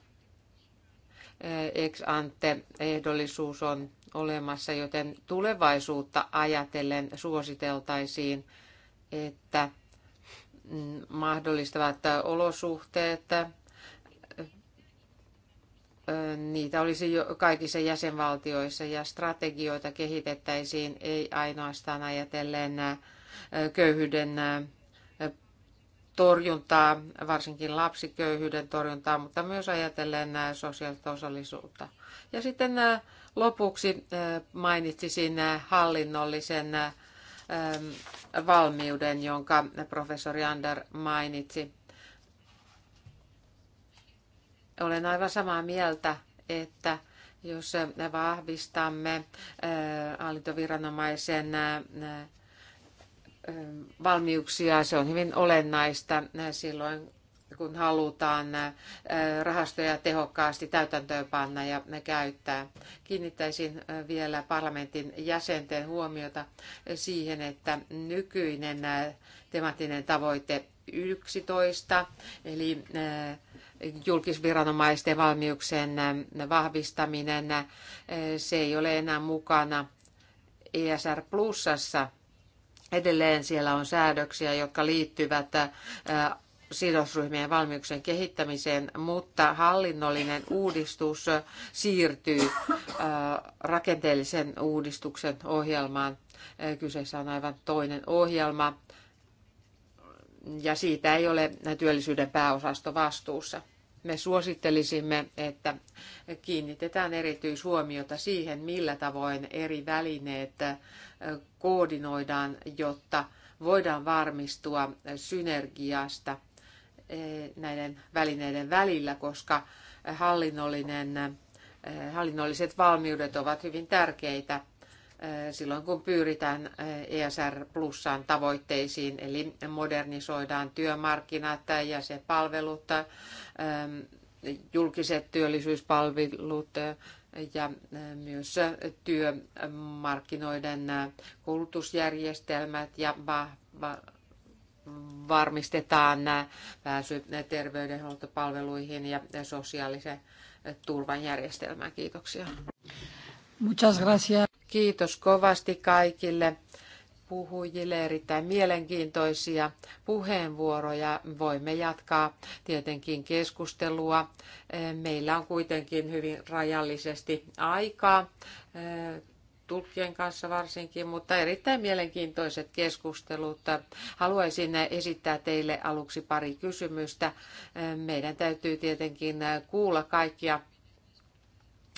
ex ante ehdollisuus on olemassa, joten tulevaisuutta ajatellen suositeltaisiin, että mm, mahdollistavat olosuhteet niitä olisi jo kaikissa jäsenvaltioissa ja strategioita kehitettäisiin ei ainoastaan ajatellen köyhyyden torjuntaa, varsinkin lapsiköyhyyden torjuntaa, mutta myös ajatellen sosiaalista osallisuutta. Ja sitten lopuksi mainitsisin hallinnollisen valmiuden, jonka professori Ander mainitsi. Olen aivan samaa mieltä, että jos vahvistamme äh, hallintoviranomaisen äh, äh, valmiuksia, se on hyvin olennaista silloin, kun halutaan rahastoja tehokkaasti täytäntöönpanna ja käyttää. Kiinnittäisin vielä parlamentin jäsenten huomiota siihen, että nykyinen temaattinen tavoite 11, eli julkisviranomaisten valmiuksien äh, vahvistaminen, äh, se ei ole enää mukana ESR Plusassa. Edelleen siellä on säädöksiä, jotka liittyvät äh, sidosryhmien valmiuksen kehittämiseen, mutta hallinnollinen uudistus siirtyy rakenteellisen uudistuksen ohjelmaan. Kyseessä on aivan toinen ohjelma ja siitä ei ole työllisyyden pääosasto vastuussa me suosittelisimme, että kiinnitetään erityishuomiota siihen, millä tavoin eri välineet äh, koordinoidaan, jotta voidaan varmistua synergiasta eh, näiden välineiden välillä, koska hallinnollinen, eh, hallinnolliset valmiudet ovat hyvin tärkeitä silloin kun pyritään ESR Plussaan tavoitteisiin, eli modernisoidaan työmarkkinat ja se palvelut, julkiset työllisyyspalvelut ja myös työmarkkinoiden koulutusjärjestelmät ja varmistetaan pääsy terveydenhuoltopalveluihin ja sosiaalisen turvan järjestelmään. Kiitoksia. Muchas gracias. Kiitos kovasti kaikille puhujille erittäin mielenkiintoisia puheenvuoroja. Voimme jatkaa tietenkin keskustelua. Meillä on kuitenkin hyvin rajallisesti aikaa eh, tulkien kanssa varsinkin, mutta erittäin mielenkiintoiset keskustelut. Haluaisin esittää teille aluksi pari kysymystä. Eh, meidän täytyy tietenkin kuulla kaikkia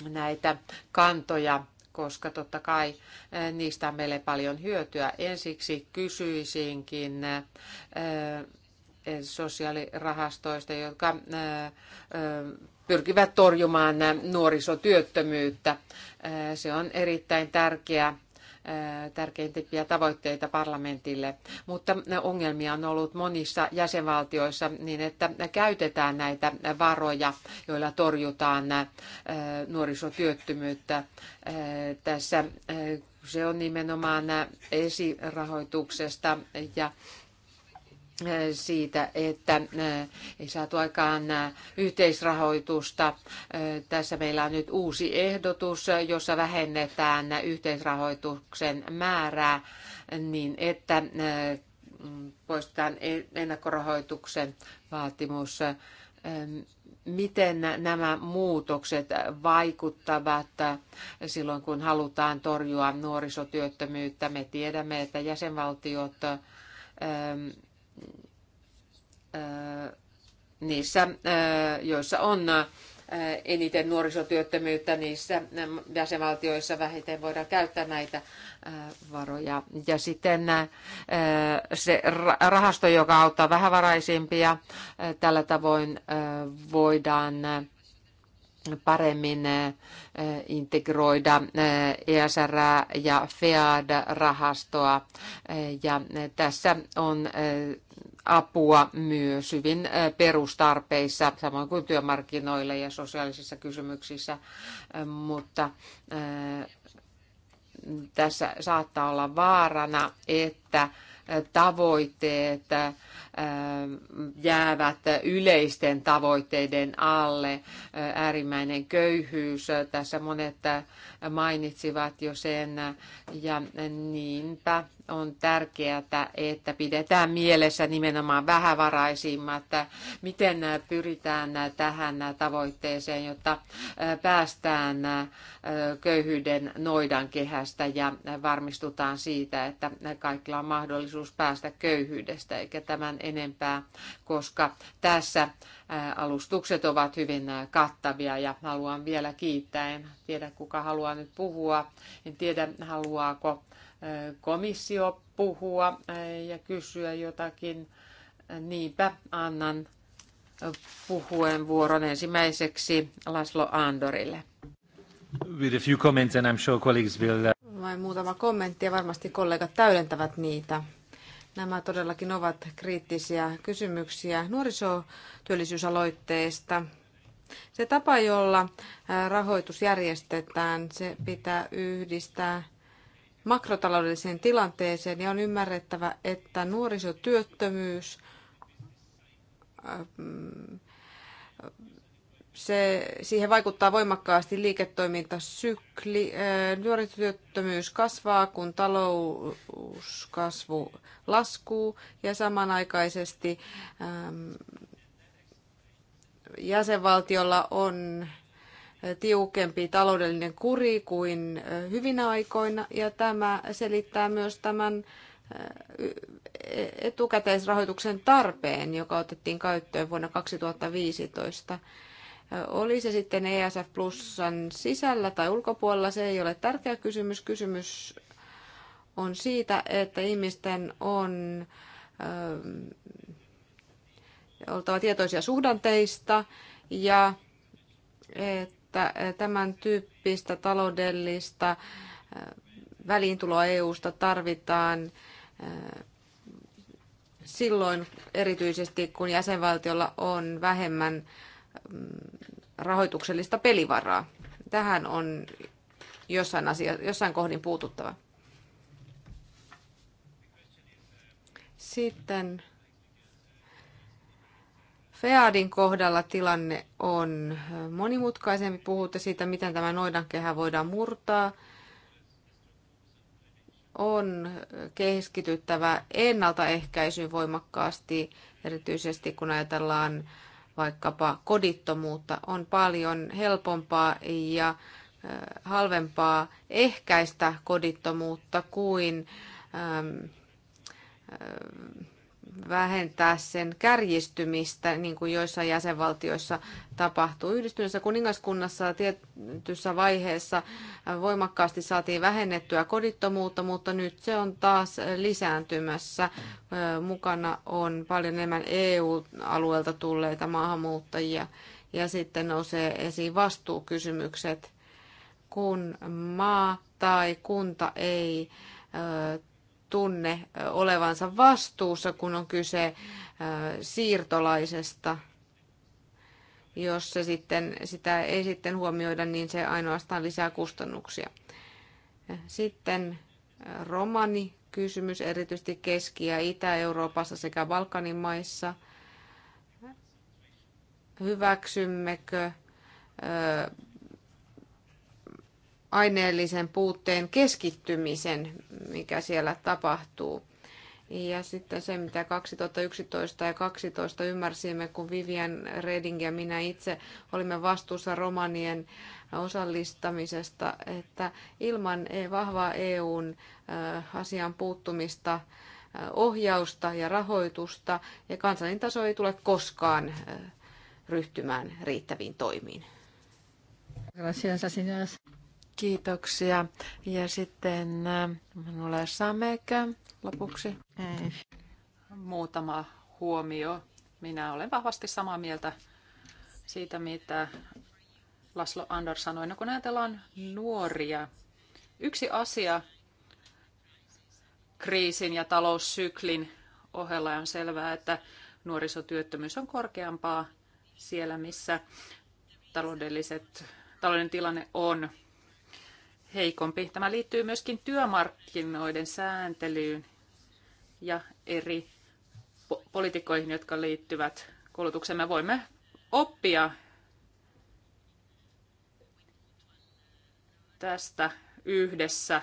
näitä kantoja koska totta kai eh, niistä on meille paljon hyötyä. Ensiksi kysyisinkin eh, eh, sosiaalirahastoista, jotka pyrkivät torjumaan nuorisotyöttömyyttä. Se on erittäin tärkeä tärkeimpiä tavoitteita parlamentille, mutta ongelmia on ollut monissa jäsenvaltioissa niin, että käytetään näitä varoja, joilla torjutaan nuorisotyöttömyyttä. Tässä se on nimenomaan esirahoituksesta ja siitä, että äh, ei saatu aikaan äh, yhteisrahoitusta. Äh, tässä meillä on nyt uusi ehdotus, jossa vähennetään yhteisrahoituksen määrää niin, että poistetaan e-, ennakkorahoituksen vaatimus. Miten nämä muutokset vaikuttavat silloin, kun halutaan torjua nuorisotyöttömyyttä? Me tiedämme, että jäsenvaltiot niissä, joissa on eniten nuorisotyöttömyyttä niissä jäsenvaltioissa vähiten voidaan käyttää näitä varoja. Ja sitten se rahasto, joka auttaa vähävaraisimpia, tällä tavoin voidaan paremmin eh, eh, integroida ESR eh, e ja FEAD-rahastoa. Ja tässä on apua myös hyvin perustarpeissa, samoin kuin työmarkkinoille ja sosiaalisissa kysymyksissä, mutta tässä saattaa olla vaarana, että tavoitteet äh, jäävät yleisten tavoitteiden alle. Äh, äärimmäinen köyhyys, äh, tässä monet mainitsivat jo sen, ja niinpä on tärkeää, että pidetään mielessä nimenomaan vähävaraisimmat, miten pyritään tähän tavoitteeseen, jotta päästään köyhyyden noidan kehästä ja varmistutaan siitä, että kaikilla on mahdollisuus päästä köyhyydestä, eikä tämän enempää, koska tässä alustukset ovat hyvin kattavia ja haluan vielä kiittää. En tiedä, kuka haluaa nyt puhua. En tiedä, haluaako komissio puhua äh, ja kysyä jotakin. Niinpä annan vuoron ensimmäiseksi Laslo Andorille. With a few comments and I'm sure colleagues will... Uh, Vain muutama kommentti ja varmasti kollegat täydentävät niitä. Nämä todellakin ovat kriittisiä kysymyksiä nuorisotyöllisyysaloitteesta. Se tapa, jolla äh, rahoitus järjestetään, se pitää yhdistää makrotaloudelliseen tilanteeseen ja on ymmärrettävä, että nuorisotyöttömyys ähm, se, siihen vaikuttaa voimakkaasti liiketoimintasykli. Äh, nuorisotyöttömyys kasvaa, kun talouskasvu laskuu ja samanaikaisesti ähm, jäsenvaltiolla on tiukempi taloudellinen kuri kuin hyvinä aikoina, ja tämä selittää myös tämän e, etukäteisrahoituksen tarpeen, joka otettiin käyttöön vuonna 2015. Oli se sitten ESF Plusan sisällä tai ulkopuolella, se ei ole tärkeä kysymys. Kysymys on siitä, että ihmisten on oltava tietoisia suhdanteista ja että että tämän tyyppistä taloudellista väliintuloa EUsta tarvitaan silloin erityisesti, kun jäsenvaltiolla on vähemmän mm, rahoituksellista pelivaraa. Tähän on jossain, asia, jossain kohdin puututtava. Sitten FEADin kohdalla tilanne on monimutkaisempi. Puhutte siitä, miten tämä noidankehä voidaan murtaa. On keskityttävä ennaltaehkäisyyn voimakkaasti, erityisesti kun ajatellaan vaikkapa kodittomuutta. On paljon helpompaa ja halvempaa ehkäistä kodittomuutta kuin ähm, ähm, vähentää sen kärjistymistä, niin kuin joissain jäsenvaltioissa tapahtuu. Yhdistyneessä kuningaskunnassa tietyssä vaiheessa voimakkaasti saatiin vähennettyä kodittomuutta, mutta nyt se on taas lisääntymässä. Mukana on paljon enemmän EU-alueelta tulleita maahanmuuttajia ja sitten nousee esiin vastuukysymykset, kun maa tai kunta ei tunne olevansa vastuussa, kun on kyse siirtolaisesta. Jos se sitten, sitä ei sitten huomioida, niin se ainoastaan lisää kustannuksia. Sitten romani kysymys erityisesti Keski- ja Itä-Euroopassa sekä Balkanin maissa. Hyväksymmekö aineellisen puutteen keskittymisen, mikä siellä tapahtuu. Ja sitten se, mitä 2011 ja 2012 ymmärsimme, kun Vivian Reding ja minä itse olimme vastuussa romanien osallistamisesta, että ilman e- vahvaa EUn asian puuttumista, ohjausta ja rahoitusta ja kansallinen taso ei tule koskaan ryhtymään riittäviin toimiin. Gracias, señoras. Kiitoksia. Ja sitten äh, minulla Samekä lopuksi. Ei. Muutama huomio. Minä olen vahvasti samaa mieltä siitä, mitä Laslo Andor sanoi. No kun ajatellaan nuoria, yksi asia kriisin ja taloussyklin ohella on selvää, että nuorisotyöttömyys on korkeampaa siellä, missä taloudelliset, talouden tilanne on heikompi. Tämä liittyy myöskin työmarkkinoiden sääntelyyn ja eri po- politikoihin, jotka liittyvät koulutukseen. Me voimme oppia tästä yhdessä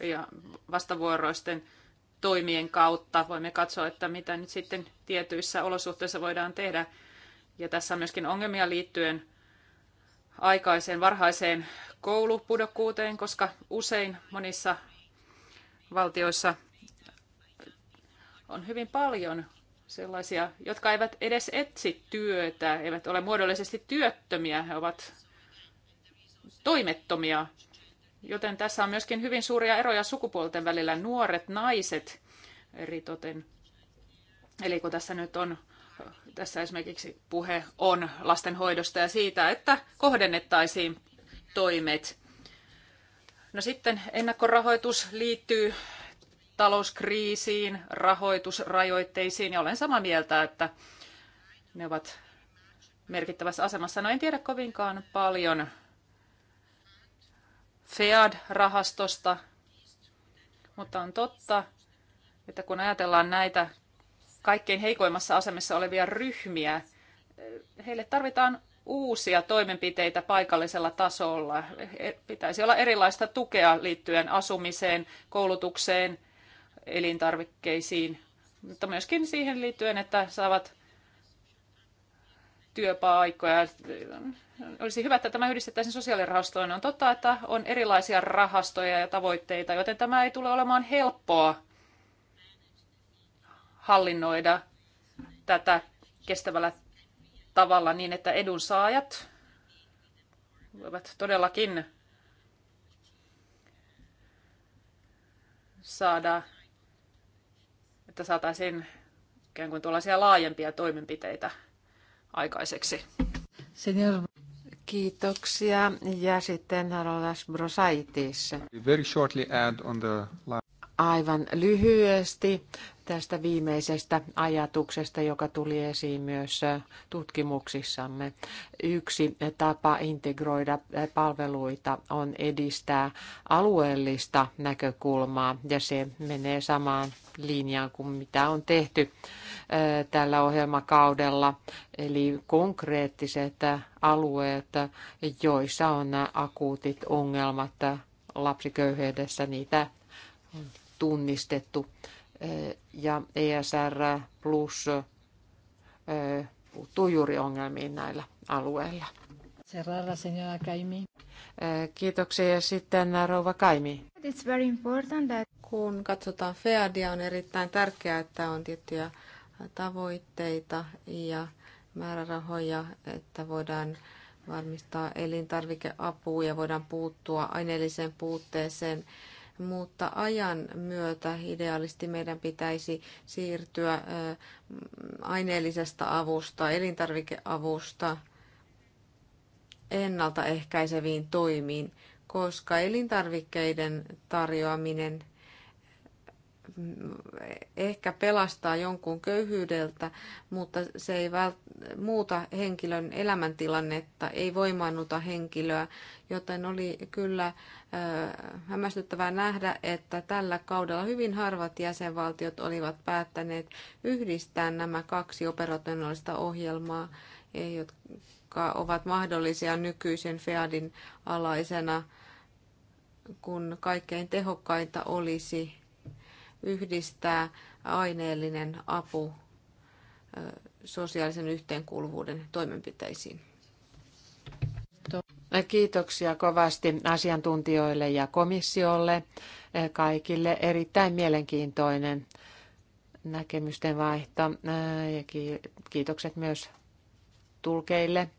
ja vastavuoroisten toimien kautta voimme katsoa, että mitä nyt sitten tietyissä olosuhteissa voidaan tehdä. Ja tässä on myöskin ongelmia liittyen aikaiseen varhaiseen koulupudokkuuteen, koska usein monissa valtioissa on hyvin paljon sellaisia, jotka eivät edes etsi työtä, eivät ole muodollisesti työttömiä, he ovat toimettomia. Joten tässä on myöskin hyvin suuria eroja sukupuolten välillä. Nuoret naiset eritoten. Eli kun tässä nyt on, tässä esimerkiksi puhe on lastenhoidosta ja siitä, että kohdennettaisiin toimet. No sitten ennakkorahoitus liittyy talouskriisiin, rahoitusrajoitteisiin ja olen samaa mieltä, että ne ovat merkittävässä asemassa. No en tiedä kovinkaan paljon FEAD-rahastosta, mutta on totta, että kun ajatellaan näitä kaikkein heikoimmassa asemassa olevia ryhmiä, heille tarvitaan uusia toimenpiteitä paikallisella tasolla. E, pitäisi olla erilaista tukea liittyen asumiseen, koulutukseen, elintarvikkeisiin, mutta myöskin siihen liittyen, että saavat työpaikkoja. Olisi hyvä, että tämä yhdistettäisiin sosiaalirahastoon. On totta, että on erilaisia rahastoja ja tavoitteita, joten tämä ei tule olemaan helppoa hallinnoida tätä kestävällä tavalla niin, että edunsaajat voivat todellakin saada, että saataisiin ikään kuin tuollaisia laajempia toimenpiteitä aikaiseksi. Senior. Kiitoksia. Ja sitten Harolas Brosaitis. Very shortly add on the... Aivan lyhyesti tästä viimeisestä ajatuksesta, joka tuli esiin myös tutkimuksissamme. Yksi tapa integroida palveluita on edistää alueellista näkökulmaa ja se menee samaan linjaan kuin mitä on tehty tällä ohjelmakaudella. Eli konkreettiset alueet, joissa on akuutit ongelmat lapsiköyhyydessä, niitä on tunnistettu ja ESR Plus puuttuu juuri ongelmiin näillä alueilla. Serrara, signora Kaimi. Kiitoksia ja sitten rouva Kaimi. It's very important that... Kun katsotaan FEADia, on erittäin tärkeää, että on tiettyjä tavoitteita ja määrärahoja, että voidaan varmistaa elintarvikeapua ja voidaan puuttua aineelliseen puutteeseen mutta ajan myötä idealisti meidän pitäisi siirtyä aineellisesta avusta, elintarvikeavusta ennaltaehkäiseviin toimiin, koska elintarvikkeiden tarjoaminen – ehkä pelastaa jonkun köyhyydeltä, mutta se ei vält- muuta henkilön elämäntilannetta, ei voimannuta henkilöä, joten oli kyllä äh, hämmästyttävää nähdä, että tällä kaudella hyvin harvat jäsenvaltiot olivat päättäneet yhdistää nämä kaksi operationaalista ohjelmaa, eh, jotka ovat mahdollisia nykyisen FEADin alaisena, kun kaikkein tehokkainta olisi yhdistää aineellinen apu sosiaalisen yhteenkuuluvuuden toimenpiteisiin. Kiitoksia kovasti asiantuntijoille ja komissiolle, e, kaikille erittäin mielenkiintoinen näkemysten vaihto e, ja kiitokset myös tulkeille.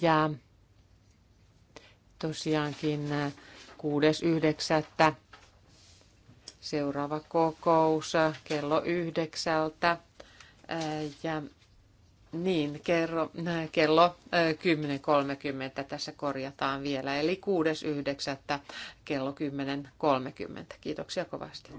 Ja tosiaankin e, 6.9. Seuraava kokous kello yhdeksältä. Äh, ja niin, kerro, äh, kello 10.30 äh, tässä korjataan vielä, eli 6.9. kello 10.30. Kiitoksia kovasti.